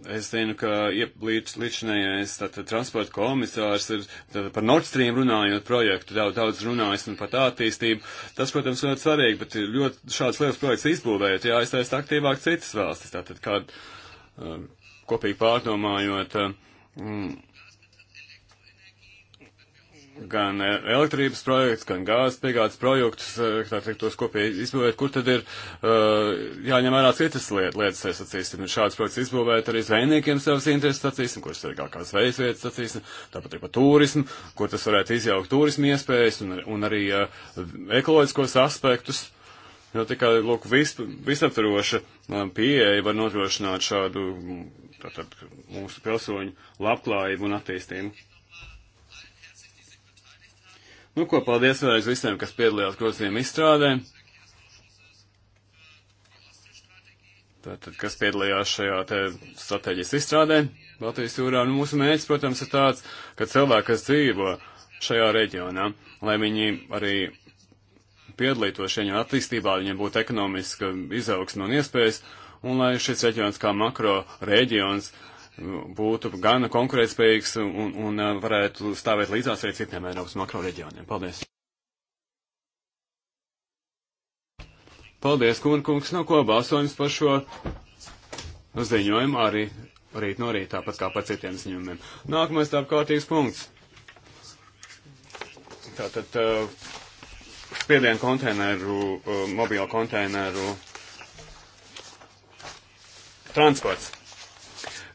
Es zinu, ka līdzinājais transporta komisārs ir par Nord Stream runājot projektu, daudz, daudz runājis un pat attīstību. Tas, protams, ļoti svarīgi, bet ir ļoti šāds liels projekts izbūvēt, jāiztaist aktīvāk citas valstis. Tātad kādu um, kopīgi pārdomājot um, gan eh, elektrības projekts, gan gāzes piegādes projekts, eh, tā teikt, tos kopīgi izbūvēt, kur tad ir uh, jāņem vērā citas lietas, lietas, es sacīsim, šāds projekts izbūvēt arī zvejniekiem savas intereses, sacīsim, kuras ir kāds zvejas vietas, sacīsim, tāpat ir par turismu, kur tas varētu izjaukt turismu iespējas un, un arī uh, ekoloģiskos aspektus. Jo tikai, lūk, vis, visaptaroša pieeja var nodrošināt šādu mm, tātad, mūsu pilsoņu labklājību un attīstību. Nu, ko paldies vēlreiz visiem, kas piedalījās grozījuma izstrādē. Tātad, kas piedalījās šajā te stratēģijas izstrādē Baltijas jūrā. Nu, mūsu mērķis, protams, ir tāds, ka cilvēki, kas dzīvo šajā reģionā, lai viņi arī piedalītos šajā attīstībā, viņiem būtu ekonomiska izaugsme un iespējas, un lai šis reģions kā makro reģions uh, būtu gan konkurētspējīgs un, un varētu stāvēt līdzās arī citiem Eiropas makro reģioniem. Paldies! Paldies, Kunkungs, no ko balsojums par šo ziņojumu arī rīt no rīta, tāpat kā par citiem ziņojumiem. Nākamais tā kārtīgs punkts. Tātad uh, spiedienu konteineru, uh, mobilo konteineru transports.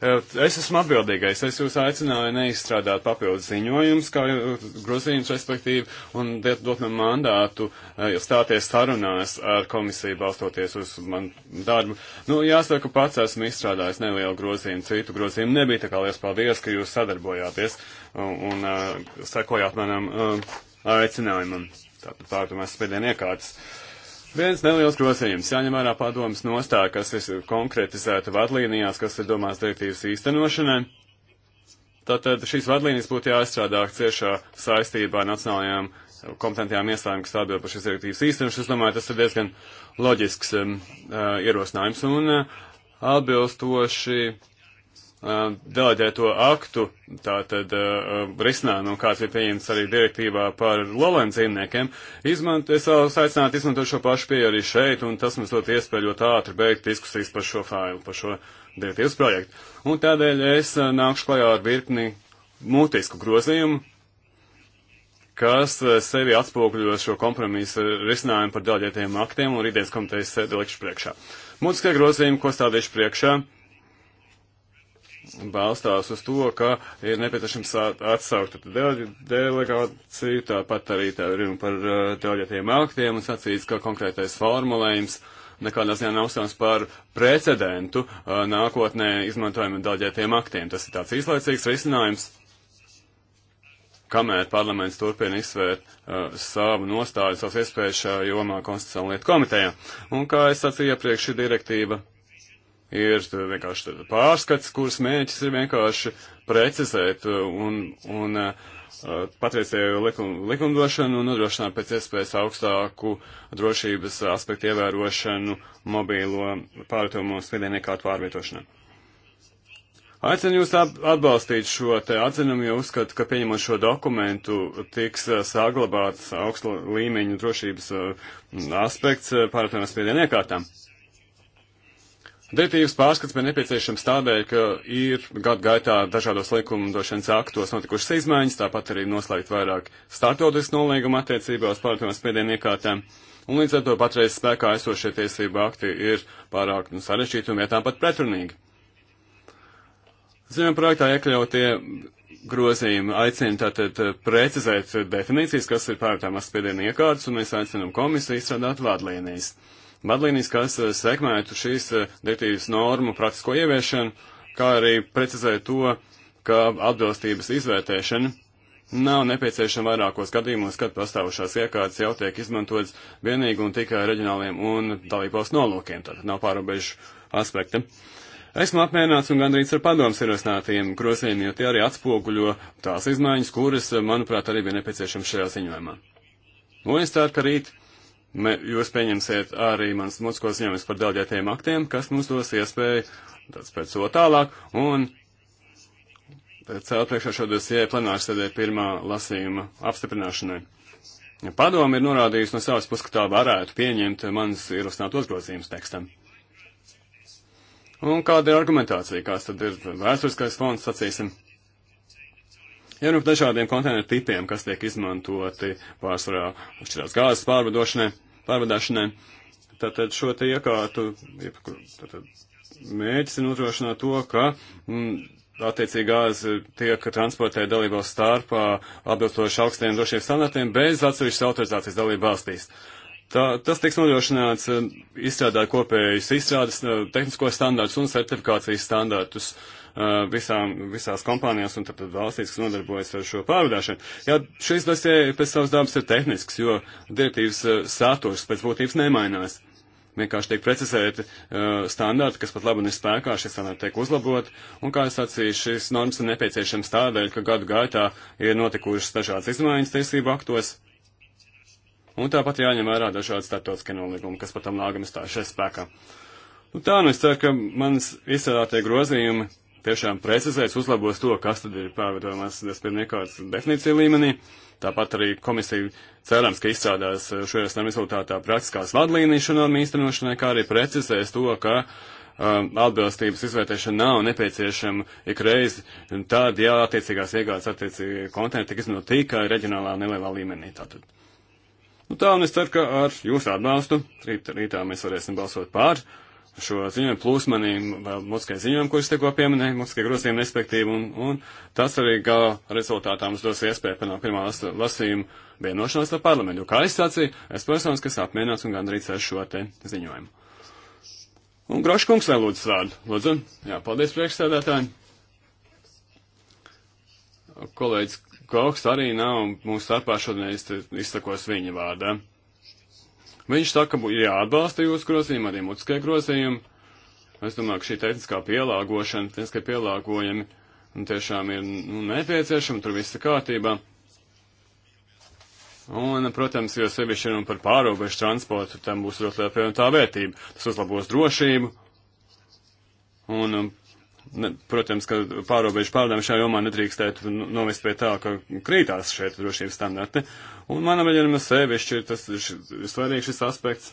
Eh, es esmu atbildīgais. Es jūs aicināju neizstrādāt papildus ziņojumus, kā eh, grozījums, respektīvi, un dot man mandātu eh, stāties sarunās ar komisiju, balstoties uz manu darbu. Nu, jāsaka, pats esmu izstrādājis nelielu grozījumu, citu grozījumu nebija, tā kā liels paldies, ka jūs sadarbojāties un, un uh, sekojāt manam uh, aicinājumam. Tātad pārtumēs spēdien iekārtas. Uh, Viens neliels grozījums jāņem vērā padomas nostāja, kas ir konkretizēta vadlīnijās, kas ir domās direktīvas īstenošanai. Tātad šīs vadlīnijas būtu jāizstrādā ciešā saistībā nacionālajām kompetentajām iestādēm, kas atbild par šīs direktīvas īstenošanu. Es domāju, tas ir diezgan loģisks um, uh, ierosinājums un uh, atbilstoši deleģēto aktu, tātad uh, risinājumu, kāds ir pieņemts arī direktīvā par lolēm dzīvniekiem, izmant, es vēlos aicināt izmantot šo pašu pieeju arī šeit, un tas mums dot iespēju ļoti ātri beigt diskusijas par šo failu, par šo direktīvas projektu. Un tādēļ es uh, nākšu klajā ar virkni mutisku grozījumu, kas uh, sevi atspūkļos šo kompromisu risinājumu par deleģētiem aktiem un rītdienas komitejas sēdi likšu priekšā. Mutiskie grozījumi, ko stādīšu priekšā, uh, balstās uz to, ka ir nepieciešams atsaukt dele, delegāciju, tāpat arī tā runa par uh, delegētiem aktiem un sacīts, ka konkrētais formulējums nekādā ziņā nav stāsts par precedentu uh, nākotnē izmantojumiem delegētiem aktiem. Tas ir tāds īslaicīgs risinājums, kamēr parlaments turpina izsvērt uh, savu nostāju, savas iespējas šajā jomā konstitucionālietu komitejā. Un kā es sacīju iepriekš, šī direktīva ir vienkārši pārskats, kuras mērķis ir vienkārši precizēt un, un uh, patreizēju likum, likumdošanu un nodrošināt pēc iespējas augstāku drošības aspektu ievērošanu mobīlo pārvietojumu spiedienu iekārtu pārvietošanā. Aicinu jūs atbalstīt šo te atzinumu, jo uzskatu, ka pieņemot šo dokumentu tiks uh, saglabāts augsta līmeņa drošības uh, aspekts pārvietojumu spiedienu iekārtām. Direktīvas pārskats bija nepieciešams tādēļ, ka ir gadu gaitā dažādos likumdošanas aktos notikušas izmaiņas, tāpat arī noslēgt vairāk startautisku nolīgumu attiecībā uz pārvietojumu spiedienu iekārtām, un līdz ar to patreiz spēkā esošie tiesību akti ir pārāk nu, sarežģīti un vietām pat pretrunīgi. Ziņojuma projektā iekļautie grozījumi aicina tātad precizēt definīcijas, kas ir pārvietojumās spiedienu iekārtas, un mēs aicinām komisiju izstrādāt vārdlīnijas vadlīnijas, kas eh, sekmētu šīs eh, direktīvas normu praktisko ieviešanu, kā arī precizē to, ka atbilstības izvērtēšana nav nepieciešama vairākos gadījumos, kad pastāvušās iekārtas jau tiek izmantotas vienīgi un tikai reģionāliem un dalībvalsts nolūkiem, tātad nav pārobežu aspekta. Esmu apmierināts un gandrīz ar padomus ierosinātajiem grozījumiem, jo tie arī atspoguļo tās izmaiņas, kuras, eh, manuprāt, arī bija nepieciešams šajā ziņojumā. Un es ceru, ka rīt me, jūs pieņemsiet arī manas mūtiskos ziņojumus par delģētiem aktiem, kas mums dos iespēju tāds pēc to tālāk, un celt priekšā šo dosie plenāru sēdē pirmā lasījuma apstiprināšanai. Padomi ir norādījusi no savas puses, ka tā varētu pieņemt manas ierosinātos grozījumus tekstam. Un kāda ir argumentācija, kāds tad ir vēsturiskais fonds, sacīsim? Ja nu dažādiem konteineru tipiem, kas tiek izmantoti pārsvarā uzšķirās gāzes pārvadošanai, pārvadāšanai, tātad šo te iekārtu, tātad mērķis ir nodrošināt to, ka mm, attiecīgi gāze tiek transportēta dalībās starpā atbilstoši augstiem drošības standartiem bez atsevišķas autorizācijas dalību valstīs. Tā, tas tiks nodrošināts eh, izstrādāt kopējus izstrādes eh, tehnisko standartus un certifikācijas standartus. Uh, Uh, visām, visās kompānijās un tātad valstīs, kas nodarbojas ar šo pārvadāšanu. Jā, šis dosie pēc savas dabas ir tehnisks, jo direktīvas uh, saturs pēc būtības nemainās. Vienkārši tiek precizēti uh, standarti, kas pat labi ir spēkā, šie standarti tiek uzlabot, un, kā es sacīju, šīs normas ir nepieciešams tādēļ, ka gadu gaitā ir notikušas dažādas izmaiņas tiesību aktos, Un tāpat jāņem vērā dažādi starptautiskie nolīgumi, kas pat tam nākam stājušies spēkā. Nu, tā nu es ceru, ka manas izstrādātie grozījumi tiešām precizēs, uzlabos to, kas tad ir pārvietojamās bezpilniekārtas definīcija līmenī. Tāpat arī komisija cerams, ka izstrādās eh, šajā tam rezultātā praktiskās vadlīnijas šo normu īstenošanai, kā arī precizēs to, ka um, atbilstības izvērtēšana nav nepieciešama ikreiz, tad, ja attiecīgās iegādes attiecīgi kontinenti tik izmanto tikai reģionālā nelielā līmenī. Tātad. Nu tā, un es ceru, ka ar jūsu atbalstu rīt, rītā mēs varēsim balsot pār šo ziņojumu, plus manī vēl mūzikai ziņojumu, kurus tikko pieminēju, mūzikai grozījumi respektīvi, un, un tas arī gala rezultātā mums dos iespēju panākt pirmā lasījuma vienošanos ar parlamentu. Jo, kā es sacīju, es personas, kas apmienāts un gandrīz ar šo te ziņojumu. Un Groškungs vēl lūdzu vārdu. Lūdzu, jā, paldies priekšsēdētājiem. Kolēģis Koks arī nav mūsu starpā šodien izsakos viņa vārdā. Viņš saka, ka ir jāatbalsta jūsu grozījumi, arī mutiskie grozījumi. Es domāju, ka šī tehniskā pielāgošana, tehniskie pielāgojumi tiešām ir nu, nepieciešama, tur viss ir kārtībā. Un, protams, jo sevišķi runa par pārobežu transportu, tam būs ļoti liela pievienotā vērtība. Tas uzlabos drošību un Ne, protams, ka pārobežu pārdām šajā jomā nedrīkstētu novest pie tā, ka krītās šeit drošības standarti. Un manam reģionam sevišķi ir tas ir svarīgs šis aspekts.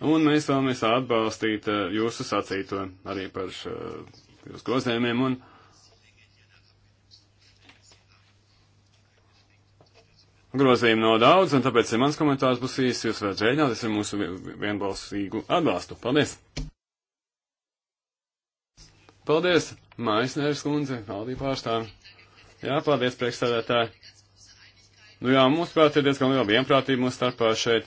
Un mēs vēlamies atbalstīt eh, jūsu sacīto arī par šo, eh, jūsu grozējumiem. Un, Grozījumu nav daudz, un tāpēc, ja mans komentārs būs īsts, jūs varat rēģināt, es ar mūsu vienbalsīgu atbalstu. Paldies! Paldies, Maisnēras kundze, valdība pārstāv. Jā, paldies, priekšsēdētāji. Nu jā, mums prāt ir diezgan liela vienprātība mūsu starpā šeit.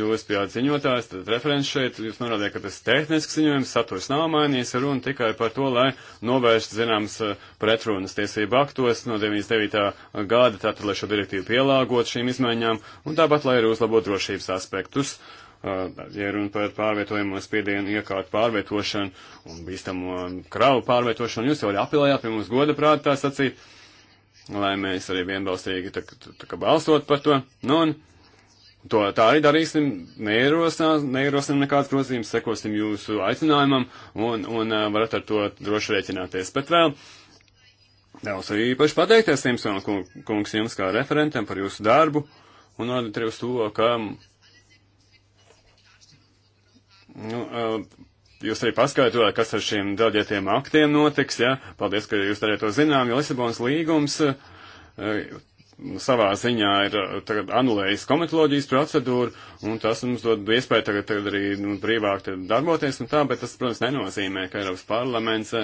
Jūs bijāt ziņotājs, tad referents šeit, jūs norādījāt, ka tas tehnisks ziņojums, saturs nav mainījies, runa tikai par to, lai novērstu, zināms, eh, pretrunas tiesību aktos no 99. Eh, gada, tātad, lai šo direktīvu pielāgotu šīm izmaiņām, un tāpat, lai arī uzlabotu drošības aspektus. Uh, Uh, ja runa par pārvietojamo spiedienu, iekārtu pārvietošanu un bīstamo kravu pārvietošanu, jūs jau arī apelējāt pie mums goda prātā sacīt, lai mēs arī vienbalstīgi tā, tā, tā, tā balstot par to. Nu, un to tā arī darīsim, neierosināsim, neierosināsim nekādas grozījumus, sekosim jūsu aicinājumam un, un uh, varat ar to droši rēķināties. Bet vēl. Daudz arī īpaši pateikties Simpsona kungs jums kā referentam par jūsu darbu un arī uz to, ka Nu, jūs arī paskaidrojāt, kas ar šiem daļietiem aktiem notiks, ja? Paldies, ka jūs arī to zinām, jo Lisabonas līgums savā ziņā ir tagad anulējis komitoloģijas procedūru, un tas mums dod iespēju tagad, tagad arī nu, brīvāk darboties un tā, bet tas, protams, nenozīmē, ka Eiropas parlaments,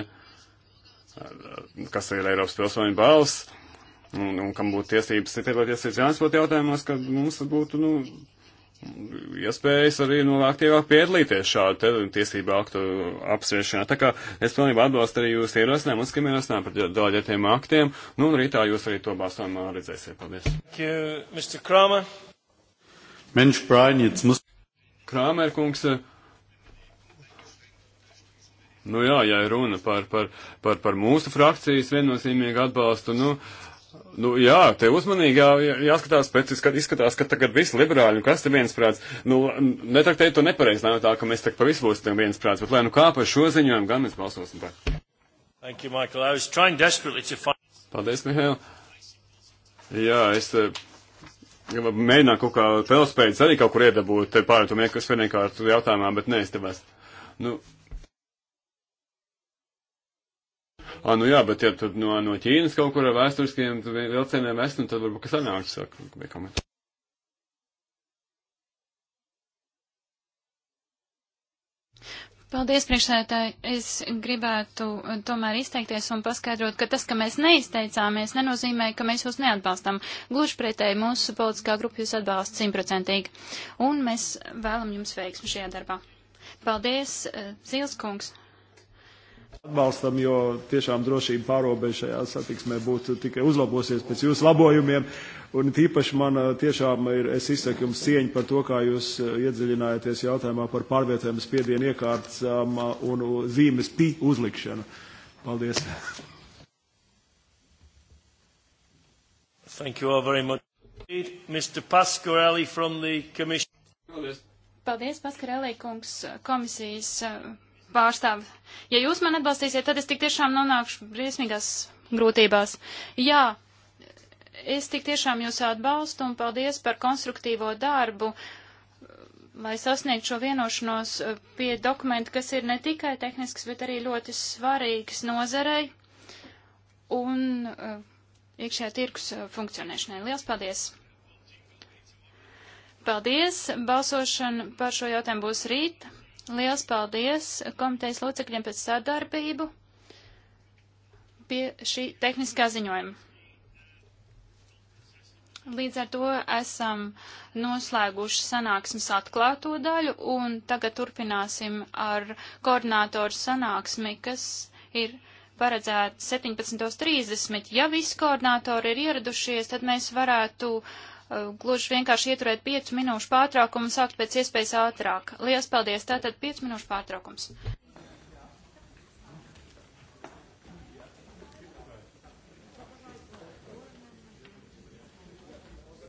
kas ir Eiropas pilsoņu balss, un, un kam būtu tiesības citēloties ir transporta jautājumos, ka mums būtu, nu, iespējas arī nu, aktīvāk piedalīties šādu tiesību aktu apsvēršanā. Tā kā es pilnībā atbalstu arī jūs ierosinājumu un skim ierosinājumu par deleģētiem aktiem, nu un rītā jūs arī to balsojumā redzēsiet. Paldies. Thank you, Mensch, Brian, jetzt muss. Krāmer kungs. Eh, nu jā, ja runa par, par, par, par mūsu frakcijas viennozīmīgu atbalstu, nu. Uh, Nu, jā, te uzmanīgi jā, jāskatās pēc, izskatās, ka tagad visi liberāļi, nu, kas te viensprāts, nu, netaktēji to nepareizi, nav tā, ka mēs tagad pa visu būsim tam viensprāts, bet lai nu kā par šo ziņojumu gan mēs balsosim par. Thank you, Michael. I was trying desperately to find... Paldies, Mihail. Jā, es eh, mēģināju kaut kā telespējas arī kaut kur iedabūt pārējumiem, kas vienkārši jautājumā, bet neiztevās. Nu, ah, nu jā, bet ja tad no, no Ķīnas kaut kur ar vēsturiskiem vilcieniem es, nu tad varbūt kas sanāk, saka, vai komentāri. Paldies, priekšsētāji. Es gribētu eh, tomēr izteikties un paskaidrot, ka tas, ka mēs neizteicāmies, nenozīmē, ka mēs jūs neatbalstam. Gluži pretēji mūsu politiskā grupa jūs atbalsta simtprocentīgi. Un mēs vēlam jums veiksmu šajā darbā. Paldies, eh, Zils kungs. Atbalstam, jo tiešām drošība pārobežajā satiksmē būtu tikai uzlabosies pēc jūsu labojumiem. Un tīpaši man eh, tiešām ir, es izsaku jums cieņu par to, kā jūs eh, iedziļinājāties jautājumā par pārvietojumu spiedienu iekārtām um, eh, un uh, zīmes pi uzlikšanu. Paldies. Thank you all very much. Mr. Pasquarelli from the Commission. Paldies, Pasquarelli kungs, komisijas uh, pārstāvi. Ja jūs man atbalstīsiet, tad es tik tiešām nonākšu briesmīgās grūtībās. Jā, es tik tiešām jūs atbalstu un paldies par konstruktīvo darbu, lai sasniegtu šo vienošanos eh, pie dokumenta, kas ir ne tikai tehnisks, bet arī ļoti svarīgs nozarei un uh, iekšējā tirkus eh, funkcionēšanai. Liels paldies! Paldies! Balsošana par šo jautājumu būs rīt. Liels paldies komitejas locekļiem pēc sadarbību pie šī tehniskā ziņojuma. Līdz ar to esam noslēguši sanāksmes atklāto daļu un tagad turpināsim ar koordinātoru sanāksmi, kas ir paredzēta 17.30. Ja visi koordinātori ir ieradušies, tad mēs varētu uh, Uh, gluži vienkārši ieturēt 5 minūšu pārtraukumu un sākt pēc iespējas ātrāk. Lielas paldies! Tātad 5 minūšu pārtraukums.